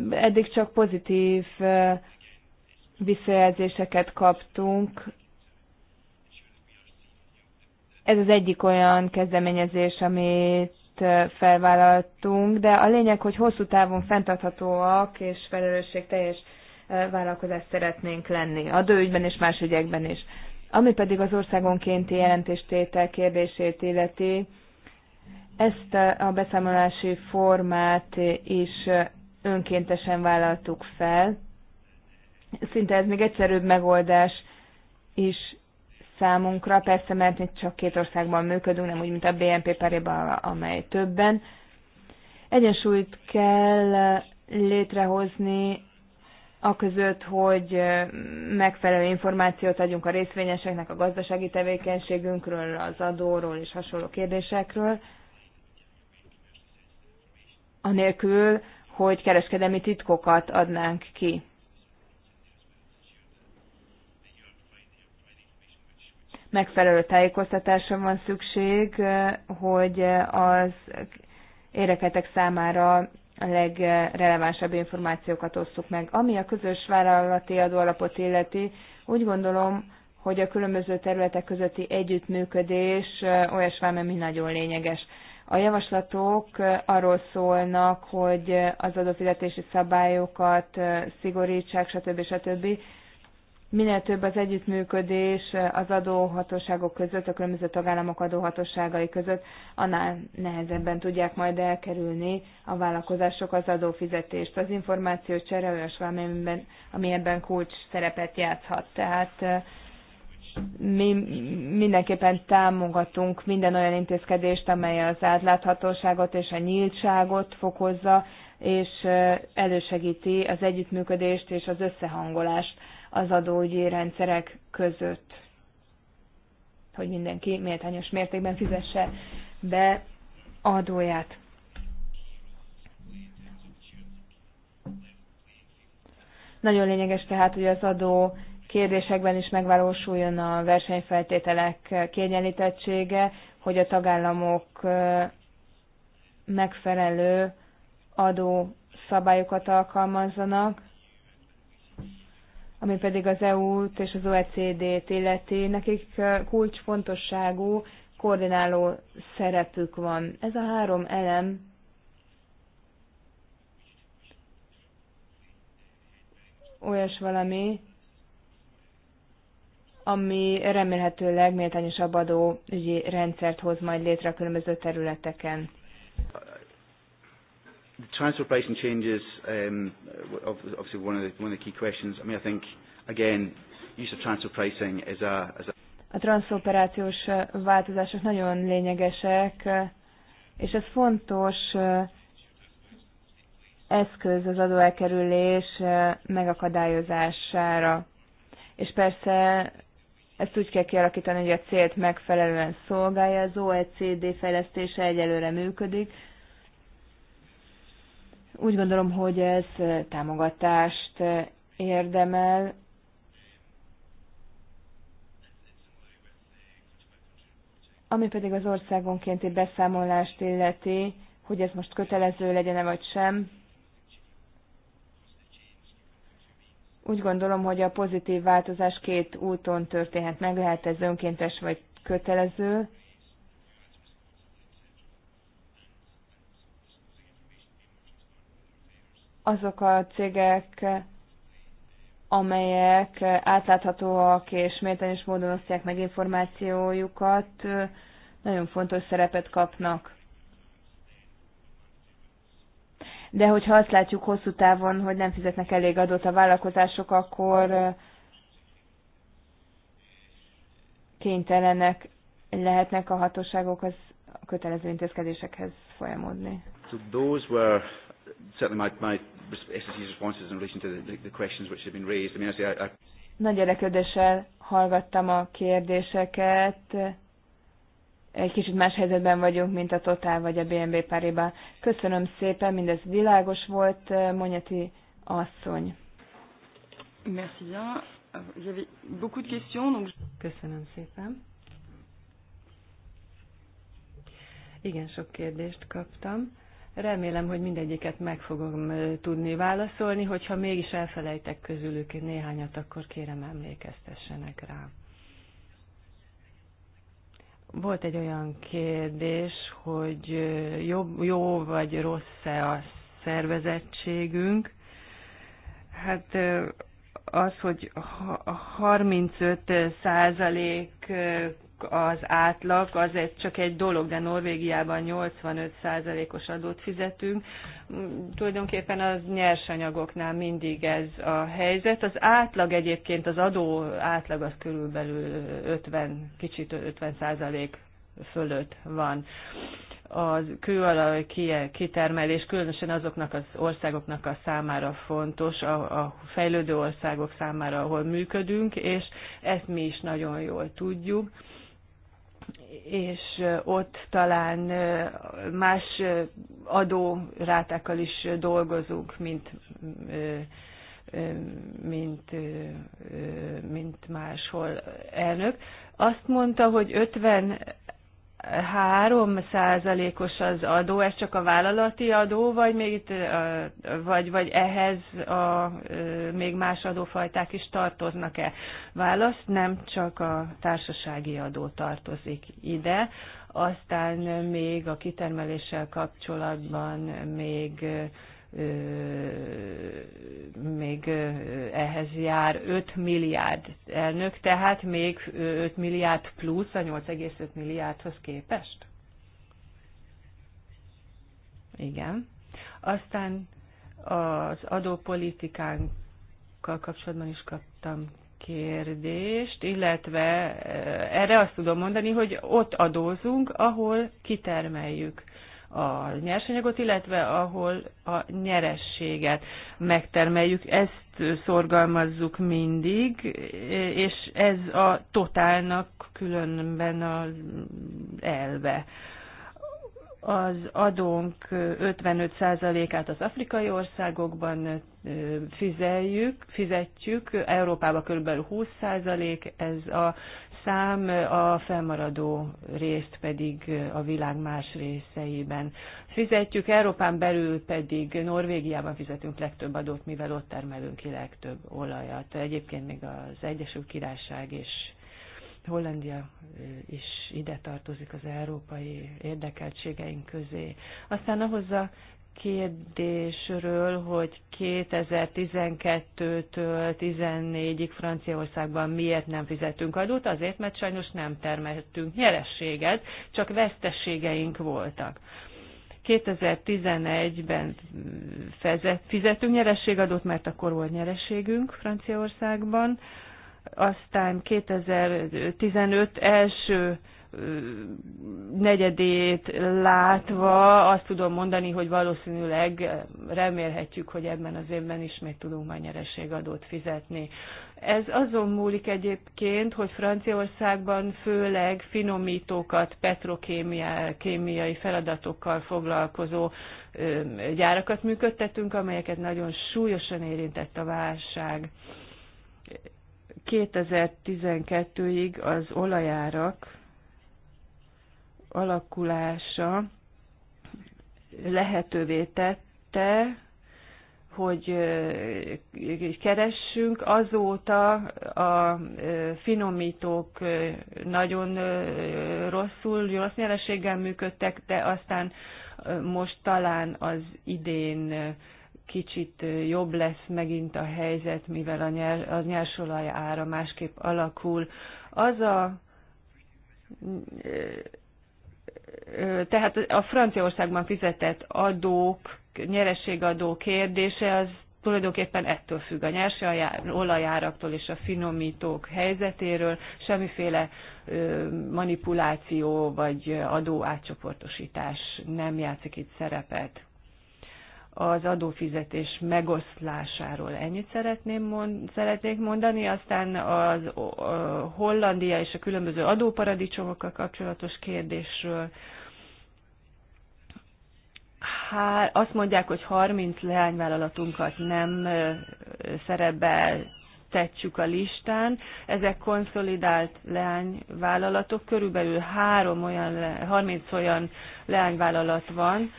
Eddig csak pozitív visszajelzéseket kaptunk. Ez az egyik olyan kezdeményezés, amit felvállaltunk, de a lényeg, hogy hosszú távon fenntarthatóak és felelősségteljes vállalkozást szeretnénk lenni. A dőügyben és más ügyekben is. Ami pedig az országonkénti jelentéstétel kérdését illeti, ezt a beszámolási formát is önkéntesen vállaltuk fel. Szinte ez még egyszerűbb megoldás is számunkra, persze, mert mi csak két országban működünk, nem úgy, mint a BNP Paribas, amely többen. Egyensúlyt kell létrehozni a között, hogy megfelelő információt adjunk a részvényeseknek a gazdasági tevékenységünkről, az adóról és hasonló kérdésekről, anélkül, hogy kereskedelmi titkokat adnánk ki. Megfelelő tájékoztatásra van szükség, hogy az éreketek számára a legrelevánsabb információkat osszuk meg. Ami a közös vállalati adóalapot illeti, úgy gondolom, hogy a különböző területek közötti együttműködés olyasmi, ami nagyon lényeges. A javaslatok arról szólnak, hogy az adófizetési szabályokat szigorítsák, stb. stb minél több az együttműködés az adóhatóságok között, a különböző tagállamok adóhatóságai között, annál nehezebben tudják majd elkerülni a vállalkozások az adófizetést. Az információ csere olyasmi, ami ebben kulcs szerepet játszhat. Tehát eh, mi mindenképpen támogatunk minden olyan intézkedést, amely az átláthatóságot és a nyíltságot fokozza, és eh, elősegíti az együttműködést és az összehangolást az adógyi rendszerek között, hogy mindenki méltányos mértékben fizesse be adóját. Nagyon lényeges tehát, hogy az adó kérdésekben is megvalósuljon a versenyfeltételek kiegyenlítettsége, hogy a tagállamok megfelelő adó szabályokat alkalmazzanak, ami pedig az EU-t és az OECD-t illeti, nekik kulcsfontosságú koordináló szerepük van. Ez a három elem olyas valami, ami remélhetőleg méltányosabb adóügyi rendszert hoz majd létre a különböző területeken the transfer pricing changes, um, obviously one of, the, one of the key questions. I mean, I think, again, use of transfer pricing is a... Is a a transzoperációs uh, változások nagyon lényegesek, uh, és ez fontos uh, eszköz az adóelkerülés megakadályozására. És persze ezt úgy kell kialakítani, hogy a célt megfelelően szolgálja, az OECD fejlesztése egyelőre működik, úgy gondolom, hogy ez támogatást érdemel, ami pedig az országonkénti beszámolást illeti, hogy ez most kötelező legyen-e vagy sem. Úgy gondolom, hogy a pozitív változás két úton történhet meg, lehet ez önkéntes vagy kötelező. azok a cégek, amelyek átláthatóak és méltányos módon osztják meg információjukat, nagyon fontos szerepet kapnak. De hogyha azt látjuk hosszú távon, hogy nem fizetnek elég adót a vállalkozások, akkor kénytelenek lehetnek a hatóságok az kötelező intézkedésekhez folyamodni. So those were certainly my, my SSC's responses in relation to the, the questions which have been raised. I mean, I, say I, I nagy érdeklődéssel hallgattam a kérdéseket. Egy kicsit más helyzetben vagyunk, mint a Total vagy a BNB Paribas. Köszönöm szépen, mindez világos volt, Monyati asszony. Merci bien. Euh, j'avais beaucoup de questions, donc... Köszönöm szépen. Igen, sok kérdést kaptam. Remélem, hogy mindegyiket meg fogom tudni válaszolni, hogyha mégis elfelejtek közülük néhányat, akkor kérem emlékeztessenek rá. Volt egy olyan kérdés, hogy jobb, jó vagy rossz-e a szervezettségünk. Hát az, hogy 35 százalék az átlag, az egy, csak egy dolog, de Norvégiában 85%-os adót fizetünk. Tulajdonképpen az nyersanyagoknál mindig ez a helyzet. Az átlag egyébként, az adó átlag az körülbelül 50, kicsit 50% fölött van. A kőalaj kitermelés különösen azoknak az országoknak a számára fontos, a, a fejlődő országok számára, ahol működünk, és ezt mi is nagyon jól tudjuk és ott talán más adórátákkal is dolgozunk, mint, mint, mint máshol elnök. Azt mondta, hogy 50 3 százalékos az adó, ez csak a vállalati adó, vagy még itt, vagy, vagy ehhez a, még más adófajták is tartoznak-e? Válasz, nem csak a társasági adó tartozik ide, aztán még a kitermeléssel kapcsolatban még még ehhez jár 5 milliárd elnök, tehát még 5 milliárd plusz a 8,5 milliárdhoz képest? Igen. Aztán az adópolitikánkkal kapcsolatban is kaptam kérdést, illetve erre azt tudom mondani, hogy ott adózunk, ahol kitermeljük a nyersanyagot, illetve ahol a nyerességet megtermeljük. Ezt szorgalmazzuk mindig, és ez a totálnak különben az elve az adónk 55%-át az afrikai országokban fizeljük, fizetjük, Európában kb. 20%, ez a szám, a felmaradó részt pedig a világ más részeiben fizetjük, Európán belül pedig Norvégiában fizetünk legtöbb adót, mivel ott termelünk ki legtöbb olajat. Egyébként még az Egyesült Királyság és Hollandia is ide tartozik az európai érdekeltségeink közé. Aztán ahhoz a kérdésről, hogy 2012-től 14-ig Franciaországban miért nem fizetünk adót, azért, mert sajnos nem termeltünk nyerességet, csak veszteségeink voltak. 2011-ben fizetünk nyerességadót, mert akkor volt nyerességünk Franciaországban, aztán 2015 első negyedét látva azt tudom mondani, hogy valószínűleg remélhetjük, hogy ebben az évben ismét tudunk már nyerességadót fizetni. Ez azon múlik egyébként, hogy Franciaországban főleg finomítókat, petrokémiai feladatokkal foglalkozó gyárakat működtetünk, amelyeket nagyon súlyosan érintett a válság. 2012-ig az olajárak alakulása lehetővé tette, hogy keressünk. Azóta a finomítók nagyon rosszul, rossz nyereséggel működtek, de aztán most talán az idén kicsit jobb lesz megint a helyzet, mivel a, nyers, a nyersolaj ára másképp alakul. Az a tehát a Franciaországban fizetett adók, nyerességadó kérdése az tulajdonképpen ettől függ a nyersi olajáraktól és a finomítók helyzetéről, semmiféle manipuláció vagy adó átcsoportosítás nem játszik itt szerepet az adófizetés megoszlásáról ennyit szeretném mond, szeretnék mondani, aztán az a Hollandia és a különböző adóparadicsomokkal kapcsolatos kérdésről. Há, azt mondják, hogy 30 leányvállalatunkat nem szerepel tetszük a listán. Ezek konszolidált leányvállalatok, körülbelül három olyan, 30 olyan leányvállalat van,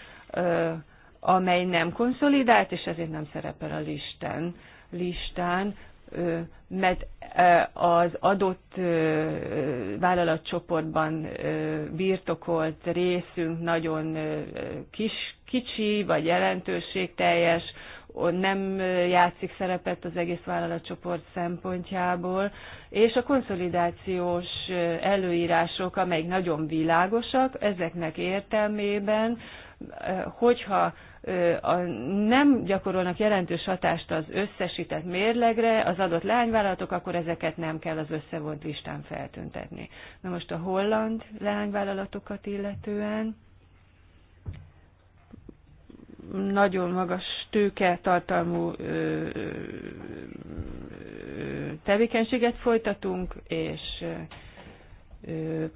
amely nem konszolidált, és ezért nem szerepel a listán, listán mert az adott vállalatcsoportban birtokolt részünk nagyon kis, kicsi vagy jelentőségteljes, nem játszik szerepet az egész vállalatcsoport szempontjából, és a konszolidációs előírások, amelyek nagyon világosak, ezeknek értelmében, hogyha nem gyakorolnak jelentős hatást az összesített mérlegre az adott lányvállalatok, akkor ezeket nem kell az összevont listán feltüntetni. Na most a holland lányvállalatokat illetően nagyon magas tőke tartalmú tevékenységet folytatunk, és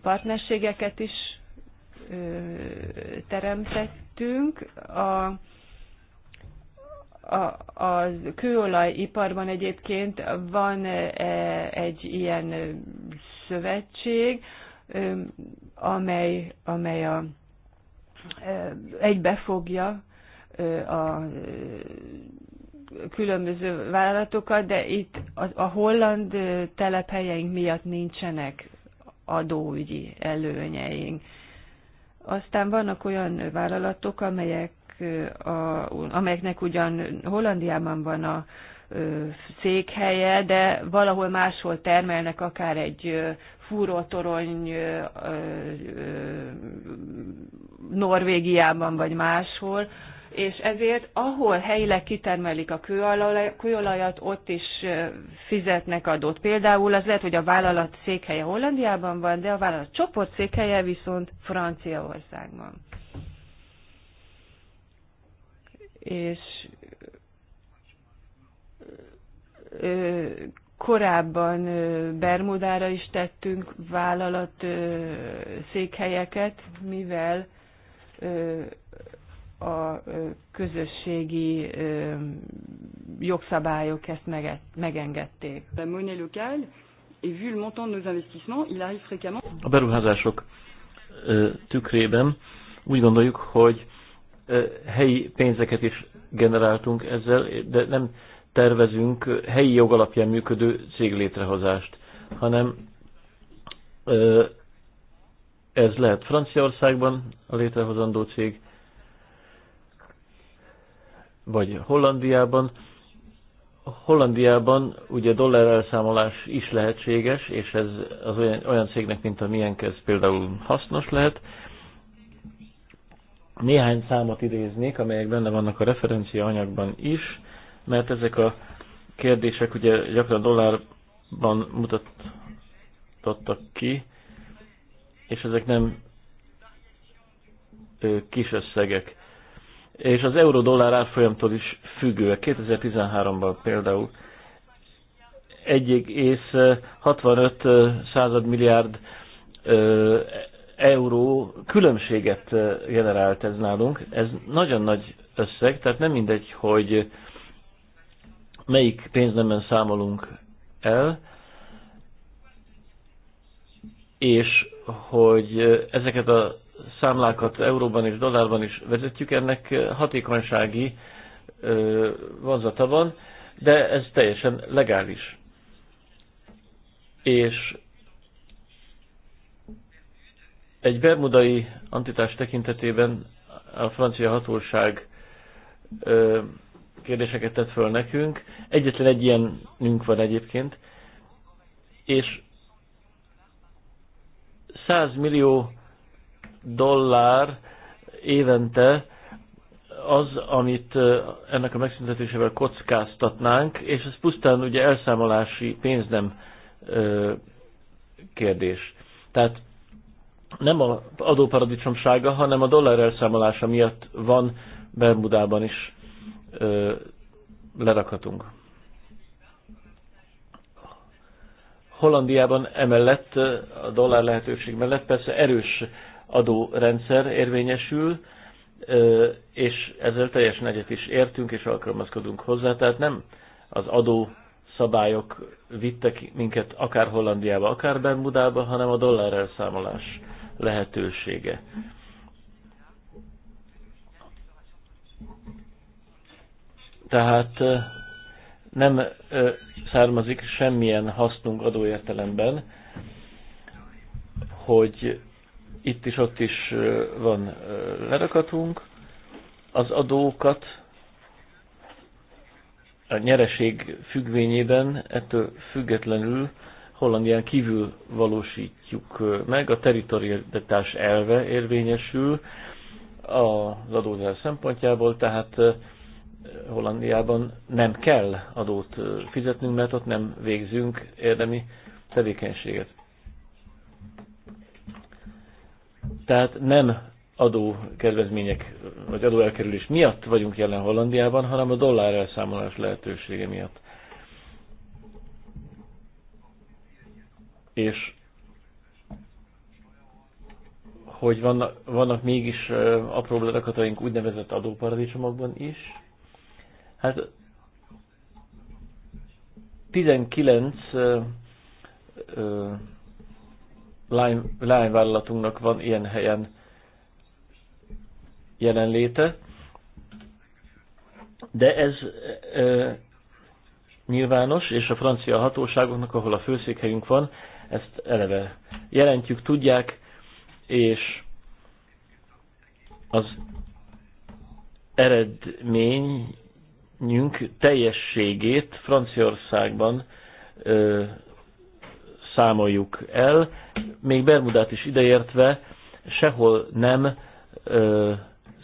partnerségeket is teremtettünk. A, a, a kőolajiparban egyébként van egy ilyen szövetség, amely, amely a, egybefogja a különböző vállalatokat, de itt a, a holland telephelyeink miatt nincsenek adóügyi előnyeink. Aztán vannak olyan vállalatok, amelyek, a, amelyeknek ugyan Hollandiában van a székhelye, de valahol máshol termelnek akár egy fúrótorony Norvégiában vagy máshol, és ezért ahol helyileg kitermelik a kőolajat, ott is fizetnek adót. Például az lehet, hogy a vállalat székhelye Hollandiában van, de a vállalat csoport székhelye viszont Franciaországban. És korábban Bermudára is tettünk vállalat székhelyeket, mivel a közösségi jogszabályok ezt megengedték. A monnaie locale, et vu le montant de nos investissements, il arrive fréquemment... A beruházások tükrében úgy gondoljuk, hogy helyi pénzeket is generáltunk ezzel, de nem tervezünk helyi jog alapján működő cég létrehozást, hanem ez lehet Franciaországban a létrehozandó cég, vagy Hollandiában. Hollandiában ugye dollár elszámolás is lehetséges, és ez az olyan, olyan cégnek, mint a miénk, ez például hasznos lehet. Néhány számot idéznék, amelyek benne vannak a referencia anyagban is, mert ezek a kérdések ugye gyakran dollárban mutattak ki, és ezek nem kis összegek és az euró-dollár árfolyamtól is függőek. 2013-ban például 1,65 század milliárd euró különbséget generált ez nálunk. Ez nagyon nagy összeg, tehát nem mindegy, hogy melyik pénznemben számolunk el, és hogy ezeket a számlákat euróban és dollárban is vezetjük, ennek hatékonysági vonzata van, de ez teljesen legális. És egy bermudai antitás tekintetében a francia hatóság kérdéseket tett föl nekünk. Egyetlen egy ilyenünk van egyébként. És 100 millió dollár évente az, amit ennek a megszüntetésével kockáztatnánk, és ez pusztán ugye elszámolási pénz nem kérdés. Tehát nem a adóparadicsomsága, hanem a dollár elszámolása miatt van Bermudában is ö, lerakhatunk. Hollandiában emellett, a dollár lehetőség mellett persze erős adórendszer érvényesül, és ezzel teljesen egyet is értünk és alkalmazkodunk hozzá, tehát nem az adó szabályok vittek minket akár Hollandiába, akár Bermudába, hanem a dollár elszámolás lehetősége. Tehát nem származik semmilyen hasznunk adóértelemben, hogy itt is, ott is van lerakatunk. Az adókat a nyereség függvényében, ettől függetlenül Hollandián kívül valósítjuk meg, a teritorialitás elve érvényesül az adózás szempontjából, tehát Hollandiában nem kell adót fizetnünk, mert ott nem végzünk érdemi tevékenységet. tehát nem adó kedvezmények vagy elkerülés miatt vagyunk jelen Hollandiában, hanem a dollár elszámolás lehetősége miatt. És hogy vannak, vannak mégis apró lakataink úgynevezett adóparadicsomokban is. Hát 19 ö, ö, lányvállalatunknak van ilyen helyen jelenléte, de ez e, nyilvános, és a francia hatóságoknak, ahol a főszékhelyünk van, ezt eleve jelentjük, tudják, és az eredményünk teljességét Franciaországban számoljuk el, még Bermudát is ideértve, sehol nem ö,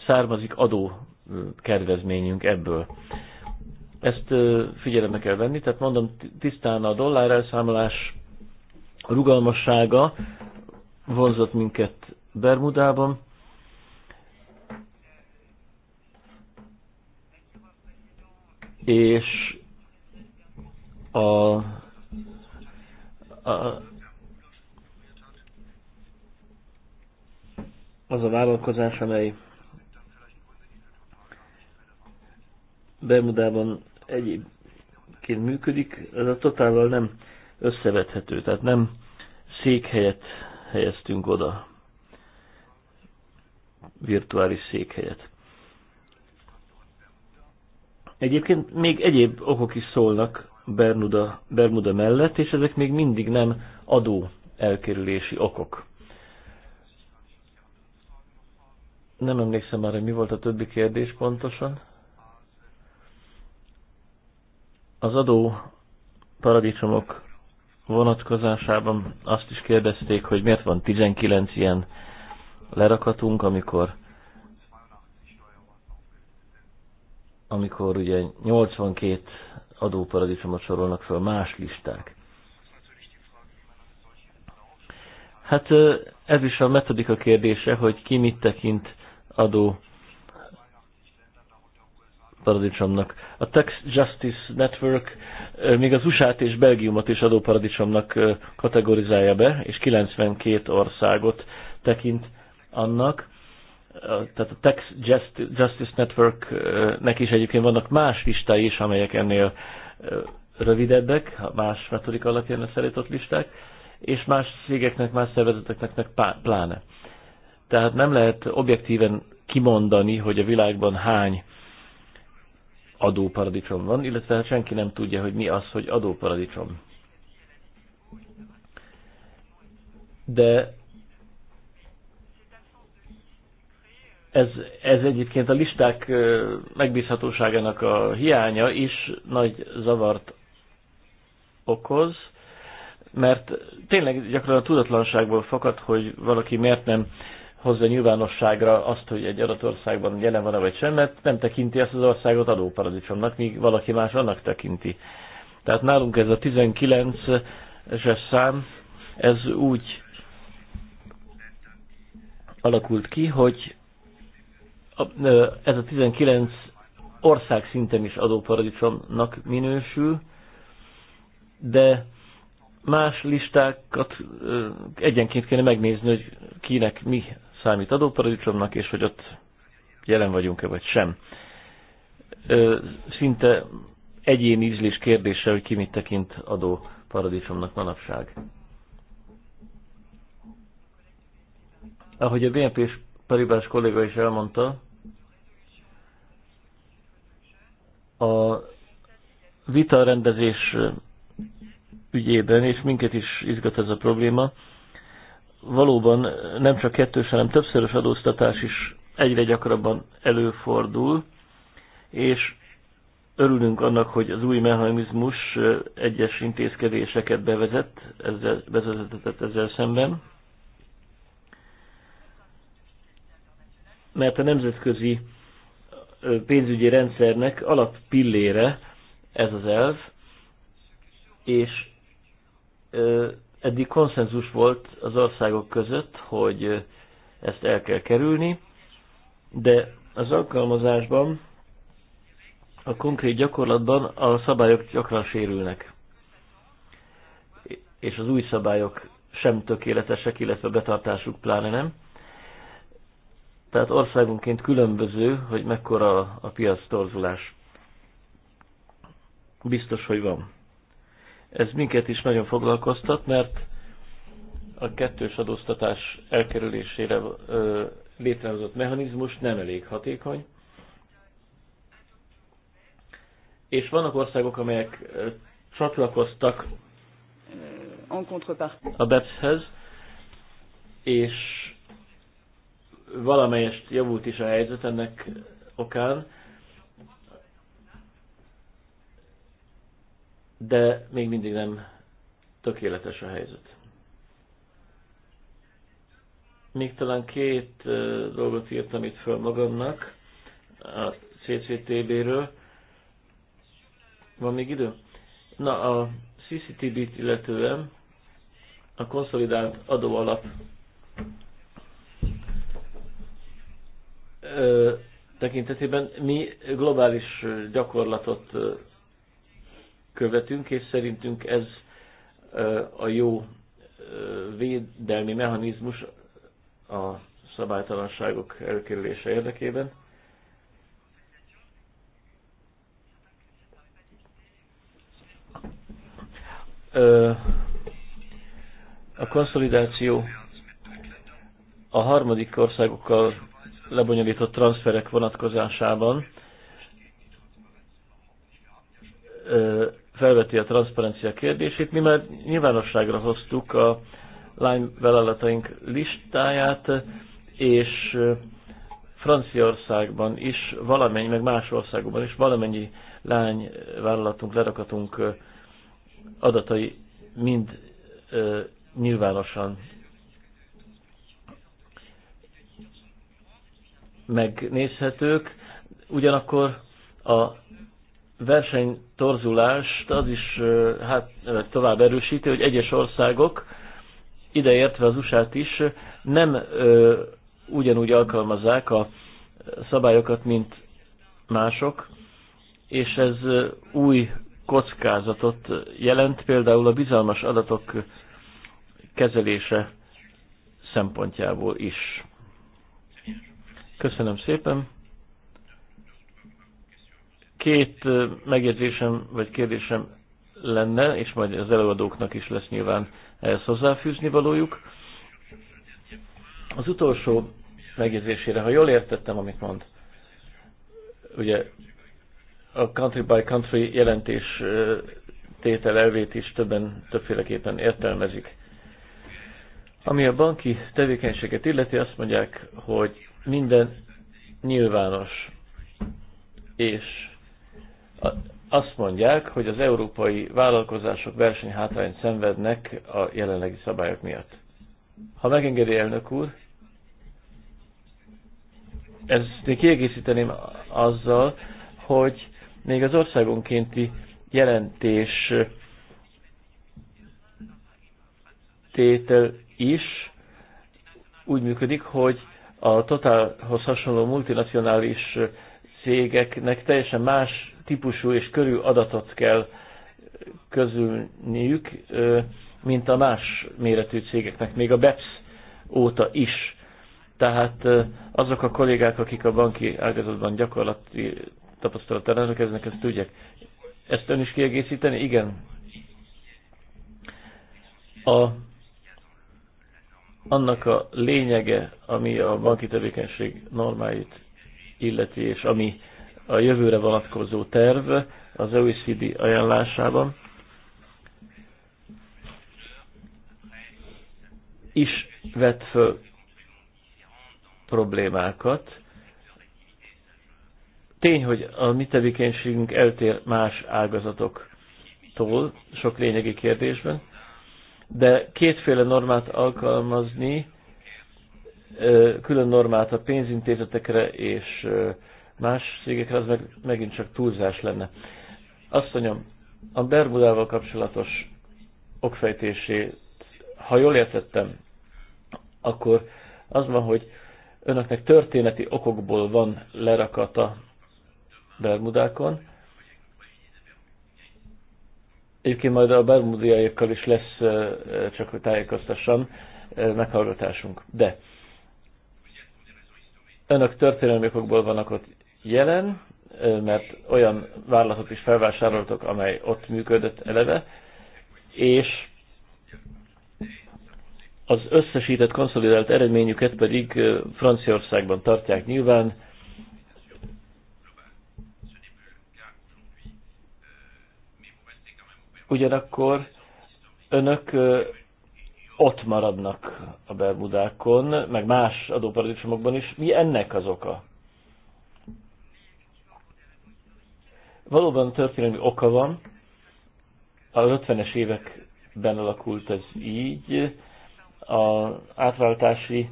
származik adó kedvezményünk ebből. Ezt ö, figyelembe kell venni, tehát mondom tisztán a dollár elszámolás rugalmassága vonzott minket Bermudában. És a az a vállalkozás, amely Bermudában egyébként működik, ez a totálval nem összevethető, tehát nem székhelyet helyeztünk oda, virtuális székhelyet. Egyébként még egyéb okok is szólnak Bermuda, Bermuda mellett, és ezek még mindig nem adó elkerülési okok. Nem emlékszem már, hogy mi volt a többi kérdés pontosan. Az adó paradicsomok vonatkozásában azt is kérdezték, hogy miért van 19 ilyen lerakatunk, amikor amikor ugye 82 adóparadicsomot sorolnak fel más listák. Hát ez is a metodika kérdése, hogy ki mit tekint adó adóparadicsomnak. A Tax Justice Network még az usa és Belgiumot is adóparadicsomnak kategorizálja be, és 92 országot tekint annak tehát a Tax Justice Networknek is egyébként vannak más listái is, amelyek ennél rövidebbek, más metodika alapján összeállított listák, és más cégeknek, más szervezeteknek meg pláne. Tehát nem lehet objektíven kimondani, hogy a világban hány adóparadicsom van, illetve hát senki nem tudja, hogy mi az, hogy adóparadicsom. De Ez, ez egyébként a listák megbízhatóságának a hiánya is nagy zavart okoz, mert tényleg gyakran a tudatlanságból fakad, hogy valaki miért nem hozza nyilvánosságra azt, hogy egy adott országban jelen van-e vagy sem, mert nem tekinti ezt az országot adóparadicsomnak, míg valaki más annak tekinti. Tehát nálunk ez a 19-es szám, ez úgy alakult ki, hogy ez a 19 ország szinten is adóparadicsomnak minősül, de más listákat egyenként kéne megnézni, hogy kinek mi számít adóparadicsomnak, és hogy ott jelen vagyunk-e vagy sem. Szinte egyéni ízlés kérdése, hogy ki mit tekint adóparadicsomnak manapság. Ahogy a BNP-s paribás kolléga is elmondta, a vita rendezés ügyében, és minket is izgat ez a probléma, valóban nem csak kettős, hanem többszörös adóztatás is egyre gyakrabban előfordul, és örülünk annak, hogy az új mechanizmus egyes intézkedéseket bevezet, ezzel, bevezetett ezzel szemben, mert a nemzetközi pénzügyi rendszernek alappillére ez az elv, és eddig konszenzus volt az országok között, hogy ezt el kell kerülni, de az alkalmazásban, a konkrét gyakorlatban a szabályok gyakran sérülnek, és az új szabályok sem tökéletesek, illetve betartásuk pláne nem tehát országunként különböző, hogy mekkora a piac torzulás. Biztos, hogy van. Ez minket is nagyon foglalkoztat, mert a kettős adóztatás elkerülésére ö, létrehozott mechanizmus nem elég hatékony. És vannak országok, amelyek ö, csatlakoztak a BEPS-hez, és valamelyest javult is a helyzet ennek okán, de még mindig nem tökéletes a helyzet. Még talán két dolgot írtam itt föl magamnak a CCTB-ről. Van még idő? Na, a CCTB-t illetően a konszolidált adóalap tekintetében mi globális gyakorlatot követünk, és szerintünk ez a jó védelmi mechanizmus a szabálytalanságok elkerülése érdekében. A konszolidáció a harmadik országokkal lebonyolított transferek vonatkozásában felveti a transzparencia kérdését. Mi már nyilvánosságra hoztuk a lányvállalataink listáját, és Franciaországban is valamennyi, meg más országokban is valamennyi lányvállalatunk, lerakatunk adatai mind nyilvánosan megnézhetők, ugyanakkor a versenytorzulást az is hát, tovább erősíti, hogy egyes országok, ideértve az usa is, nem ö, ugyanúgy alkalmazzák a szabályokat, mint mások, és ez új kockázatot jelent, például a bizalmas adatok kezelése szempontjából is. Köszönöm szépen. Két megjegyzésem vagy kérdésem lenne, és majd az előadóknak is lesz nyilván ehhez hozzáfűzni valójuk. Az utolsó megjegyzésére, ha jól értettem, amit mond, ugye a country by country jelentés tétel elvét is többen többféleképpen értelmezik. Ami a banki tevékenységet illeti, azt mondják, hogy minden nyilvános. És azt mondják, hogy az európai vállalkozások versenyhátrányt szenvednek a jelenlegi szabályok miatt. Ha megengedi elnök úr, ezt még kiegészíteném azzal, hogy még az országonkénti jelentés tétel is úgy működik, hogy a Totalhoz hasonló multinacionális cégeknek teljesen más típusú és körű adatot kell közülniük, mint a más méretű cégeknek, még a BEPS óta is. Tehát azok a kollégák, akik a banki ágazatban gyakorlati tapasztalattal rendelkeznek, ezt tudják. Ezt ön is kiegészíteni? Igen. A annak a lényege, ami a banki tevékenység normáit illeti, és ami a jövőre vonatkozó terv az OECD ajánlásában, is vet föl problémákat. Tény, hogy a mi tevékenységünk eltér más ágazatoktól sok lényegi kérdésben, de kétféle normát alkalmazni, külön normát a pénzintézetekre és más cégekre, az meg, megint csak túlzás lenne. Azt mondjam, a Bermudával kapcsolatos okfejtését, ha jól értettem, akkor az van, hogy önöknek történeti okokból van lerakata Bermudákon, Egyébként majd a bermudiaiakkal is lesz, csak tájékoztassam, meghallgatásunk. De önök történelmi okokból vannak ott jelen, mert olyan vállalatot is felvásároltok, amely ott működött eleve, és az összesített konszolidált eredményüket pedig Franciaországban tartják nyilván, Ugyanakkor önök ott maradnak a Bermudákon, meg más adóparadicsomokban is. Mi ennek az oka? Valóban történelmi oka van. A 50-es években alakult ez így. A átváltási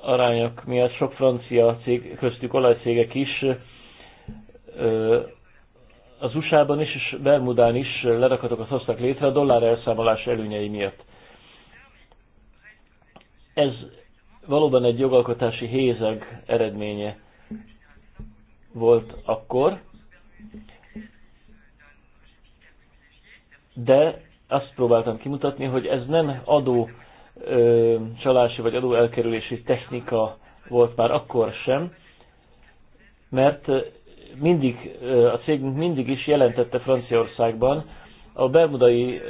arányok miatt sok francia cég, köztük olajcégek is az USA-ban is, és Bermudán is lerakatokat hoztak létre a dollár elszámolás előnyei miatt. Ez valóban egy jogalkotási hézeg eredménye volt akkor, de azt próbáltam kimutatni, hogy ez nem adó ö, csalási vagy adó elkerülési technika volt már akkor sem, mert mindig, a cégünk mindig is jelentette Franciaországban a bermudai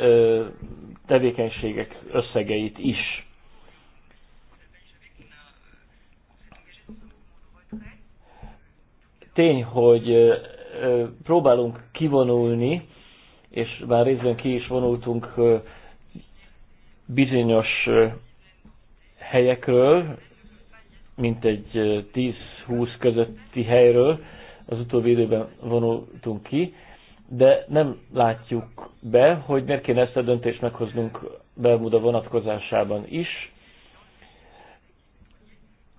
tevékenységek összegeit is. Tény, hogy próbálunk kivonulni, és már részben ki is vonultunk bizonyos helyekről, mint egy 10-20 közötti helyről, az utóbbi időben vonultunk ki, de nem látjuk be, hogy miért kéne ezt a döntést meghoznunk Bermuda vonatkozásában is.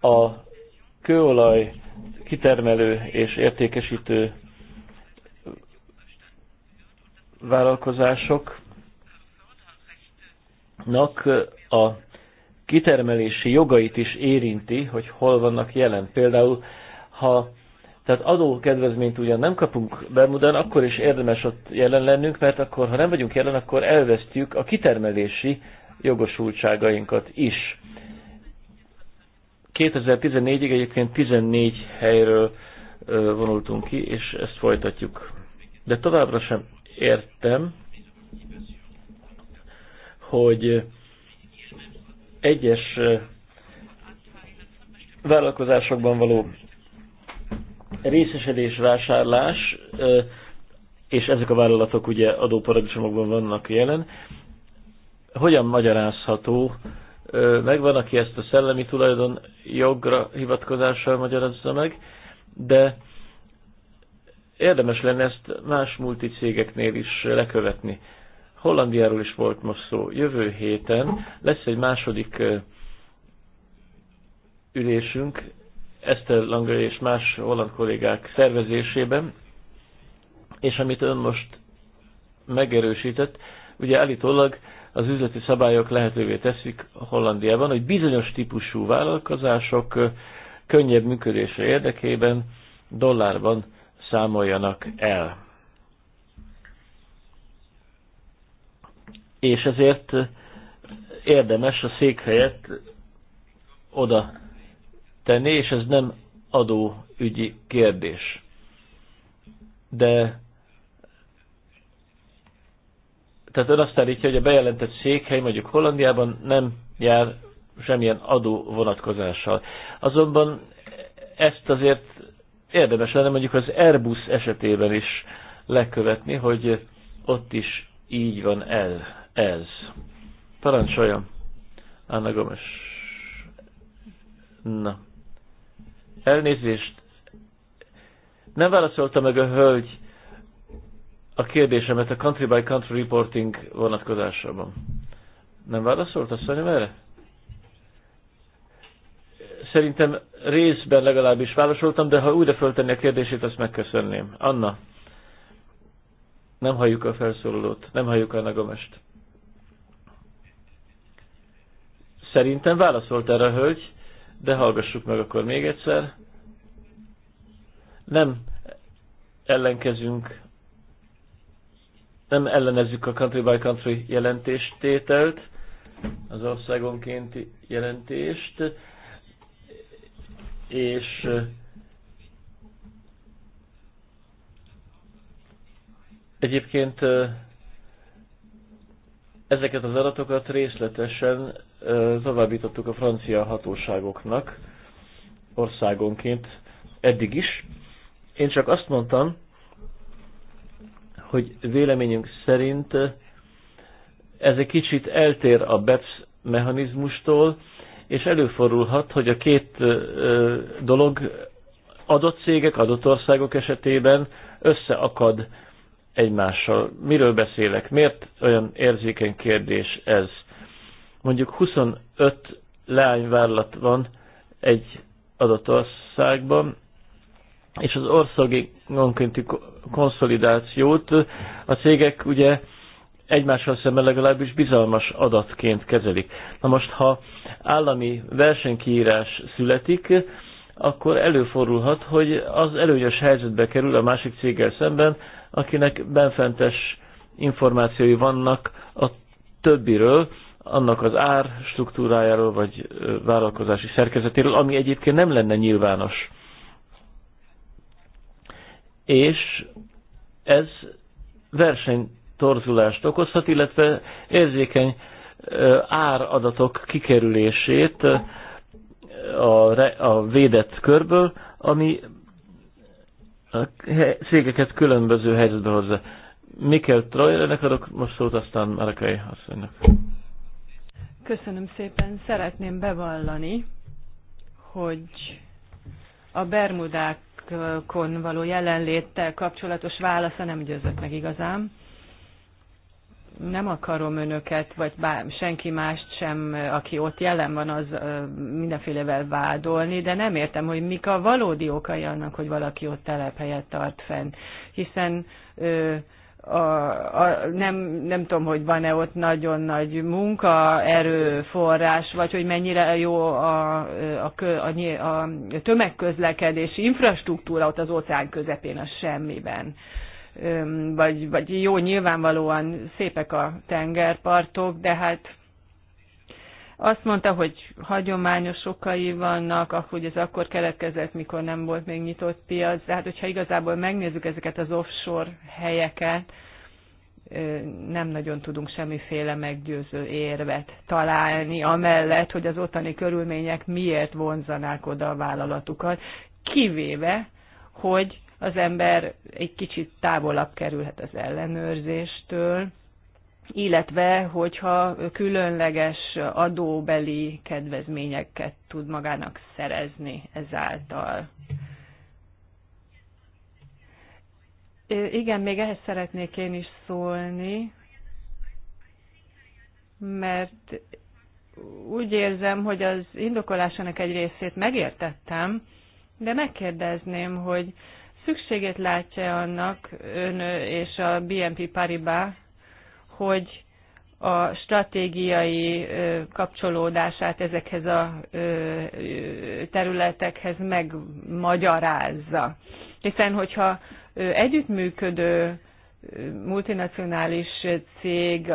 A kőolaj kitermelő és értékesítő vállalkozásoknak a kitermelési jogait is érinti, hogy hol vannak jelen. Például, ha tehát adó kedvezményt ugyan nem kapunk Bermudán, akkor is érdemes ott jelen lennünk, mert akkor, ha nem vagyunk jelen, akkor elvesztjük a kitermelési jogosultságainkat is. 2014-ig egyébként 14 helyről vonultunk ki, és ezt folytatjuk. De továbbra sem értem, hogy egyes vállalkozásokban való részesedés, vásárlás, és ezek a vállalatok ugye adóparadicsomokban vannak jelen, hogyan magyarázható, megvan, aki ezt a szellemi tulajdon jogra hivatkozással magyarázza meg, de érdemes lenne ezt más multicégeknél is lekövetni. Hollandiáról is volt most szó. Jövő héten lesz egy második ülésünk Eszter Langer és más holland kollégák szervezésében, és amit ön most megerősített, ugye állítólag az üzleti szabályok lehetővé teszik Hollandiában, hogy bizonyos típusú vállalkozások könnyebb működése érdekében dollárban számoljanak el. És ezért érdemes a székhelyet oda tenni, és ez nem adóügyi kérdés. De tehát ön azt állítja, hogy a bejelentett székhely mondjuk Hollandiában nem jár semmilyen adó vonatkozással. Azonban ezt azért érdemes lenne mondjuk az Airbus esetében is lekövetni, hogy ott is így van el, ez. Parancsoljam, Anna Gomes. Na. Elnézést. Nem válaszolta meg a hölgy a kérdésemet a country by country reporting vonatkozásában. Nem válaszolt mondjam erre? Szerintem részben legalábbis válaszoltam, de ha újra föltenni a kérdését, azt megköszönném. Anna, nem halljuk a felszólalót, nem halljuk a nagomest. Szerintem válaszolt erre a hölgy, de hallgassuk meg akkor még egyszer. Nem ellenkezünk, nem ellenezzük a country by country jelentéstételt, az országonkénti jelentést, és eh, egyébként eh, ezeket az adatokat részletesen továbbítottuk a francia hatóságoknak országonként eddig is. Én csak azt mondtam, hogy véleményünk szerint ez egy kicsit eltér a BEPS mechanizmustól, és előfordulhat, hogy a két dolog adott cégek, adott országok esetében összeakad egymással. Miről beszélek? Miért olyan érzékeny kérdés ez? mondjuk 25 leányvállalat van egy adott országban, és az országonkénti konszolidációt a cégek ugye egymással szemben legalábbis bizalmas adatként kezelik. Na most, ha állami versenykiírás születik, akkor előfordulhat, hogy az előnyös helyzetbe kerül a másik céggel szemben, akinek benfentes információi vannak a többiről, annak az ár struktúrájáról, vagy vállalkozási szerkezetéről, ami egyébként nem lenne nyilvános. És ez versenytorzulást okozhat, illetve érzékeny áradatok kikerülését a, a védett körből, ami a cégeket különböző helyzetbe hozza. Mikkel Troyernek adok most szót, aztán Marakai asszonynak. Köszönöm szépen. Szeretném bevallani, hogy a Bermudákon való jelenléttel kapcsolatos válasza nem győzött meg igazán. Nem akarom önöket, vagy bár, senki mást sem, aki ott jelen van, az mindenfélevel vádolni, de nem értem, hogy mik a valódi okai annak, hogy valaki ott telephelyet tart fenn. Hiszen ö, a, a, nem, nem tudom, hogy van-e ott nagyon nagy munka, erőforrás, vagy hogy mennyire jó a, a, a, a tömegközlekedési infrastruktúra ott az óceán közepén, a semmiben. Vagy, vagy jó, nyilvánvalóan szépek a tengerpartok, de hát azt mondta, hogy hagyományos okai vannak, akkor, hogy ez akkor keletkezett, mikor nem volt még nyitott piac. Tehát, hogyha igazából megnézzük ezeket az offshore helyeket, nem nagyon tudunk semmiféle meggyőző érvet találni, amellett, hogy az ottani körülmények miért vonzanák oda a vállalatukat, kivéve, hogy az ember egy kicsit távolabb kerülhet az ellenőrzéstől, illetve hogyha különleges adóbeli kedvezményeket tud magának szerezni ezáltal. Igen, még ehhez szeretnék én is szólni, mert úgy érzem, hogy az indokolásának egy részét megértettem, de megkérdezném, hogy szükségét látja annak ön és a BNP Paribas, hogy a stratégiai kapcsolódását ezekhez a területekhez megmagyarázza. Hiszen, hogyha együttműködő multinacionális cég,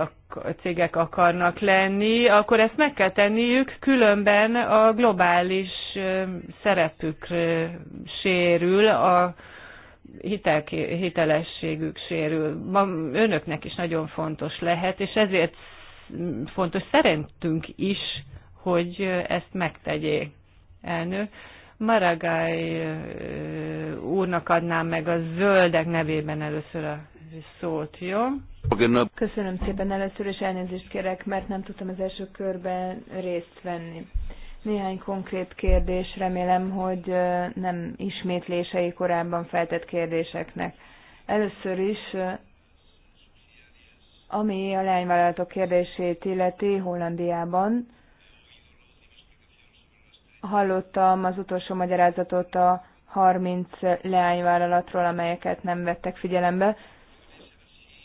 cégek akarnak lenni, akkor ezt meg kell tenniük, különben a globális szerepük sérül a hitel, hitelességük sérül. Önöknek is nagyon fontos lehet, és ezért fontos szerintünk is, hogy ezt megtegyék, elnök. Maragály úrnak adnám meg a zöldek nevében először a szót, jó? Köszönöm szépen először, és elnézést kérek, mert nem tudtam az első körben részt venni. Néhány konkrét kérdés, remélem, hogy nem ismétlései korábban feltett kérdéseknek. Először is, ami a leányvállalatok kérdését illeti Hollandiában, hallottam az utolsó magyarázatot a 30 leányvállalatról, amelyeket nem vettek figyelembe,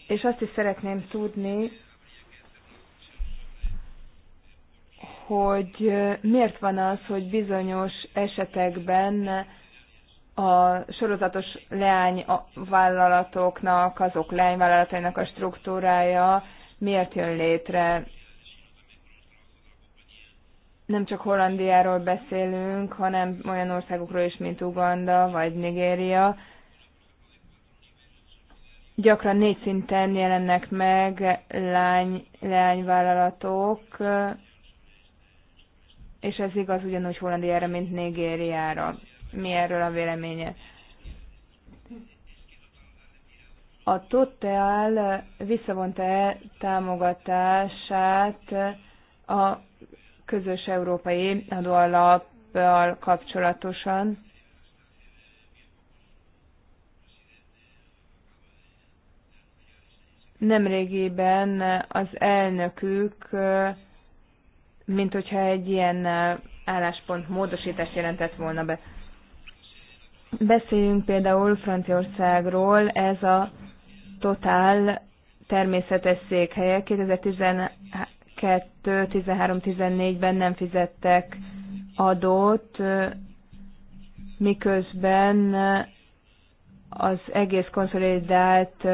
és azt is szeretném tudni, hogy miért van az, hogy bizonyos esetekben a sorozatos leányvállalatoknak, azok leányvállalatainak a struktúrája miért jön létre. Nem csak Hollandiáról beszélünk, hanem olyan országokról is, mint Uganda vagy Nigéria. Gyakran négy szinten jelennek meg lány, leányvállalatok, és ez igaz ugyanúgy Hollandiára, mint Nigériára. Mi erről a véleménye? A Total visszavonta-e támogatását a közös európai adóalappal kapcsolatosan? Nemrégiben az elnökük mint hogyha egy ilyen álláspont módosítást jelentett volna be. Beszéljünk például Franciaországról, ez a totál természetes székhelye 2012-13-14-ben nem fizettek adót, miközben az egész konszolidált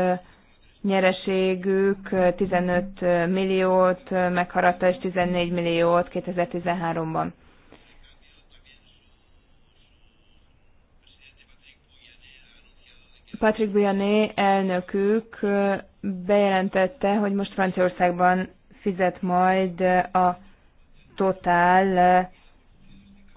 nyereségük 15 milliót megharadta, és 14 milliót 2013-ban. Patrick Buyané elnökük bejelentette, hogy most Franciaországban fizet majd a Total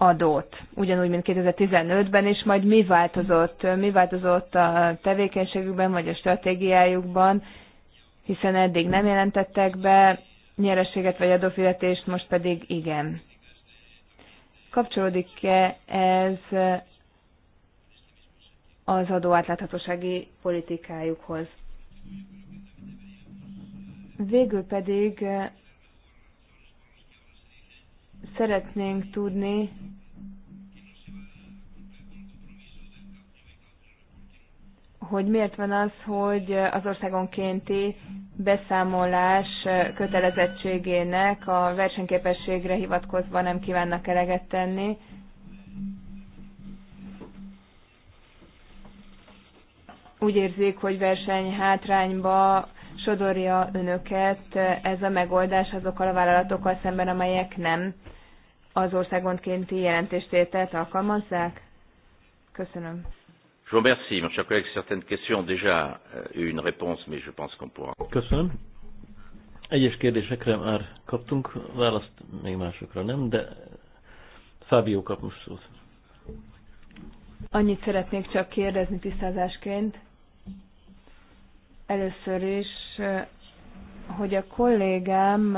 adót, ugyanúgy, mint 2015-ben, és majd mi változott, mi változott a tevékenységükben, vagy a stratégiájukban, hiszen eddig nem jelentettek be nyerességet vagy adófizetést, most pedig igen. Kapcsolódik-e ez az adóátláthatósági politikájukhoz? Végül pedig Szeretnénk tudni, hogy miért van az, hogy az országonkénti beszámolás kötelezettségének a versenyképességre hivatkozva nem kívánnak eleget tenni. Úgy érzik, hogy verseny hátrányba sodorja önöket ez a megoldás azokkal a vállalatokkal szemben, amelyek nem az országonkénti jelentéstételt alkalmazzák? Köszönöm. Je vous remercie, mon cher collègue. Certaines questions ont déjà euh, eu une réponse, mais je pense qu'on pourra. Köszönöm. Egyes kérdésekre már kaptunk választ, még másokra nem, de Fábio kap most szót. Annyit szeretnék csak kérdezni tisztázásként. Először is, hogy a kollégám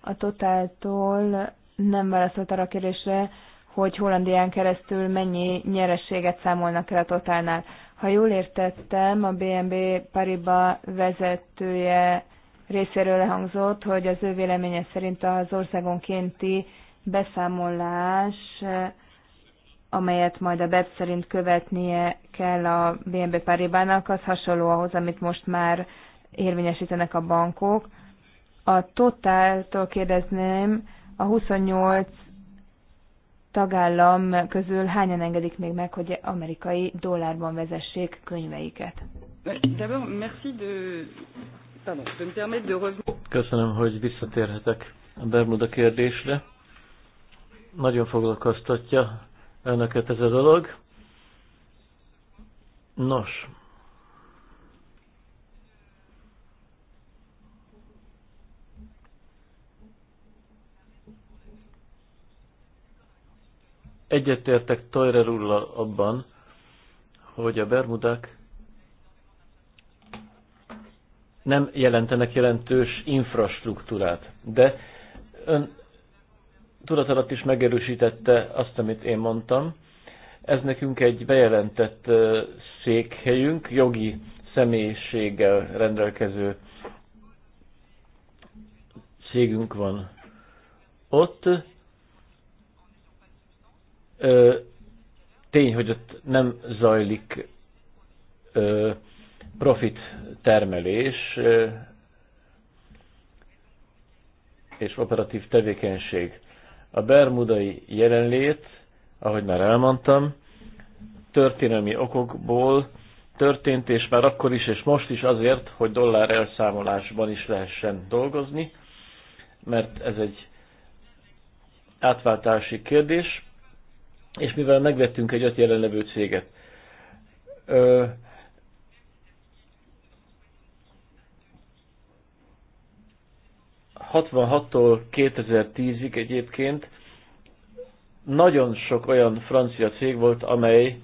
a Totáltól nem válaszolt arra a kérdésre, hogy Hollandián keresztül mennyi nyerességet számolnak el a totálnál. Ha jól értettem, a BNB pariba vezetője részéről lehangzott, hogy az ő véleménye szerint az országonkénti beszámolás, amelyet majd a BEP szerint követnie kell a BNB Paribának, az hasonló ahhoz, amit most már érvényesítenek a bankok. A totáltól kérdezném, a 28 tagállam közül hányan engedik még meg, hogy amerikai dollárban vezessék könyveiket? Köszönöm, hogy visszatérhetek a Bermuda kérdésre. Nagyon foglalkoztatja önöket ez a dolog. Nos, Egyetértek Toyrer úrral abban, hogy a Bermudák nem jelentenek jelentős infrastruktúrát, de ön tudat alatt is megerősítette azt, amit én mondtam. Ez nekünk egy bejelentett székhelyünk, jogi személyiséggel rendelkező cégünk van ott, Tény, hogy ott nem zajlik profit termelés és operatív tevékenység. A bermudai jelenlét, ahogy már elmondtam, történelmi okokból történt, és már akkor is, és most is azért, hogy dollár elszámolásban is lehessen dolgozni, mert ez egy átváltási kérdés és mivel megvettünk egy öt jelenlevő céget, ö, ...66-tól 2010-ig egyébként nagyon sok olyan francia cég volt, amely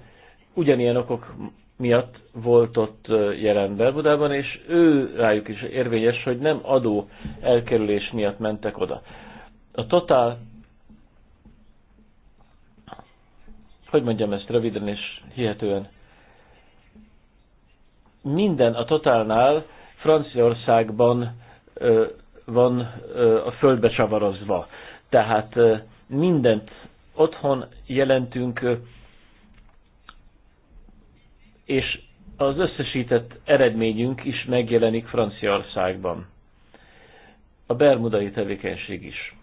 ugyanilyen okok miatt volt ott jelen Belbudában, és ő rájuk is érvényes, hogy nem adó elkerülés miatt mentek oda. A Total hogy mondjam ezt röviden és hihetően, minden a totálnál Franciaországban ö, van ö, a földbe csavarozva. Tehát ö, mindent otthon jelentünk, ö, és az összesített eredményünk is megjelenik Franciaországban. A bermudai tevékenység is.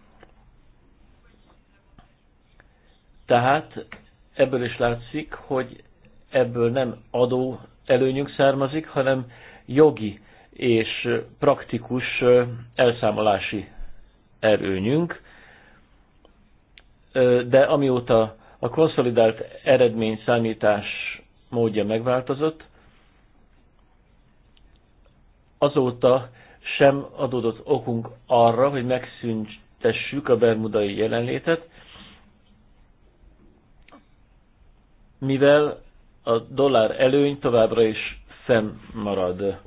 Tehát ebből is látszik, hogy ebből nem adó előnyünk származik, hanem jogi és praktikus elszámolási erőnyünk. De amióta a konszolidált számítás módja megváltozott, azóta sem adódott okunk arra, hogy megszüntessük a bermudai jelenlétet, mivel a dollár előny továbbra is fenn marad.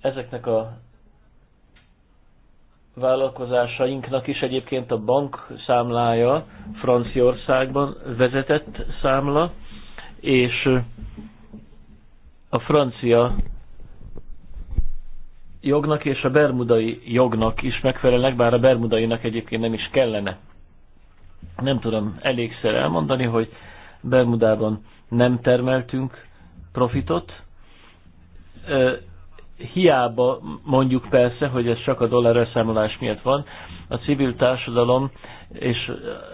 Ezeknek a vállalkozásainknak is egyébként a bank számlája Franciaországban vezetett számla, és a francia jognak és a bermudai jognak is megfelelnek, bár a bermudainak egyébként nem is kellene. Nem tudom elégszer elmondani, hogy Bermudában nem termeltünk profitot. Hiába mondjuk persze, hogy ez csak a dollár elszámolás miatt van, a civil társadalom és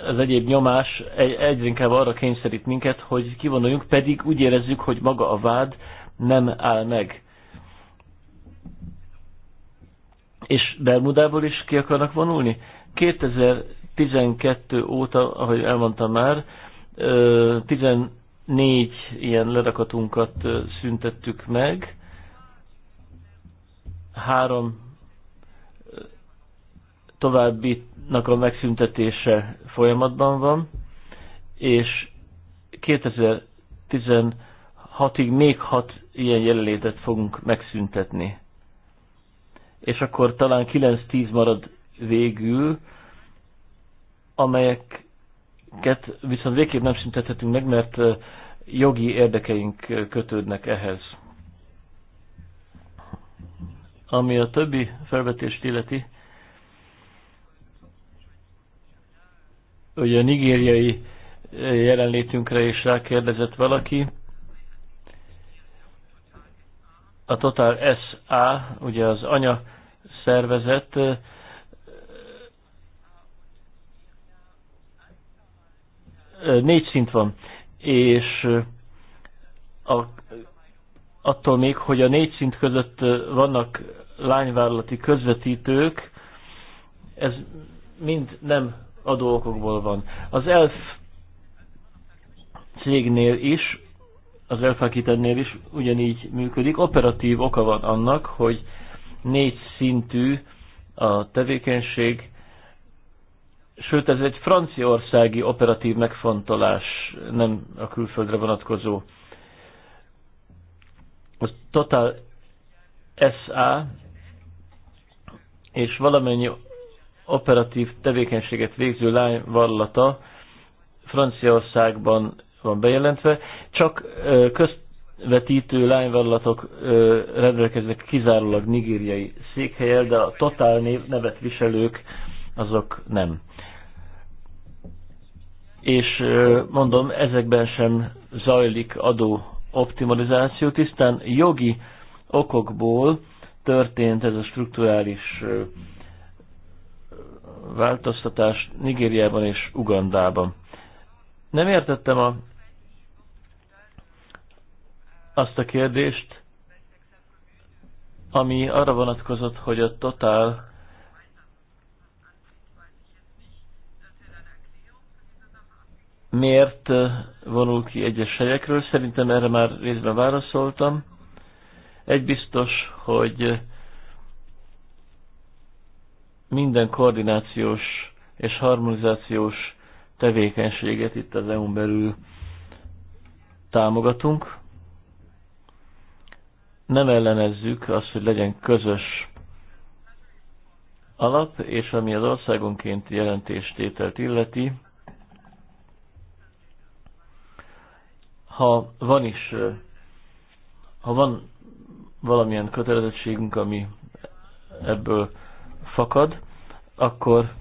az egyéb nyomás egyre inkább arra kényszerít minket, hogy kivonuljunk, pedig úgy érezzük, hogy maga a vád nem áll meg. És Bermudából is ki akarnak vonulni? 2000 12 óta, ahogy elmondtam már, 14 ilyen lerakatunkat szüntettük meg, három továbbinak a megszüntetése folyamatban van, és 2016-ig még hat ilyen jelenlétet fogunk megszüntetni. És akkor talán 9-10 marad végül, amelyeket viszont végképp nem szüntethetünk meg, mert jogi érdekeink kötődnek ehhez. Ami a többi felvetést illeti, hogy a nigériai jelenlétünkre is rákérdezett valaki. A Total SA, ugye az anya szervezet, négy szint van, és a, attól még, hogy a négy szint között vannak lányvállalati közvetítők, ez mind nem adóokokból van. Az ELF cégnél is, az Elfakitennél is ugyanígy működik. Operatív oka van annak, hogy négy szintű a tevékenység, sőt ez egy franciaországi operatív megfontolás, nem a külföldre vonatkozó. A Total SA és valamennyi operatív tevékenységet végző lány vallata Franciaországban van bejelentve, csak közvetítő lányvallatok rendelkeznek kizárólag nigériai székhelyel, de a totál név nevet viselők azok nem és mondom, ezekben sem zajlik adó optimalizáció, tisztán jogi okokból történt ez a strukturális változtatás Nigériában és Ugandában. Nem értettem a, azt a kérdést, ami arra vonatkozott, hogy a totál miért eh, vonul ki egyes helyekről. Szerintem erre már részben válaszoltam. Egy biztos, hogy eh, minden koordinációs és harmonizációs tevékenységet itt az EU-n belül támogatunk. Nem ellenezzük azt, hogy legyen közös alap, és ami az országonként jelentéstételt illeti, ha van is, ha van valamilyen kötelezettségünk, ami ebből fakad, akkor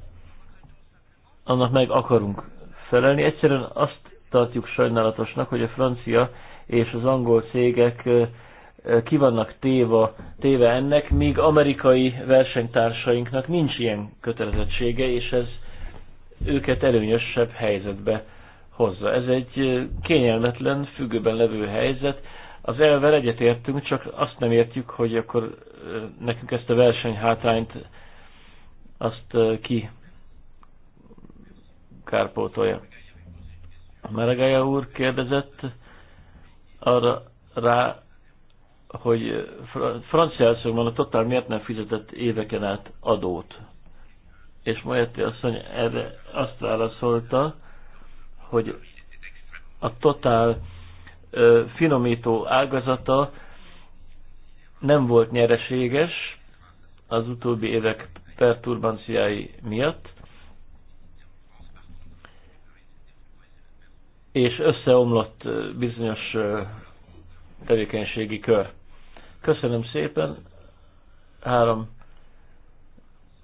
annak meg akarunk felelni. Egyszerűen azt tartjuk sajnálatosnak, hogy a francia és az angol cégek ki vannak téva, téve ennek, míg amerikai versenytársainknak nincs ilyen kötelezettsége, és ez őket előnyösebb helyzetbe hozza. Ez egy kényelmetlen, függőben levő helyzet. Az elvel egyetértünk, csak azt nem értjük, hogy akkor nekünk ezt a verseny hátrányt azt ki kárpótolja. Meregája úr kérdezett arra rá, hogy Franciaországban a Total miért nem fizetett éveken át adót. És azt mondja, erre azt válaszolta, hogy a totál finomító ágazata nem volt nyereséges az utóbbi évek perturbanciái miatt, és összeomlott bizonyos tevékenységi kör. Köszönöm szépen három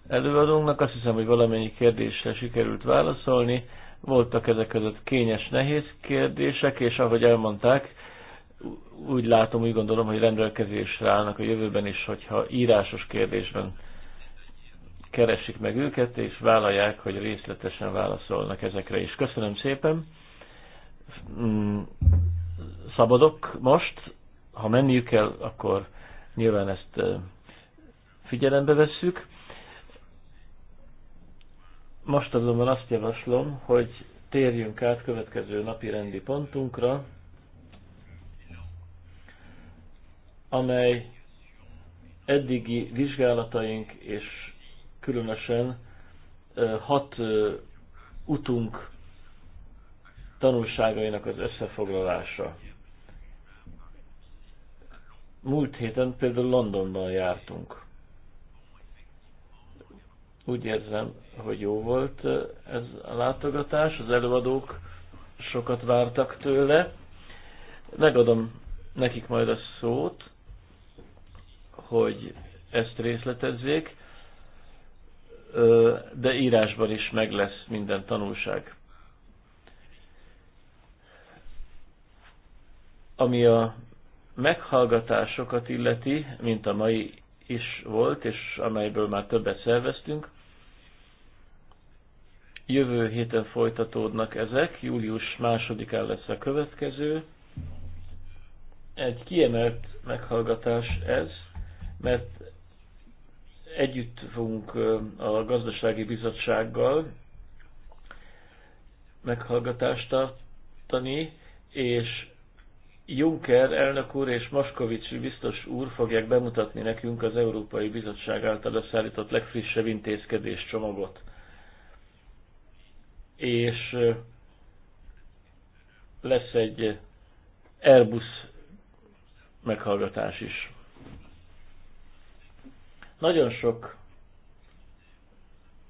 előadónknak, azt hiszem, hogy valamennyi kérdésre sikerült válaszolni. Voltak ezek között kényes, nehéz kérdések, és ahogy elmondták, úgy látom, úgy gondolom, hogy rendelkezésre állnak a jövőben is, hogyha írásos kérdésben keresik meg őket, és vállalják, hogy részletesen válaszolnak ezekre is. Köszönöm szépen. Mm, szabadok most, ha menniük kell, akkor nyilván ezt figyelembe vesszük. Most azonban azt javaslom, hogy térjünk át következő napi rendi pontunkra, amely eddigi vizsgálataink és különösen hat utunk tanulságainak az összefoglalása. Múlt héten például Londonban jártunk. Úgy érzem, hogy jó volt ez a látogatás, az előadók sokat vártak tőle. Megadom nekik majd a szót, hogy ezt részletezzék, de írásban is meg lesz minden tanulság. Ami a meghallgatásokat illeti, mint a mai is volt, és amelyből már többet szerveztünk. Jövő héten folytatódnak ezek, július másodikán lesz a következő. Egy kiemelt meghallgatás ez, mert együtt fogunk a gazdasági bizottsággal meghallgatást tartani, és Juncker elnök úr és Maskovics biztos úr fogják bemutatni nekünk az Európai Bizottság által összeállított legfrissebb intézkedés csomagot. És lesz egy Airbus meghallgatás is. Nagyon sok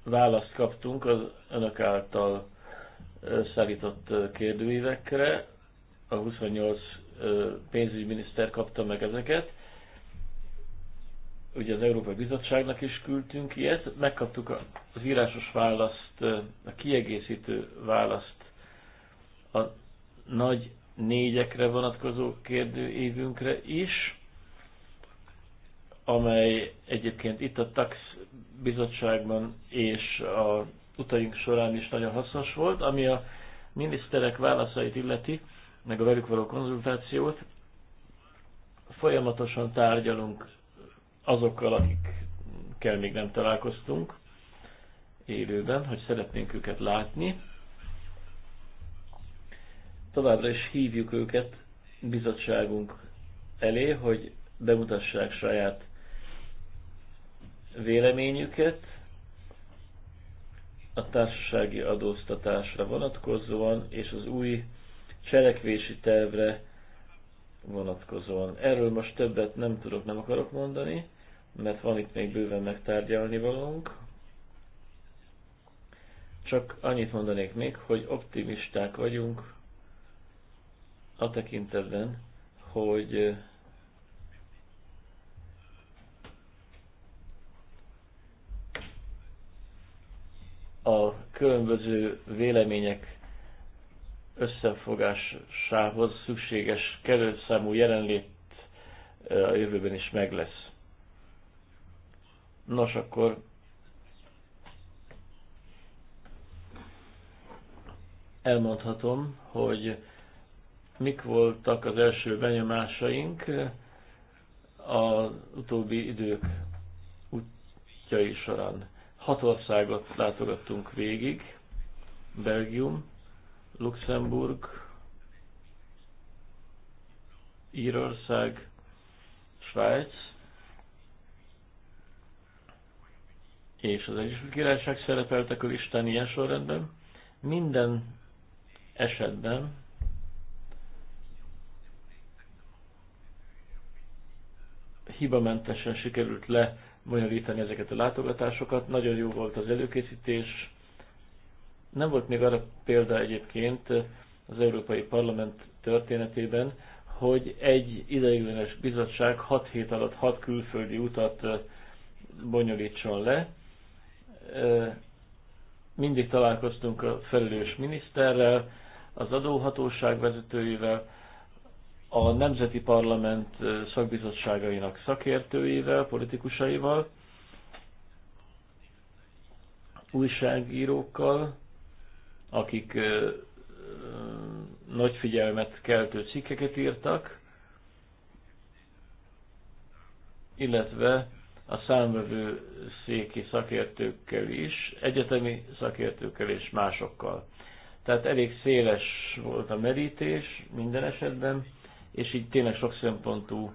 választ kaptunk az önök által szállított kérdőívekre, a 28 pénzügyminiszter kapta meg ezeket. Ugye az Európai Bizottságnak is küldtünk ilyet, megkaptuk az írásos választ, a kiegészítő választ a nagy négyekre vonatkozó kérdőívünkre is, amely egyébként itt a TAX bizottságban és a utaink során is nagyon hasznos volt, ami a miniszterek válaszait illeti meg a velük való konzultációt. Folyamatosan tárgyalunk azokkal, akikkel még nem találkoztunk élőben, hogy szeretnénk őket látni. Továbbra is hívjuk őket bizottságunk elé, hogy bemutassák saját véleményüket a társasági adóztatásra vonatkozóan és az új cselekvési tervre vonatkozóan. Erről most többet nem tudok, nem akarok mondani, mert van itt még bőven megtárgyalni valónk. Csak annyit mondanék még, hogy optimisták vagyunk a tekintetben, hogy a különböző vélemények összefogásához szükséges került számú jelenlét a jövőben is meg lesz. Nos, akkor elmondhatom, hogy mik voltak az első benyomásaink az utóbbi idők útjai során. Hat országot látogattunk végig, Belgium, Luxemburg, Írország, Svájc és az Egyesült Királyság szerepeltek a listán ilyen sorrendben. Minden esetben hibamentesen sikerült lebonyolítani ezeket a látogatásokat. Nagyon jó volt az előkészítés, nem volt még arra példa egyébként az Európai Parlament történetében, hogy egy ideiglenes bizottság 6 hét alatt 6 külföldi utat bonyolítson le. Mindig találkoztunk a felelős miniszterrel, az adóhatóság vezetőivel, a Nemzeti Parlament szakbizottságainak szakértőivel, politikusaival, újságírókkal, akik nagy figyelmet keltő cikkeket írtak, illetve a számvevő széki szakértőkkel is, egyetemi szakértőkkel és másokkal. Tehát elég széles volt a merítés minden esetben, és így tényleg sok szempontú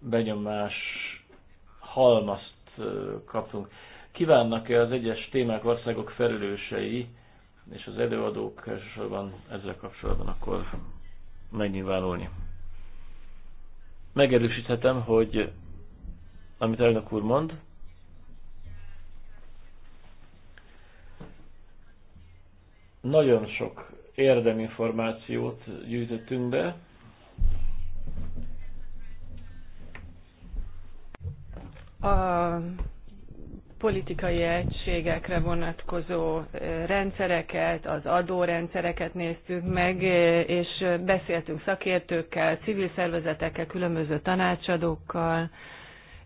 benyomás halmazt kaptunk kívánnak-e az egyes témák országok felelősei, és az előadók elsősorban ezzel kapcsolatban akkor megnyilvánulni. Megerősíthetem, hogy amit elnök úr mond, nagyon sok érdeminformációt gyűjtöttünk be, a politikai egységekre vonatkozó eh, rendszereket, az adórendszereket néztük meg, eh, és beszéltünk szakértőkkel, civil szervezetekkel, különböző tanácsadókkal,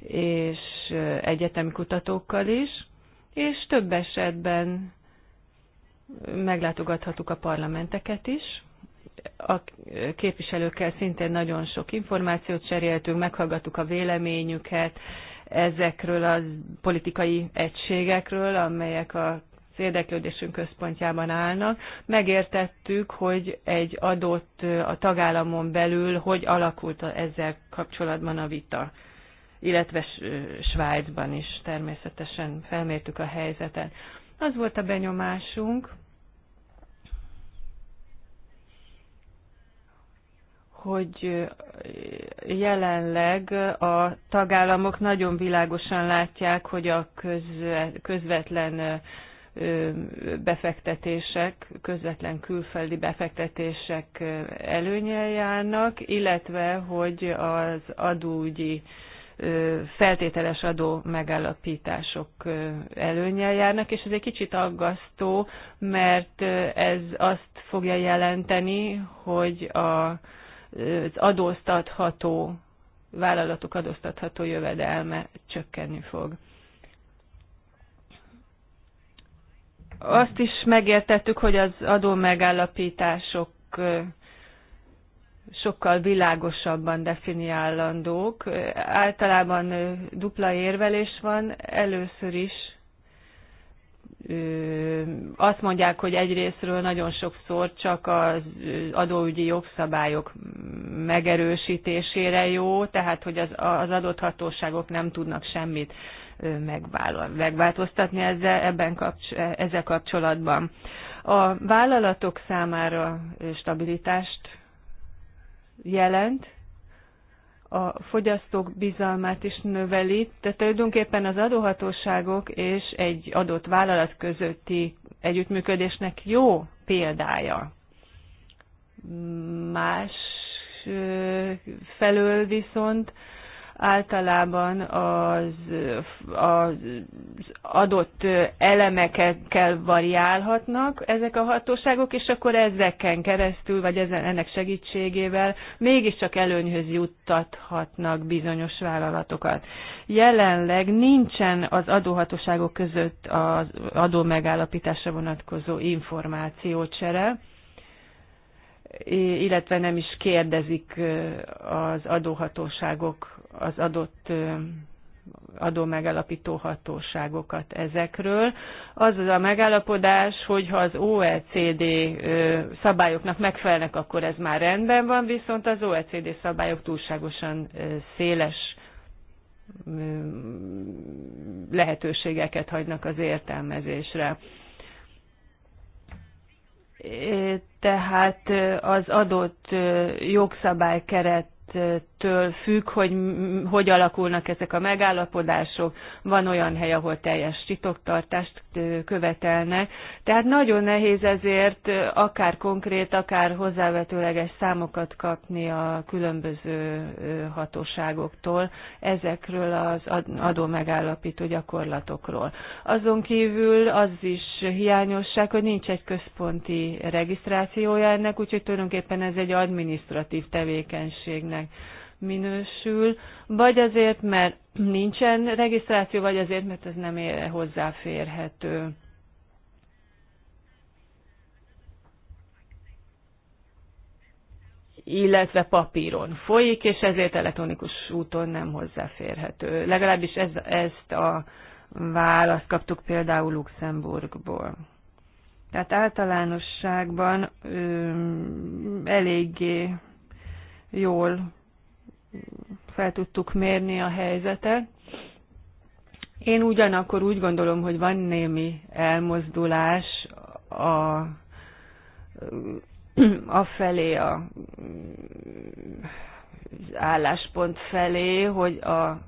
és eh, egyetemi kutatókkal is, és több esetben meglátogathattuk a parlamenteket is. A képviselőkkel szintén nagyon sok információt cseréltünk, meghallgattuk a véleményüket, ezekről a politikai egységekről, amelyek a az érdeklődésünk központjában állnak. Megértettük, hogy egy adott a tagállamon belül, hogy alakult ezzel kapcsolatban a vita, illetve Svájcban is természetesen felmértük a helyzetet. Az volt a benyomásunk, hogy jelenleg a tagállamok nagyon világosan látják, hogy a közvetlen befektetések, közvetlen külföldi befektetések előnyel járnak, illetve hogy az adógyi feltételes adó megállapítások előnyel járnak, és ez egy kicsit aggasztó, mert ez azt fogja jelenteni, hogy a az adóztatható, vállalatok adóztatható jövedelme csökkenni fog. Azt is megértettük, hogy az adó megállapítások sokkal világosabban definiálandók. Általában dupla érvelés van. Először is azt mondják, hogy egyrésztről nagyon sokszor csak az adóügyi jogszabályok megerősítésére jó, tehát hogy az, az adott hatóságok nem tudnak semmit megváltoztatni ezzel, ebben kapcs, ezzel kapcsolatban. A vállalatok számára stabilitást jelent, a fogyasztók bizalmát is növeli, tehát tulajdonképpen az adóhatóságok és egy adott vállalat közötti együttműködésnek jó példája. Más felől viszont általában az, az adott elemekkel variálhatnak ezek a hatóságok, és akkor ezeken keresztül, vagy ezen, ennek segítségével mégiscsak előnyhöz juttathatnak bizonyos vállalatokat. Jelenleg nincsen az adóhatóságok között az adó megállapításra vonatkozó információcsere, illetve nem is kérdezik az adóhatóságok az adott adó megállapító hatóságokat ezekről. Az az a megállapodás, hogy ha az OECD szabályoknak megfelelnek, akkor ez már rendben van, viszont az OECD szabályok túlságosan széles lehetőségeket hagynak az értelmezésre. Tehát az adott jogszabály keret től függ, hogy hogy alakulnak ezek a megállapodások. Van olyan hely, ahol teljes titoktartást követelnek. Tehát nagyon nehéz ezért akár konkrét, akár hozzávetőleges számokat kapni a különböző hatóságoktól ezekről az adó megállapító gyakorlatokról. Azon kívül az is hiányosság, hogy nincs egy központi regisztrációja ennek, úgyhogy tulajdonképpen ez egy administratív tevékenységnek terméknek minősül, vagy azért, mert nincsen regisztráció, vagy azért, mert ez nem ér hozzáférhető. illetve papíron folyik, és ezért elektronikus úton nem hozzáférhető. Legalábbis ez, ezt a választ kaptuk például Luxemburgból. Tehát általánosságban ö, eléggé jól fel tudtuk mérni a helyzetet. Én ugyanakkor úgy gondolom, hogy van némi elmozdulás a, a felé, a, az álláspont felé, hogy, a,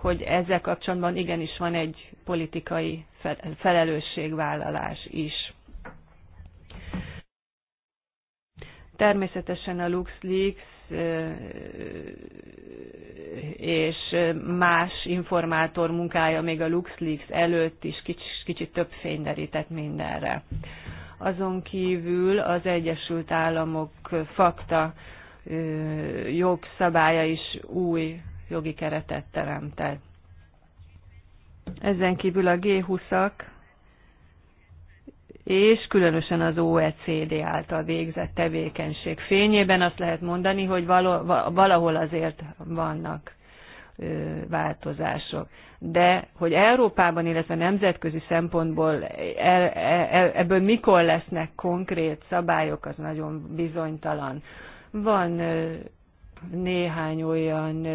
hogy ezzel kapcsolatban igenis van egy politikai felelősségvállalás is. Természetesen a LuxLeaks és más informátor munkája még a LuxLeaks előtt is kicsit, kicsit több derített mindenre. Azon kívül az Egyesült Államok fakta jogszabálya is új jogi keretet teremtett. Ezen kívül a G20-ak és különösen az OECD által végzett tevékenység fényében azt lehet mondani, hogy valahol azért vannak változások. De hogy Európában, illetve nemzetközi szempontból e, e, e, ebből mikor lesznek konkrét szabályok, az nagyon bizonytalan. Van néhány olyan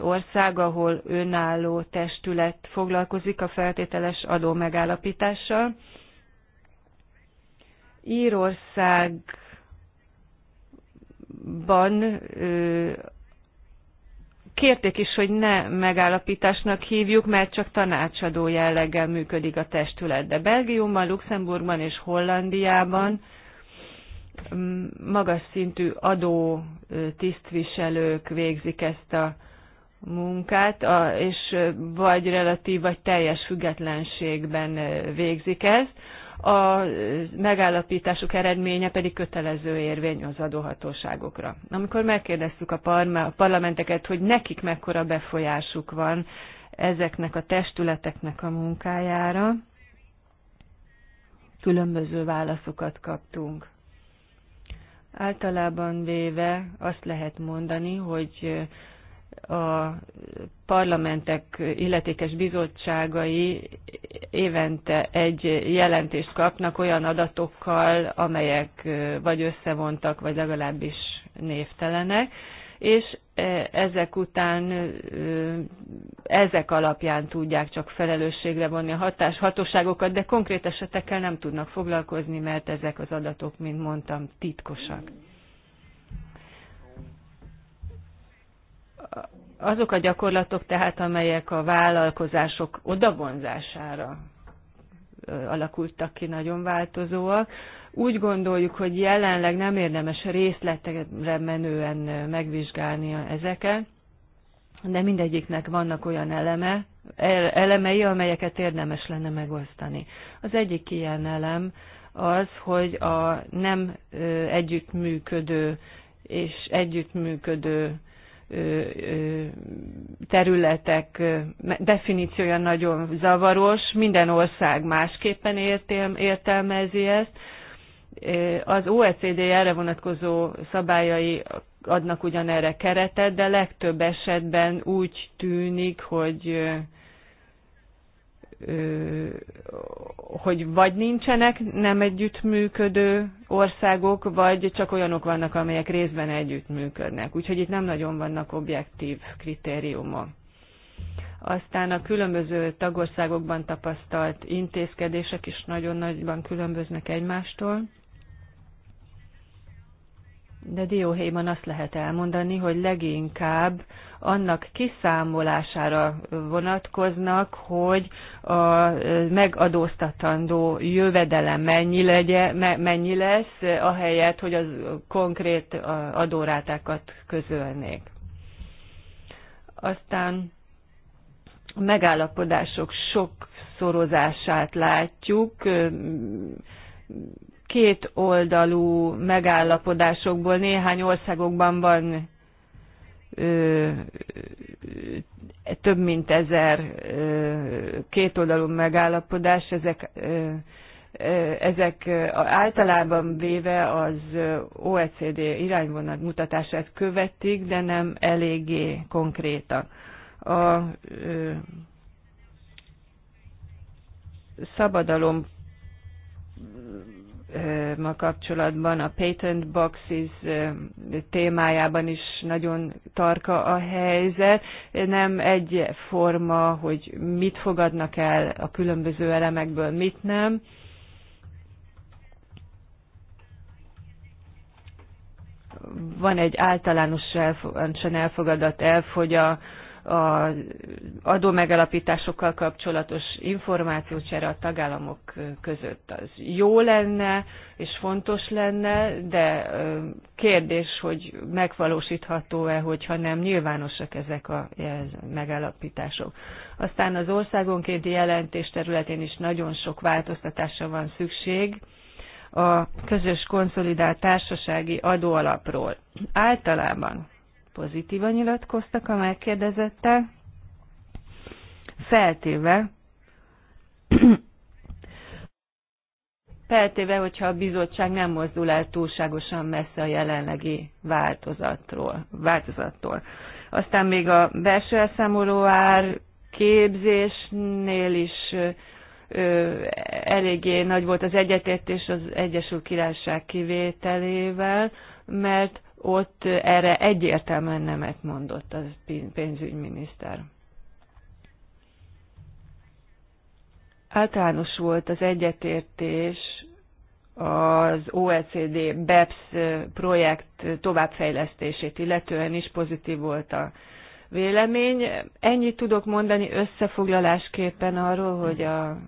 ország, ahol önálló testület foglalkozik a feltételes adó megállapítással, Írországban kérték is, hogy ne megállapításnak hívjuk, mert csak tanácsadó jelleggel működik a testület. De Belgiumban, Luxemburgban és Hollandiában magas szintű adó tisztviselők végzik ezt a munkát, a, és vagy relatív, vagy teljes függetlenségben végzik ezt a megállapításuk eredménye pedig kötelező érvény az adóhatóságokra. Amikor megkérdeztük a, parlamenteket, hogy nekik mekkora befolyásuk van ezeknek a testületeknek a munkájára, különböző válaszokat kaptunk. Általában véve azt lehet mondani, hogy a parlamentek illetékes bizottságai évente egy jelentést kapnak olyan adatokkal, amelyek vagy összevontak, vagy legalábbis névtelenek, és ezek után, ezek alapján tudják csak felelősségre vonni a hatás hatóságokat, de konkrét esetekkel nem tudnak foglalkozni, mert ezek az adatok, mint mondtam, titkosak. azok a gyakorlatok tehát, amelyek a vállalkozások odavonzására alakultak ki, nagyon változóak. Úgy gondoljuk, hogy jelenleg nem érdemes részletre menően megvizsgálni ezeket, de mindegyiknek vannak olyan eleme, elemei, amelyeket érdemes lenne megosztani. Az egyik ilyen elem az, hogy a nem együttműködő és együttműködő területek definíciója nagyon zavaros, minden ország másképpen értelmezi ezt. Az OECD erre vonatkozó szabályai adnak ugyanerre keretet, de legtöbb esetben úgy tűnik, hogy hogy vagy nincsenek nem együttműködő országok, vagy csak olyanok vannak, amelyek részben együttműködnek. Úgyhogy itt nem nagyon vannak objektív kritériumok. Aztán a különböző tagországokban tapasztalt intézkedések is nagyon nagyban különböznek egymástól. De dióhéjban azt lehet elmondani, hogy leginkább annak kiszámolására vonatkoznak, hogy a megadóztatandó jövedelem mennyi, legye, mennyi lesz, ahelyett, hogy az konkrét adórátákat közölnék. Aztán a megállapodások sokszorozását látjuk, két oldalú megállapodásokból néhány országokban van több mint ezer kétoldalú megállapodás, ezek, ezek általában véve az OECD irányvonat mutatását követik, de nem eléggé konkrétak. A szabadalom ma kapcsolatban, a patent boxes témájában is nagyon tarka a helyzet. Nem egy forma, hogy mit fogadnak el a különböző elemekből, mit nem. Van egy általánosan elfogadott elf, hogy a az adómegalapításokkal kapcsolatos információcsere a tagállamok között az jó lenne és fontos lenne, de kérdés, hogy megvalósítható-e, hogyha nem nyilvánosak ezek a megállapítások. Aztán az országonkénti jelentés területén is nagyon sok változtatásra van szükség a közös konszolidált társasági adóalapról. Általában pozitívan nyilatkoztak a megkérdezette, feltéve, feltéve, hogyha a bizottság nem mozdul el túlságosan messze a jelenlegi változatról, változattól. Aztán még a belső elszámoló ár képzésnél is ö, eléggé nagy volt az egyetértés az Egyesült Királyság kivételével, mert ott erre egyértelműen nemet mondott a pénzügyminiszter. Általános volt az egyetértés az OECD BEPS projekt továbbfejlesztését illetően is pozitív volt a vélemény. Ennyit tudok mondani összefoglalásképpen arról, hogy a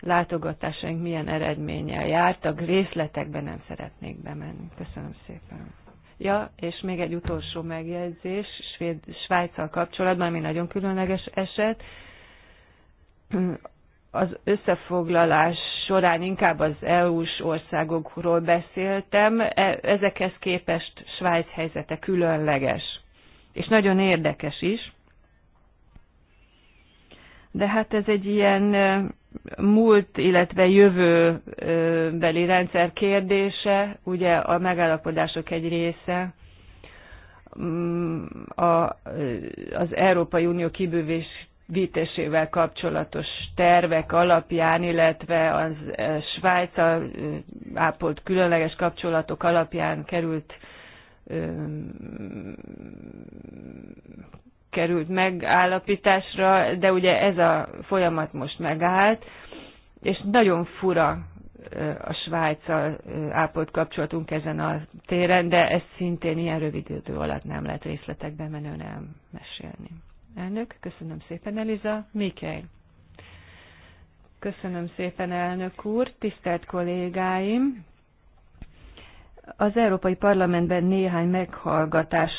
látogatásaink milyen eredménnyel jártak, részletekben nem szeretnék bemenni. Köszönöm szépen. Ja, és még egy utolsó megjegyzés Svéd, Svájccal kapcsolatban, ami nagyon különleges eset. Az összefoglalás során inkább az EU-s országokról beszéltem, e, ezekhez képest Svájc helyzete különleges, és nagyon érdekes is. De hát ez egy ilyen múlt, illetve jövőbeli rendszer kérdése, ugye a megállapodások egy része, mm, a, az Európai Unió kibővítésével kapcsolatos tervek alapján, illetve az Svájc ápolt különleges kapcsolatok alapján került került megállapításra, de ugye ez a folyamat most megállt, és nagyon fura a svájc ápolt kapcsolatunk ezen a téren, de ezt szintén ilyen rövid idő alatt nem lehet részletekben menően elmesélni. Elnök, köszönöm szépen, Eliza. Mikkel. Köszönöm szépen, elnök úr, tisztelt kollégáim! Az Európai Parlamentben néhány meghallgatás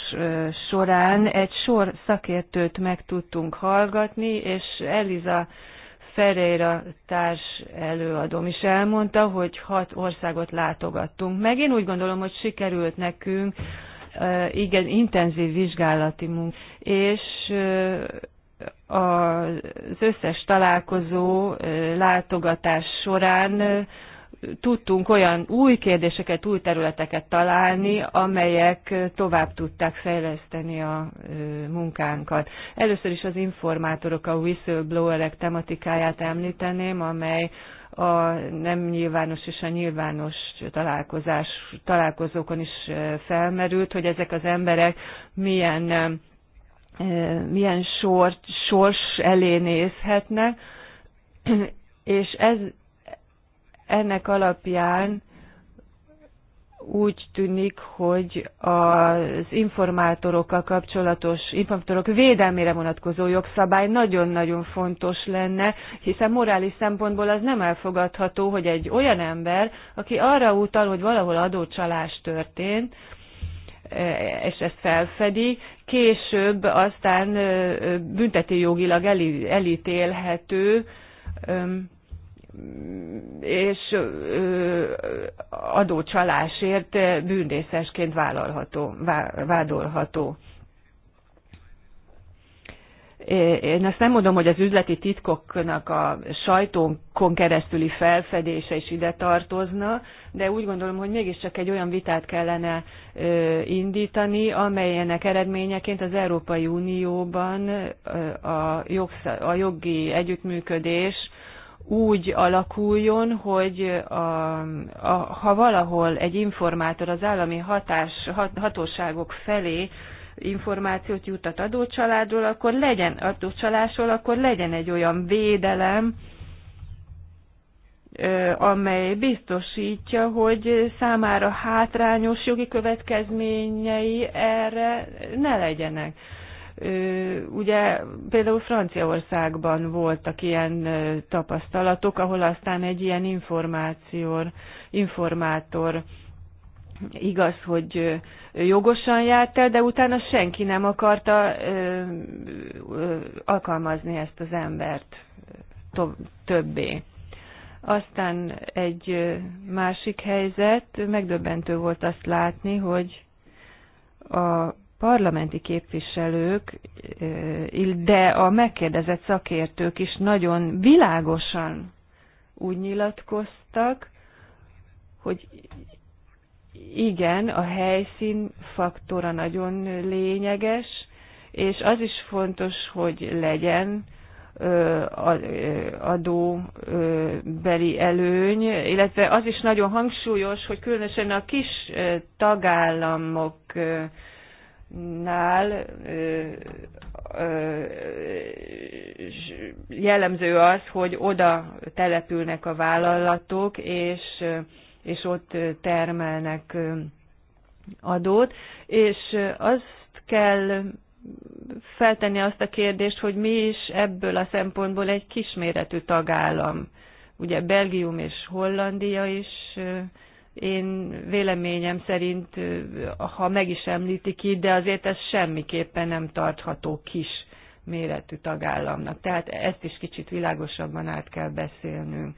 során egy sor szakértőt meg tudtunk hallgatni, és Eliza Ferreira társ előadom is elmondta, hogy hat országot látogattunk meg. Én úgy gondolom, hogy sikerült nekünk igen intenzív vizsgálati munka, és az összes találkozó látogatás során tudtunk olyan új kérdéseket, új területeket találni, amelyek tovább tudták fejleszteni a munkánkat. Először is az informátorok, a whistleblowerek tematikáját említeném, amely a nem nyilvános és a nyilvános találkozás, találkozókon is felmerült, hogy ezek az emberek milyen, milyen sort, sors elé nézhetnek, és ez ennek alapján úgy tűnik, hogy az informátorokkal kapcsolatos informátorok védelmére vonatkozó jogszabály nagyon-nagyon fontos lenne, hiszen morális szempontból az nem elfogadható, hogy egy olyan ember, aki arra utal, hogy valahol adócsalás történt, és ezt felfedi, később aztán büntetőjogilag elítélhető, és adócsalásért bűnrészesként vállalható, vádolható. Én azt nem mondom, hogy az üzleti titkoknak a sajtónkon keresztüli felfedése is ide tartozna, de úgy gondolom, hogy mégiscsak egy olyan vitát kellene indítani, amelyenek eredményeként az Európai Unióban a, a jogi együttműködés úgy alakuljon, hogy a, a, ha valahol egy informátor az állami hatás, hat, hatóságok felé információt juttat adócsaládról, akkor legyen adócsalásról, akkor legyen egy olyan védelem, amely biztosítja, hogy számára hátrányos jogi következményei erre ne legyenek. Ugye például Franciaországban voltak ilyen tapasztalatok, ahol aztán egy ilyen informátor, informátor igaz, hogy jogosan járt el, de utána senki nem akarta alkalmazni ezt az embert többé. Aztán egy másik helyzet, megdöbbentő volt azt látni, hogy a parlamenti képviselők, de a megkérdezett szakértők is nagyon világosan úgy nyilatkoztak, hogy igen, a helyszín faktora nagyon lényeges, és az is fontos, hogy legyen adóbeli előny, illetve az is nagyon hangsúlyos, hogy különösen a kis tagállamok nál jellemző az, hogy oda települnek a vállalatok, és, és ott termelnek adót, és azt kell feltenni azt a kérdést, hogy mi is ebből a szempontból egy kisméretű tagállam. Ugye Belgium és Hollandia is én véleményem szerint, ha meg is említik ki, de azért ez semmiképpen nem tartható kis méretű tagállamnak. Tehát ezt is kicsit világosabban át kell beszélnünk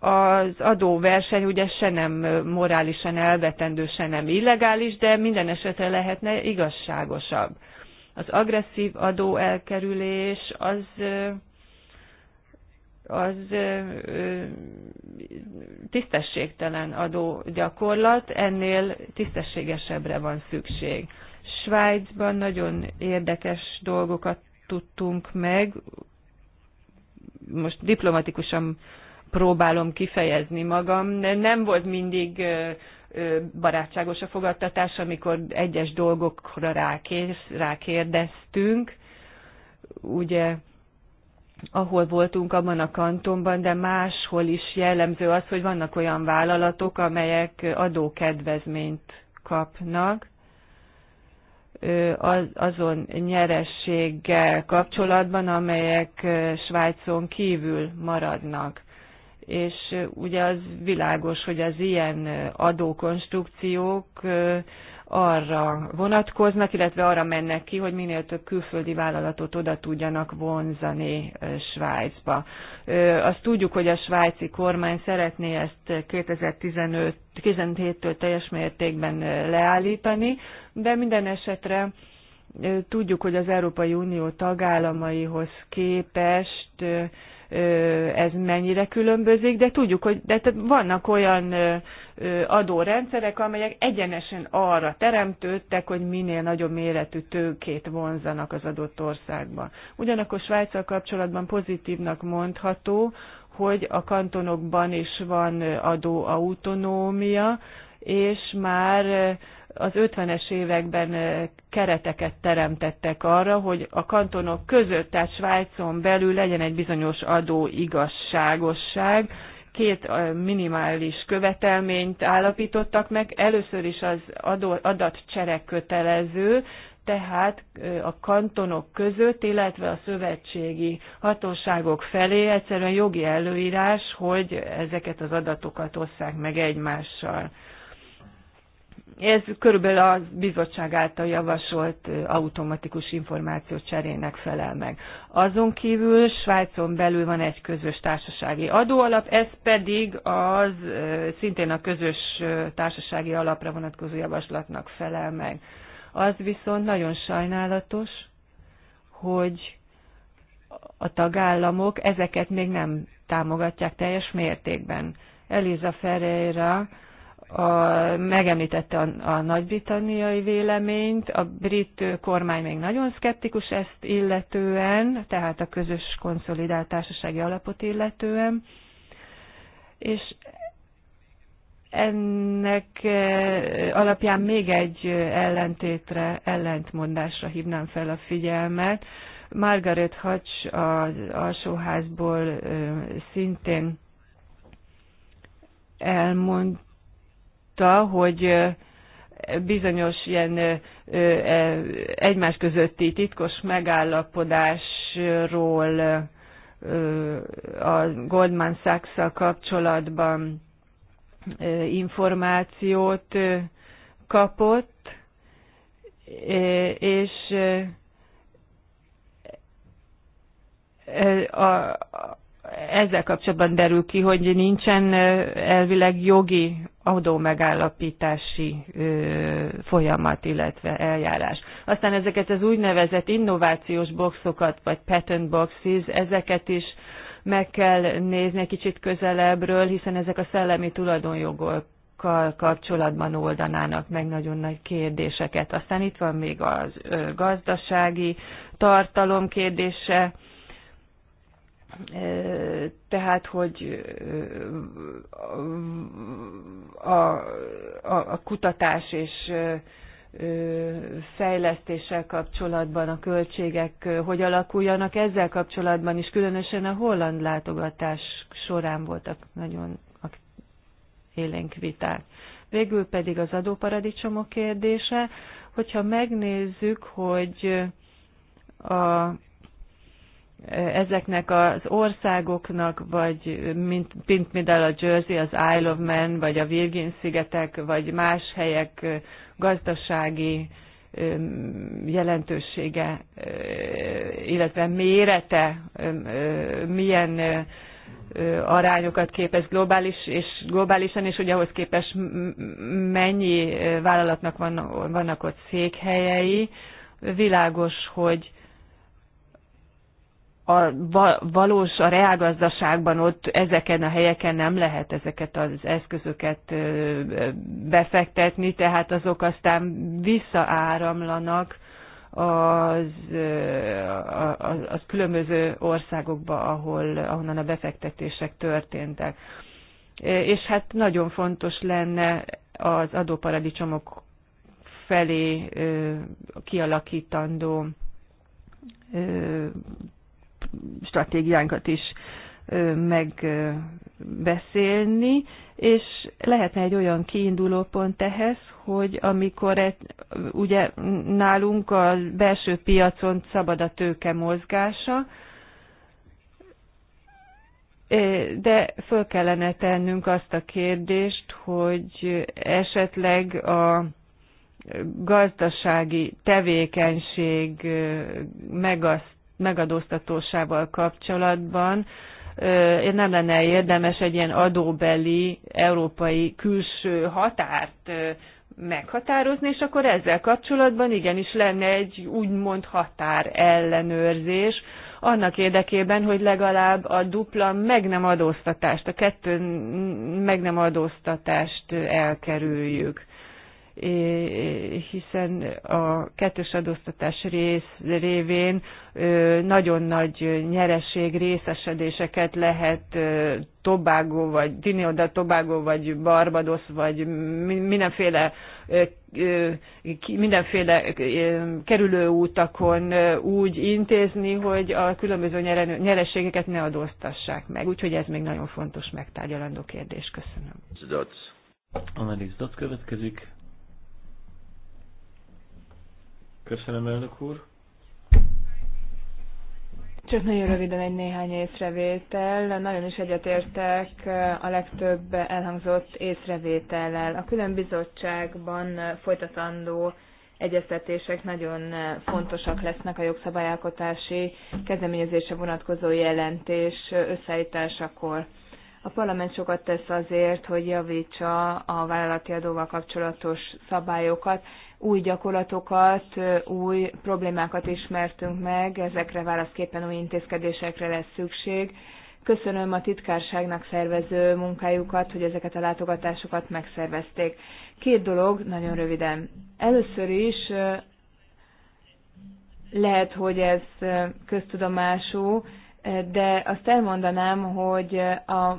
az adóverseny ugye se nem morálisan elvetendő, se nem illegális, de minden esetre lehetne igazságosabb. Az agresszív adóelkerülés az az tisztességtelen adógyakorlat, ennél tisztességesebbre van szükség. Svájcban nagyon érdekes dolgokat tudtunk meg, most diplomatikusan próbálom kifejezni magam, nem volt mindig barátságos a fogadtatás, amikor egyes dolgokra rákérdeztünk, ugye ahol voltunk abban a kantonban, de máshol is jellemző az, hogy vannak olyan vállalatok, amelyek adókedvezményt kapnak az, azon nyerességgel kapcsolatban, amelyek Svájcon kívül maradnak. És ugye az világos, hogy az ilyen adókonstrukciók arra vonatkoznak, illetve arra mennek ki, hogy minél több külföldi vállalatot oda tudjanak vonzani Svájcba. Azt tudjuk, hogy a svájci kormány szeretné ezt 2015 17-től teljes mértékben leállítani, de minden esetre tudjuk, hogy az Európai Unió tagállamaihoz képest ez mennyire különbözik, de tudjuk, hogy de vannak olyan adórendszerek, amelyek egyenesen arra teremtődtek, hogy minél nagyobb méretű tőkét vonzanak az adott országban. Ugyanakkor Svájccal kapcsolatban pozitívnak mondható, hogy a kantonokban is van adóautonómia, és már az 50-es években kereteket teremtettek arra, hogy a kantonok között, tehát Svájcon belül legyen egy bizonyos adó igazságosság, két minimális követelményt állapítottak meg. Először is az adat adatcsere kötelező, tehát a kantonok között, illetve a szövetségi hatóságok felé egyszerűen jogi előírás, hogy ezeket az adatokat osszák meg egymással. Ez körülbelül a bizottság által javasolt automatikus információ cserének felel meg. Azon kívül Svájcon belül van egy közös társasági adóalap, ez pedig az szintén a közös társasági alapra vonatkozó javaslatnak felel meg. Az viszont nagyon sajnálatos, hogy a tagállamok ezeket még nem támogatják teljes mértékben. Eliza Ferreira a, megemlítette a, a nagybritanniai véleményt, a brit kormány még nagyon szkeptikus ezt illetően, tehát a közös konszolidált társasági alapot illetően, és ennek eh, alapján még egy eh, ellentétre, ellentmondásra hívnám fel a figyelmet. Margaret Hatch az alsóházból eh, szintén elmond, tudta, hogy bizonyos ilyen e, egymás közötti titkos megállapodásról a Goldman Sachs-szal kapcsolatban információt kapott, és ezzel kapcsolatban derül ki, hogy nincsen elvileg jogi adó megállapítási folyamat, illetve eljárás. Aztán ezeket az úgynevezett innovációs boxokat, vagy patent boxes, ezeket is meg kell nézni egy kicsit közelebbről, hiszen ezek a szellemi tulajdonjogok kapcsolatban oldanának meg nagyon nagy kérdéseket. Aztán itt van még az gazdasági tartalom kérdése, tehát, hogy a, a, a kutatás és fejlesztéssel kapcsolatban a költségek hogy alakuljanak, ezzel kapcsolatban is, különösen a holland látogatás során voltak nagyon élénk viták. Végül pedig az adóparadicsomok kérdése, hogyha megnézzük, hogy a ezeknek az országoknak, vagy mint, mint például a Jersey, az Isle of Man, vagy a Virgin-szigetek, vagy más helyek gazdasági jelentősége, illetve mérete milyen arányokat képes globális és globálisan, és hogy ahhoz képest mennyi vállalatnak van, vannak ott székhelyei. Világos, hogy a valós, a reálgazdaságban ott ezeken a helyeken nem lehet ezeket az eszközöket befektetni, tehát azok aztán visszaáramlanak az, az, az különböző országokba, ahol, ahonnan a befektetések történtek. És hát nagyon fontos lenne az adóparadicsomok felé kialakítandó stratégiánkat is megbeszélni, és lehetne egy olyan kiinduló pont ehhez, hogy amikor egy, ugye nálunk a belső piacon szabad a tőke mozgása, de föl kellene tennünk azt a kérdést, hogy esetleg a gazdasági tevékenység megaszt megadóztatósával kapcsolatban nem lenne érdemes egy ilyen adóbeli európai külső határt meghatározni, és akkor ezzel kapcsolatban igenis lenne egy úgymond határ ellenőrzés, annak érdekében, hogy legalább a dupla meg nem adóztatást, a kettő meg nem adóztatást elkerüljük hiszen a kettős adóztatás rész, révén nagyon nagy nyereség részesedéseket lehet Tobago, vagy Trinidad Tobago, vagy Barbados, vagy mindenféle mindenféle kerülőútakon úgy intézni, hogy a különböző nyerességeket ne adóztassák meg. Úgyhogy ez még nagyon fontos megtárgyalandó kérdés. Köszönöm. Analyz. következik. Köszönöm, elnök úr. Csak nagyon röviden egy néhány észrevétel. Nagyon is egyetértek a legtöbb elhangzott észrevétellel. A külön bizottságban folytatandó egyeztetések nagyon fontosak lesznek a jogszabályalkotási kezdeményezése vonatkozó jelentés összeállításakor. A parlament sokat tesz azért, hogy javítsa a vállalati adóval kapcsolatos szabályokat új gyakorlatokat, új problémákat ismertünk meg, ezekre válaszképpen új intézkedésekre lesz szükség. Köszönöm a titkárságnak szervező munkájukat, hogy ezeket a látogatásokat megszervezték. Két dolog, nagyon röviden. Először is lehet, hogy ez köztudomású, de azt elmondanám, hogy a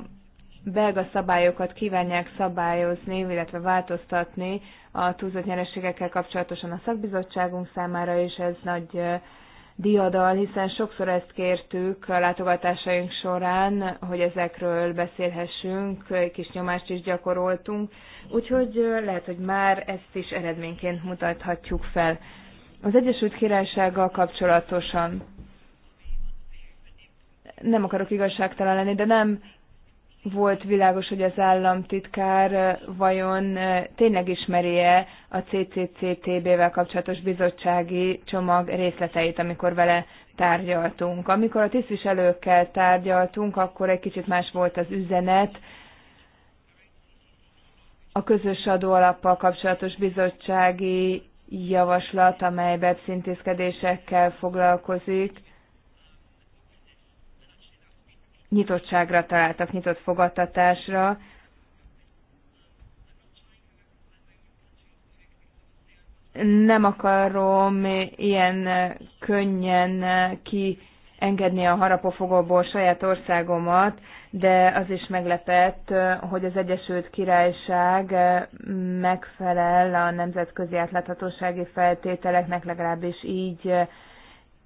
belga szabályokat kívánják szabályozni, illetve változtatni a túlzott nyerességekkel kapcsolatosan a szakbizottságunk számára, és ez nagy diadal, hiszen sokszor ezt kértük a látogatásaink során, hogy ezekről beszélhessünk, kis nyomást is gyakoroltunk, úgyhogy lehet, hogy már ezt is eredményként mutathatjuk fel. Az Egyesült Királysággal kapcsolatosan nem akarok igazságtalan lenni, de nem volt világos, hogy az államtitkár eh, vajon eh, tényleg ismeri-e a CCCTB-vel kapcsolatos bizottsági csomag részleteit, amikor vele tárgyaltunk. Amikor a tisztviselőkkel tárgyaltunk, akkor egy kicsit más volt az üzenet, a közös adóalappal kapcsolatos bizottsági javaslat, amely webszintézkedésekkel foglalkozik, nyitottságra találtak, nyitott fogadtatásra. Nem akarom ilyen könnyen ki engedni a harapofogóból saját országomat, de az is meglepett, hogy az Egyesült Királyság megfelel a nemzetközi átláthatósági feltételeknek, legalábbis így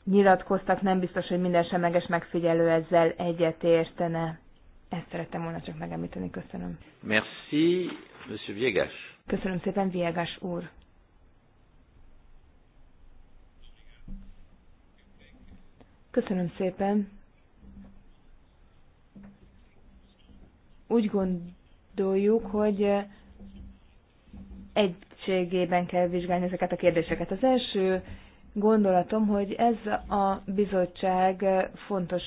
nyilatkoztak, nem biztos, hogy minden semleges megfigyelő ezzel egyet értene. Ezt szerettem volna csak megemlíteni. Köszönöm. Merci, Monsieur Viegas. Köszönöm szépen, Viegas úr. Köszönöm szépen. Úgy gondoljuk, hogy egységében kell vizsgálni ezeket a kérdéseket. Az első gondolatom, hogy ez a bizottság fontos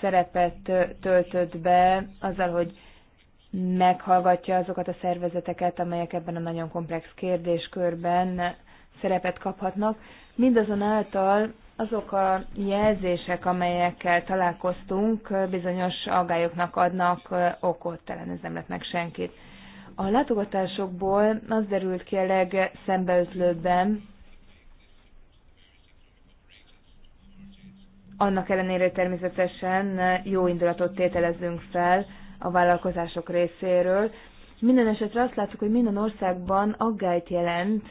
szerepet töltött be azzal, hogy meghallgatja azokat a szervezeteket, amelyek ebben a nagyon komplex kérdéskörben szerepet kaphatnak. Mindazonáltal azok a jelzések, amelyekkel találkoztunk, bizonyos aggályoknak adnak okot, talán ez nem lett meg senkit. A látogatásokból az derült ki a legszembeötlőbben, annak ellenére természetesen jó indulatot tételezünk fel a vállalkozások részéről. Minden esetre azt látjuk, hogy minden országban aggályt jelent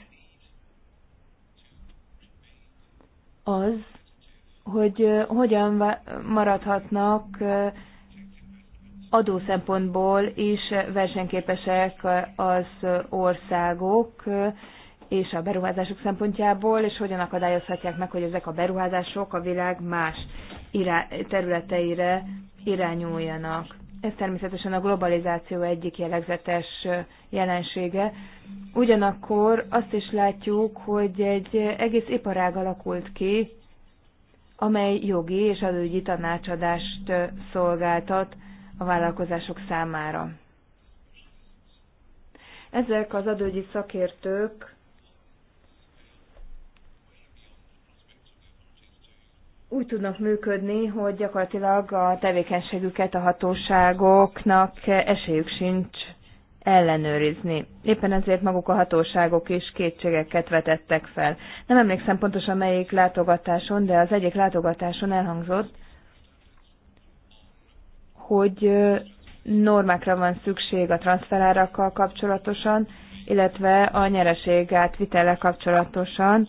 az, hogy hogyan maradhatnak adó szempontból is versenyképesek az országok, és a beruházások szempontjából, és hogyan akadályozhatják meg, hogy ezek a beruházások a világ más irá- területeire irányuljanak. Ez természetesen a globalizáció egyik jellegzetes jelensége. Ugyanakkor azt is látjuk, hogy egy egész iparág alakult ki, amely jogi és adóügyi tanácsadást szolgáltat a vállalkozások számára. Ezek az adógyi szakértők úgy tudnak működni, hogy gyakorlatilag a tevékenységüket a hatóságoknak esélyük sincs ellenőrizni. Éppen ezért maguk a hatóságok is kétségeket vetettek fel. Nem emlékszem pontosan melyik látogatáson, de az egyik látogatáson elhangzott, hogy normákra van szükség a transferárakkal kapcsolatosan, illetve a nyereség átvitele kapcsolatosan,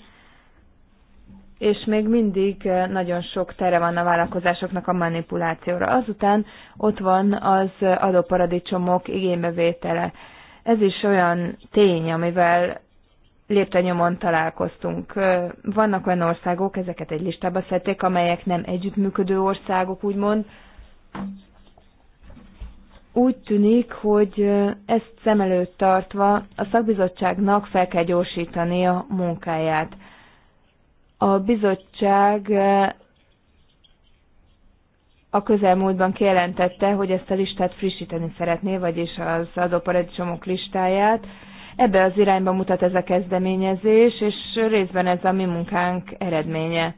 és még mindig eh, nagyon sok tere van a vállalkozásoknak a manipulációra. Azután ott van az eh, adóparadicsomok igénybevétele. Ez is olyan tény, amivel léptenyomon találkoztunk. Eh, vannak olyan országok, ezeket egy listába szedték, amelyek nem együttműködő országok, úgymond. Úgy tűnik, hogy ezt szem előtt tartva a szakbizottságnak fel kell gyorsítani a munkáját a bizottság eh, a közelmúltban kijelentette, hogy ezt a listát frissíteni szeretné, vagyis az adóparadicsomok listáját. Ebbe az irányba mutat ez a kezdeményezés, és részben ez a mi munkánk eredménye.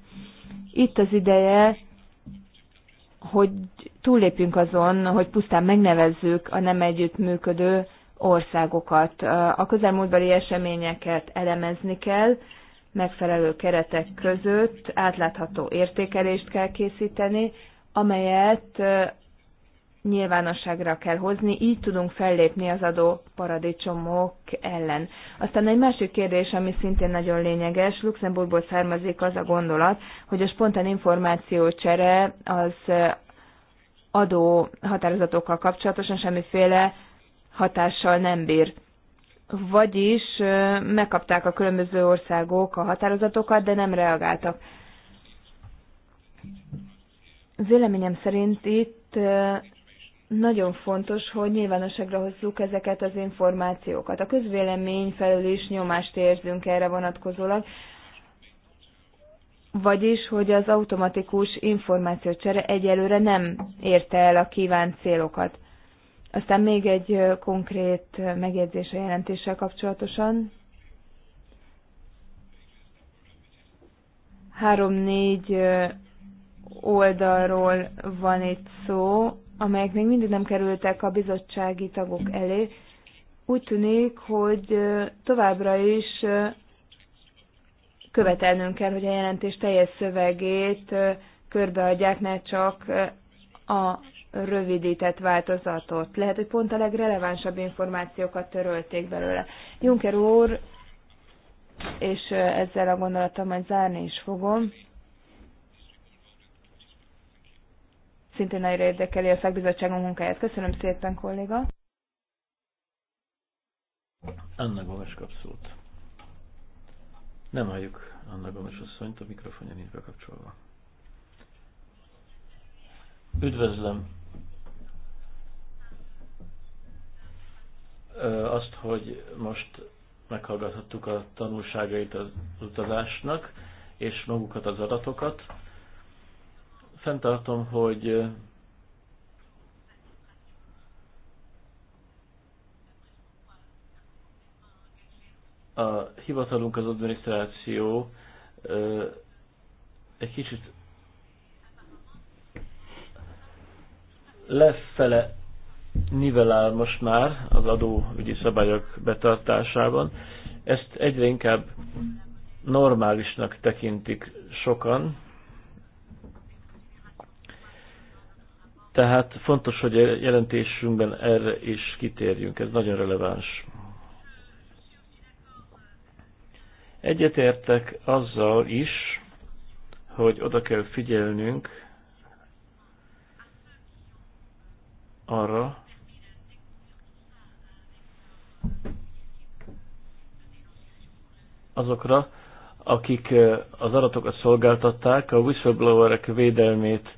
Itt az ideje, hogy túllépjünk azon, hogy pusztán megnevezzük a nem együttműködő országokat. A közelmúltbeli eseményeket elemezni kell, megfelelő keretek között átlátható értékelést kell készíteni, amelyet nyilvánosságra kell hozni, így tudunk fellépni az adó paradicsomok ellen. Aztán egy másik kérdés, ami szintén nagyon lényeges, Luxemburgból származik az a gondolat, hogy a spontán információcsere az adó határozatokkal kapcsolatosan semmiféle hatással nem bír vagyis megkapták a különböző országok a határozatokat, de nem reagáltak. Véleményem szerint itt nagyon fontos, hogy nyilvánosságra hozzuk ezeket az információkat. A közvélemény felül is nyomást érzünk erre vonatkozólag, vagyis, hogy az automatikus információcsere egyelőre nem érte el a kívánt célokat. Aztán még egy konkrét megjegyzés a jelentéssel kapcsolatosan. Három-négy oldalról van itt szó, amelyek még mindig nem kerültek a bizottsági tagok elé. Úgy tűnik, hogy továbbra is követelnünk kell, hogy a jelentés teljes szövegét körbeadják, ne csak a rövidített változatot. Lehet, hogy pont a legrelevánsabb információkat törölték belőle. Juncker úr, és ezzel a gondolattal majd zárni is fogom, szintén nagyra érdekeli a szakbizottságunk munkáját. Köszönöm szépen, kolléga. Anna Gomes kap szót. Nem halljuk Anna Gomes asszonyt, a mikrofonja nincs bekapcsolva. Üdvözlöm azt, hogy most meghallgathattuk a tanulságait az utazásnak, és magukat az adatokat. Fentartom, hogy a hivatalunk az adminisztráció egy kicsit lefele nivelál most már az adóügyi szabályok betartásában. Ezt egyre inkább normálisnak tekintik sokan. Tehát fontos, hogy a jelentésünkben erre is kitérjünk. Ez nagyon releváns. Egyetértek azzal is, hogy oda kell figyelnünk arra, azokra, akik az adatokat szolgáltatták, a whistleblowerek védelmét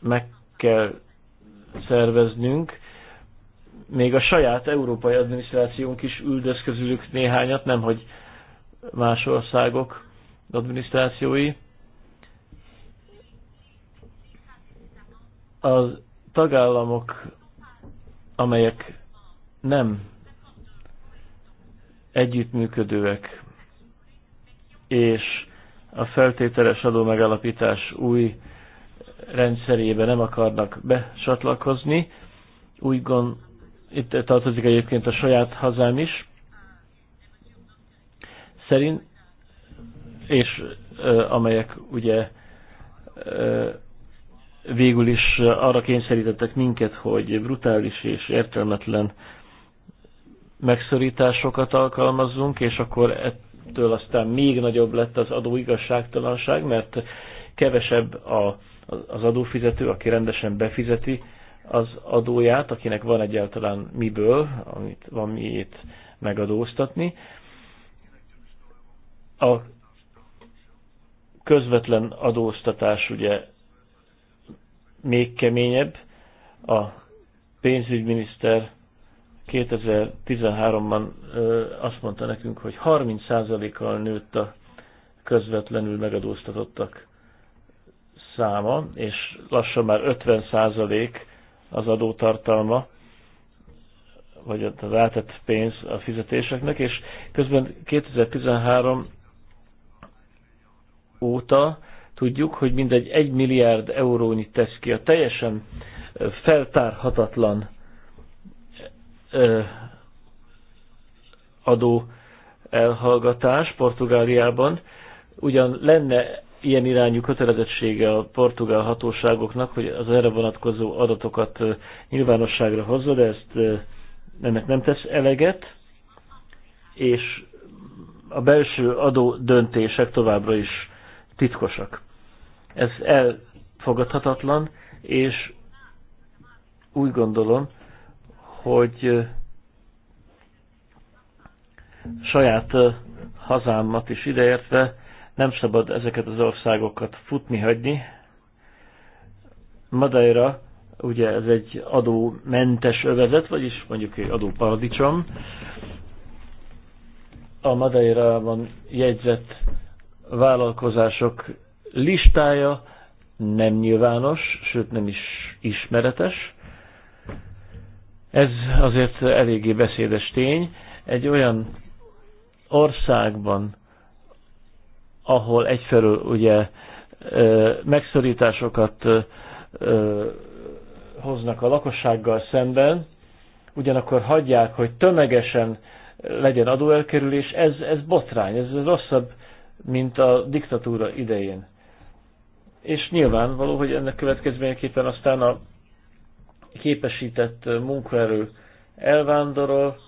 meg kell szerveznünk. Még a saját európai adminisztrációnk is üldöz közülük néhányat, nem hogy más országok adminisztrációi. A tagállamok, amelyek nem együttműködőek, és a feltételes adó megalapítás új rendszerébe nem akarnak becsatlakozni. Úgy gond, itt tartozik egyébként a saját hazám is. Szerint, és ö, amelyek ugye ö, végül is arra kényszerítettek minket, hogy brutális és értelmetlen megszorításokat alkalmazzunk, és akkor ettől aztán még nagyobb lett az adó igazságtalanság, mert kevesebb a, az adófizető, aki rendesen befizeti az adóját, akinek van egyáltalán miből, amit van miért megadóztatni. A közvetlen adóztatás ugye még keményebb. A pénzügyminiszter 2013-ban azt mondta nekünk, hogy 30%-kal nőtt a közvetlenül megadóztatottak száma, és lassan már 50% az adótartalma, vagy az átett pénz a fizetéseknek, és közben 2013 óta tudjuk, hogy mindegy 1 milliárd eurónyi tesz ki a teljesen feltárhatatlan adó elhallgatás Portugáliában. Ugyan lenne ilyen irányú kötelezettsége a portugál hatóságoknak, hogy az erre vonatkozó adatokat nyilvánosságra hozza, de ezt ennek nem tesz eleget, és a belső adó döntések továbbra is titkosak. Ez elfogadhatatlan, és úgy gondolom, hogy saját hazámat is ideértve nem szabad ezeket az országokat futni hagyni. Madeira, ugye ez egy adómentes övezet, vagyis mondjuk egy adóparadicsom. A Madeirában jegyzett vállalkozások listája nem nyilvános, sőt nem is ismeretes. Ez azért eléggé beszédes tény. Egy olyan országban, ahol egyfelől ugye megszorításokat hoznak a lakossággal szemben, ugyanakkor hagyják, hogy tömegesen legyen adóelkerülés, ez, ez botrány, ez rosszabb, mint a diktatúra idején. És nyilvánvaló, hogy ennek következményeképpen aztán a képesített munkaerő elvándorol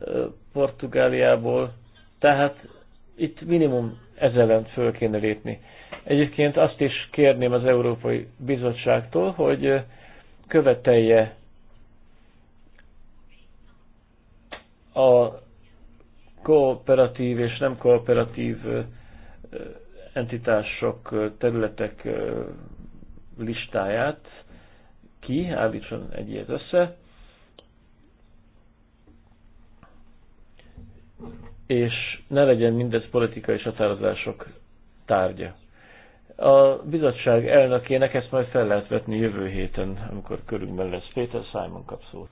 eh, Portugáliából, tehát itt minimum ez ellen föl kéne lépni. Egyébként azt is kérném az Európai Bizottságtól, hogy eh, követelje a kooperatív és nem kooperatív eh, entitások, területek listáját, ki, állítson egy ilyet össze, és ne legyen mindez politikai határozások tárgya. A bizottság elnökének ezt majd fel lehet vetni jövő héten, amikor körünkben lesz. Péter Simon kap szót.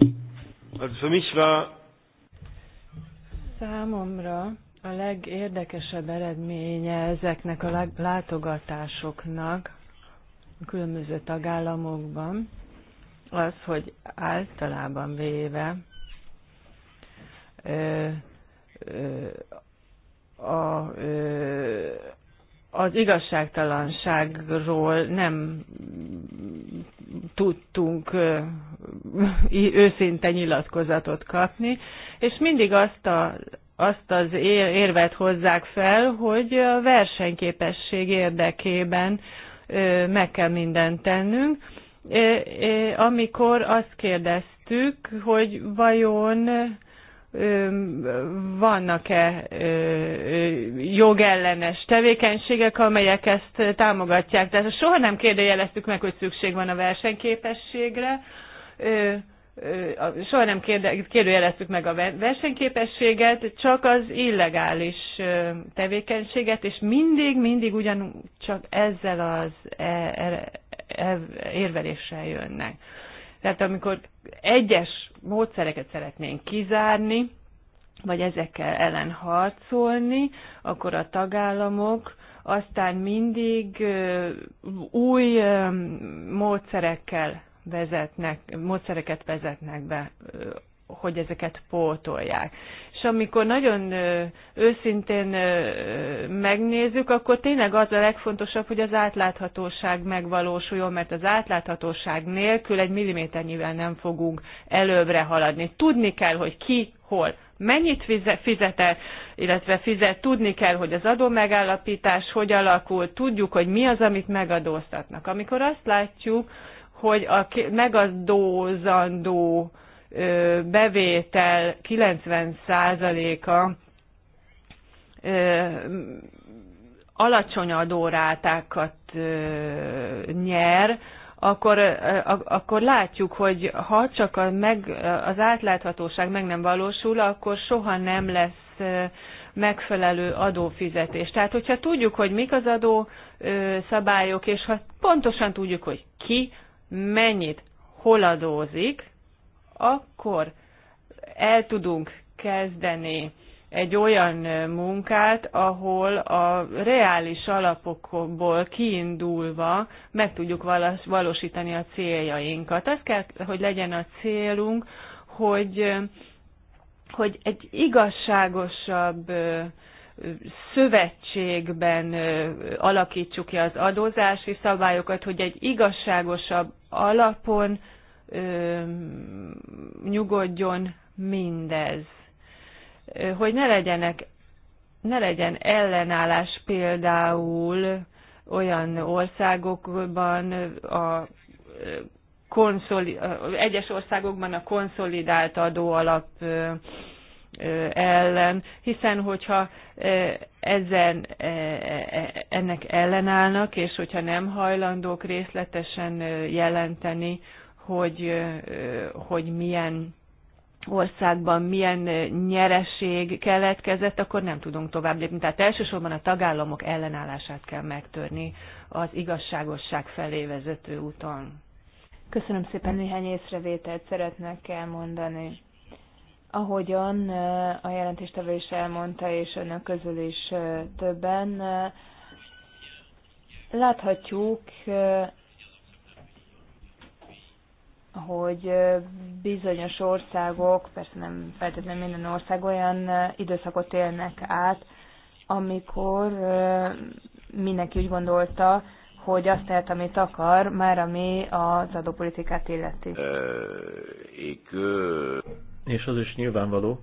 Hát szóval Számomra a legérdekesebb eredménye ezeknek a látogatásoknak a különböző tagállamokban az, hogy általában véve ö, ö, a, ö, az igazságtalanságról nem tudtunk őszinte nyilatkozatot kapni, és mindig azt, a, azt az érvet hozzák fel, hogy a versenyképesség érdekében meg kell mindent tennünk, E, e, amikor azt kérdeztük, hogy vajon vannak-e jogellenes tevékenységek, amelyek ezt támogatják. Tehát soha nem kérdőjeleztük meg, hogy szükség van a versenyképességre, soha nem kérdőjeleztük meg a versenyképességet, csak az illegális tevékenységet, és mindig, mindig ugyanúgy csak ezzel az e, érveléssel jönnek. Tehát amikor egyes módszereket szeretnénk kizárni, vagy ezekkel ellen harcolni, akkor a tagállamok aztán mindig új módszerekkel vezetnek, módszereket vezetnek be, hogy ezeket pótolják és amikor nagyon őszintén megnézzük, akkor tényleg az a legfontosabb, hogy az átláthatóság megvalósuljon, mert az átláthatóság nélkül egy milliméternyivel nem fogunk előbbre haladni. Tudni kell, hogy ki, hol, mennyit fizet, illetve fizet, tudni kell, hogy az adó megállapítás hogy alakul, tudjuk, hogy mi az, amit megadóztatnak. Amikor azt látjuk, hogy a megadózandó bevétel 90%-a alacsony adórátákat nyer, akkor, akkor látjuk, hogy ha csak a meg, az átláthatóság meg nem valósul, akkor soha nem lesz megfelelő adófizetés. Tehát, hogyha tudjuk, hogy mik az adó szabályok, és ha pontosan tudjuk, hogy ki mennyit hol adózik, akkor el tudunk kezdeni egy olyan munkát, ahol a reális alapokból kiindulva meg tudjuk valósítani a céljainkat. Az kell, hogy legyen a célunk, hogy, hogy egy igazságosabb szövetségben alakítsuk ki az adózási szabályokat, hogy egy igazságosabb alapon ö, nyugodjon mindez. Hogy ne legyenek, ne legyen ellenállás például olyan országokban a konszoli, egyes országokban a konszolidált alap ellen, hiszen hogyha ezen, e, e, ennek ellenállnak, és hogyha nem hajlandók részletesen jelenteni hogy, hogy milyen országban milyen nyereség keletkezett, akkor nem tudunk tovább lépni. Tehát elsősorban a tagállamok ellenállását kell megtörni az igazságosság felé vezető úton. Köszönöm szépen, néhány észrevételt szeretnék elmondani. Ahogyan a jelentéstevő is elmondta, és önök közül is többen, láthatjuk hogy bizonyos országok, persze nem feltétlenül minden ország olyan időszakot élnek át, amikor mindenki úgy gondolta, hogy azt tehet, amit akar, már ami az adópolitikát illeti. És az is nyilvánvaló,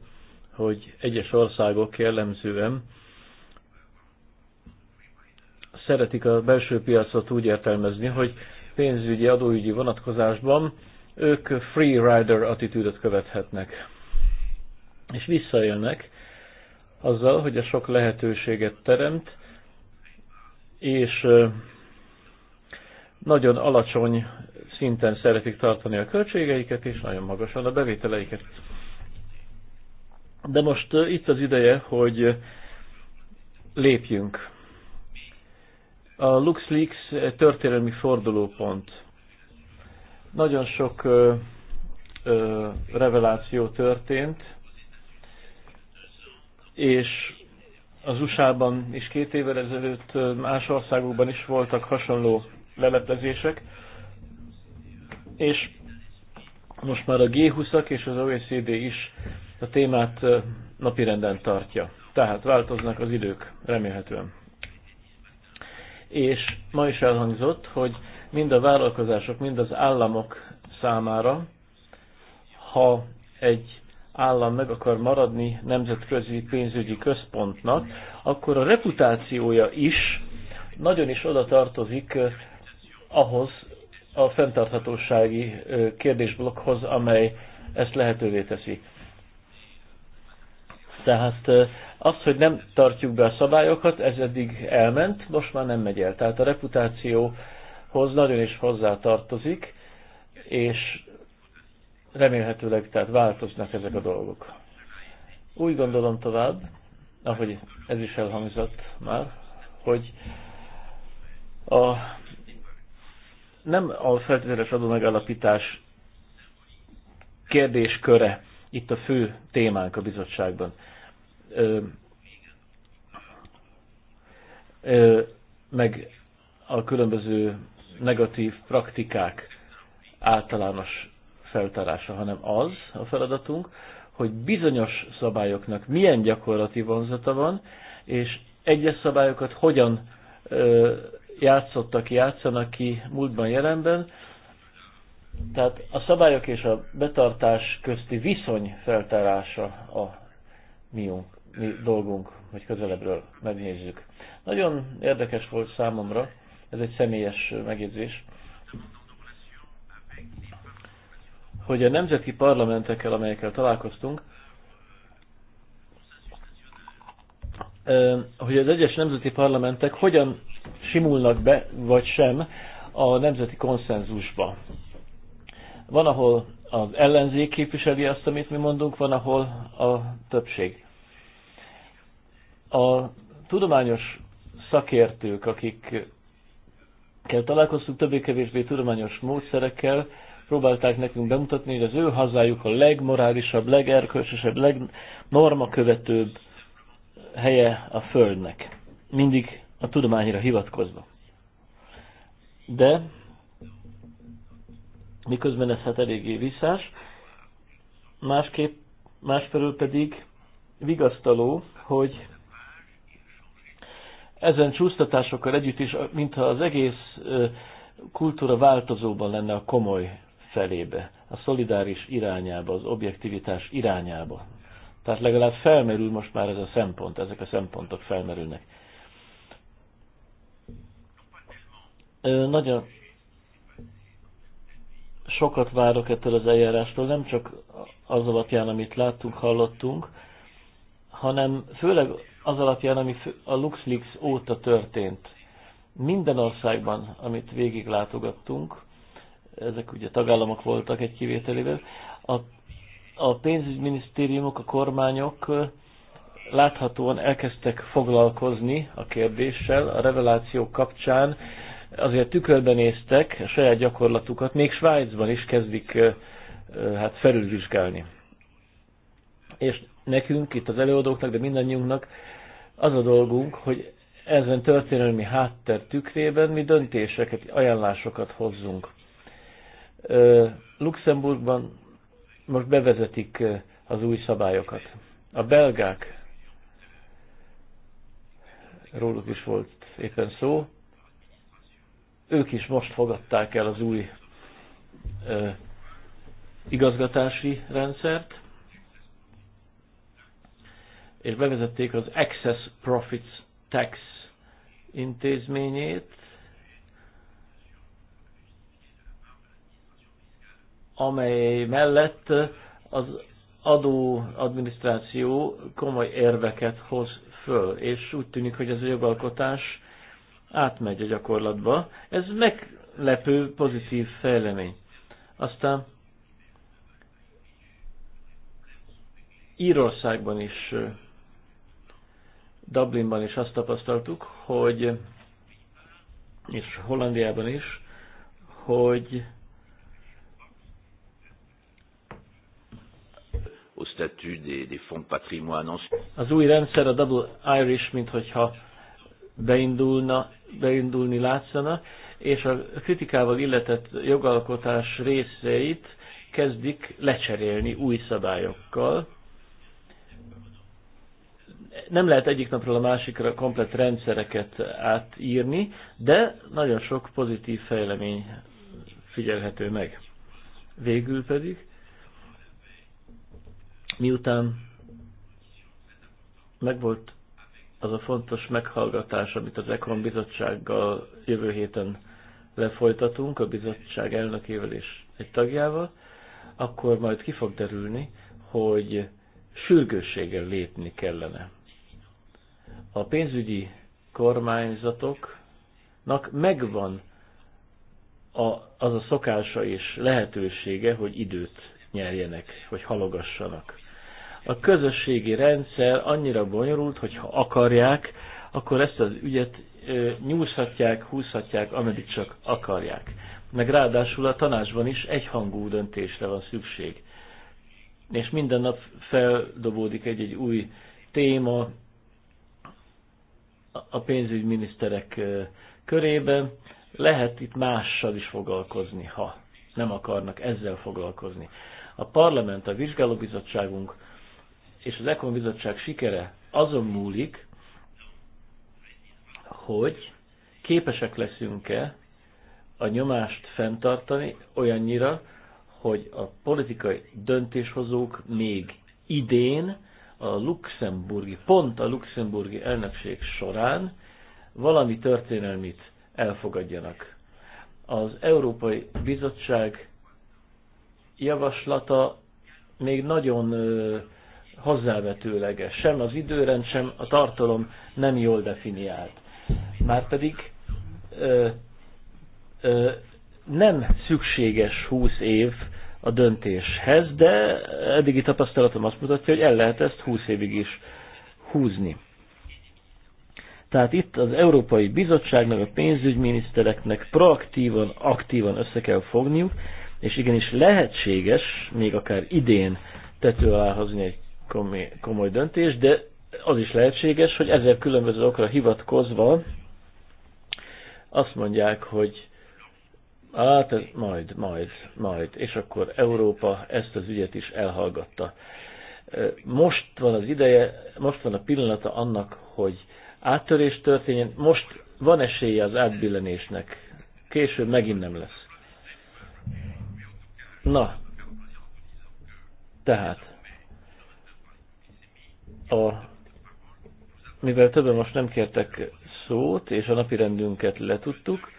hogy egyes országok jellemzően szeretik a belső piacot úgy értelmezni, hogy pénzügyi, adóügyi vonatkozásban ők free rider attitűdöt követhetnek. És visszaélnek azzal, hogy a sok lehetőséget teremt, és nagyon alacsony szinten szeretik tartani a költségeiket, és nagyon magasan a bevételeiket. De most itt az ideje, hogy lépjünk. A LuxLeaks történelmi fordulópont. Nagyon sok ö, ö, reveláció történt, és az USA-ban is két évvel ezelőtt más országokban is voltak hasonló leleplezések, és most már a G20-ak és az OECD is a témát napirenden tartja. Tehát változnak az idők, remélhetően. És ma is elhangzott, hogy mind a vállalkozások, mind az államok számára, ha egy állam meg akar maradni nemzetközi pénzügyi központnak, akkor a reputációja is nagyon is oda tartozik eh, ahhoz a fenntarthatósági eh, kérdésblokkhoz, amely ezt lehetővé teszi. Tehát eh, az, hogy nem tartjuk be a szabályokat, ez eddig elment, most már nem megy el. Tehát a reputáció hoz nagyon is hozzá tartozik, és remélhetőleg tehát változnak ezek a dolgok. Úgy gondolom tovább, ahogy ez is elhangzott már, hogy a, nem a feltételes adó megállapítás kérdésköre itt a fő témánk a bizottságban. Ö, ö, meg a különböző negatív praktikák általános feltárása, hanem az a feladatunk, hogy bizonyos szabályoknak milyen gyakorlati vonzata van, és egyes szabályokat hogyan ö, játszottak, játszanak ki múltban, jelenben. Tehát a szabályok és a betartás közti viszony feltárása a miunk, mi dolgunk, hogy közelebbről megnézzük. Nagyon érdekes volt számomra, ez egy személyes megjegyzés, hogy a nemzeti parlamentekkel, amelyekkel találkoztunk, hogy az egyes nemzeti parlamentek hogyan simulnak be, vagy sem a nemzeti konszenzusba. Van, ahol az ellenzék képviseli azt, amit mi mondunk, van, ahol a többség. A tudományos szakértők, akik Kell találkoztunk, többé-kevésbé tudományos módszerekkel, próbálták nekünk bemutatni, hogy az ő hazájuk a legmorálisabb, legerkölcsösebb, legnormakövetőbb helye a Földnek. Mindig a tudományra hivatkozva. De miközben ez hát eléggé visszás, másképp, másfelől pedig vigasztaló, hogy ezen csúsztatásokkal együtt is, mintha az egész kultúra változóban lenne a komoly felébe, a szolidáris irányába, az objektivitás irányába. Tehát legalább felmerül most már ez a szempont, ezek a szempontok felmerülnek. Nagyon sokat várok ettől az eljárástól, nem csak az alapján, amit láttunk, hallottunk, hanem főleg az alapján, ami a LuxLeaks óta történt. Minden országban, amit végiglátogattunk, ezek ugye tagállamok voltak egy kivételével, a, a pénzügyminisztériumok, a kormányok láthatóan elkezdtek foglalkozni a kérdéssel, a revelációk kapcsán azért tükörben néztek a saját gyakorlatukat, még Svájcban is kezdik hát felülvizsgálni. És nekünk, itt az előadóknak, de mindannyiunknak az a dolgunk, hogy ezen történelmi háttér tükrében mi döntéseket, ajánlásokat hozzunk. Luxemburgban most bevezetik az új szabályokat. A belgák, róluk is volt éppen szó, ők is most fogadták el az új igazgatási rendszert, és bevezették az Excess Profits Tax intézményét, amely mellett az adóadminisztráció komoly érveket hoz föl, és úgy tűnik, hogy ez a jogalkotás átmegy a gyakorlatba. Ez meglepő, pozitív fejlemény. Aztán Írországban is Dublinban is azt tapasztaltuk, hogy és Hollandiában is, hogy Az új rendszer a Double Irish, hogyha beindulna, beindulni látszana, és a kritikával illetett jogalkotás részeit kezdik lecserélni új szabályokkal, nem lehet egyik napról a másikra komplet rendszereket átírni, de nagyon sok pozitív fejlemény figyelhető meg. Végül pedig, miután megvolt az a fontos meghallgatás, amit az Ekon bizottsággal jövő héten lefolytatunk, a bizottság elnökével és egy tagjával, akkor majd ki fog derülni, hogy sürgősséggel lépni kellene a pénzügyi kormányzatoknak megvan a, az a szokása és lehetősége, hogy időt nyerjenek, vagy halogassanak. A közösségi rendszer annyira bonyolult, hogy ha akarják, akkor ezt az ügyet nyúzhatják, húzhatják, ameddig csak akarják. Meg ráadásul a tanácsban is egyhangú döntésre van szükség. És minden nap feldobódik egy-egy új téma, a pénzügyminiszterek körében. Lehet itt mással is foglalkozni, ha nem akarnak ezzel foglalkozni. A parlament, a vizsgálóbizottságunk és az Ekon bizottság sikere azon múlik, hogy képesek leszünk-e a nyomást fenntartani olyannyira, hogy a politikai döntéshozók még idén a luxemburgi, pont a luxemburgi elnökség során valami történelmit elfogadjanak. Az Európai Bizottság javaslata még nagyon hozzávetőleges. Sem az időrend, sem a tartalom nem jól definiált. Márpedig ö, ö, nem szükséges 20 év a döntéshez, de eddigi tapasztalatom azt mutatja, hogy el lehet ezt 20 évig is húzni. Tehát itt az Európai Bizottságnak, a pénzügyminisztereknek proaktívan, aktívan össze kell fogniuk, és igenis lehetséges, még akár idén tető alá hozni egy komoly, komoly döntés, de az is lehetséges, hogy ezzel különböző okra hivatkozva azt mondják, hogy Hát ez majd, majd, majd. És akkor Európa ezt az ügyet is elhallgatta. Most van az ideje, most van a pillanata annak, hogy áttörés történjen. Most van esélye az átbillenésnek. Később megint nem lesz. Na, tehát a, mivel többen most nem kértek szót, és a napirendünket letudtuk,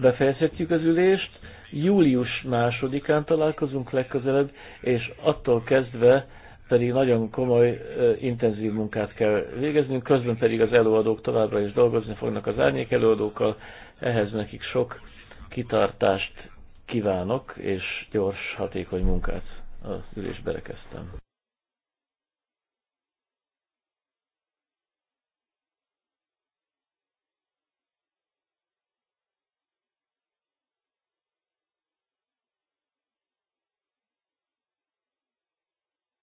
befejezhetjük az ülést. Július másodikán találkozunk legközelebb, és attól kezdve pedig nagyon komoly, intenzív munkát kell végeznünk, közben pedig az előadók továbbra is dolgozni fognak az árnyék előadókkal, ehhez nekik sok kitartást kívánok, és gyors, hatékony munkát. Az ülésbe rekeztem.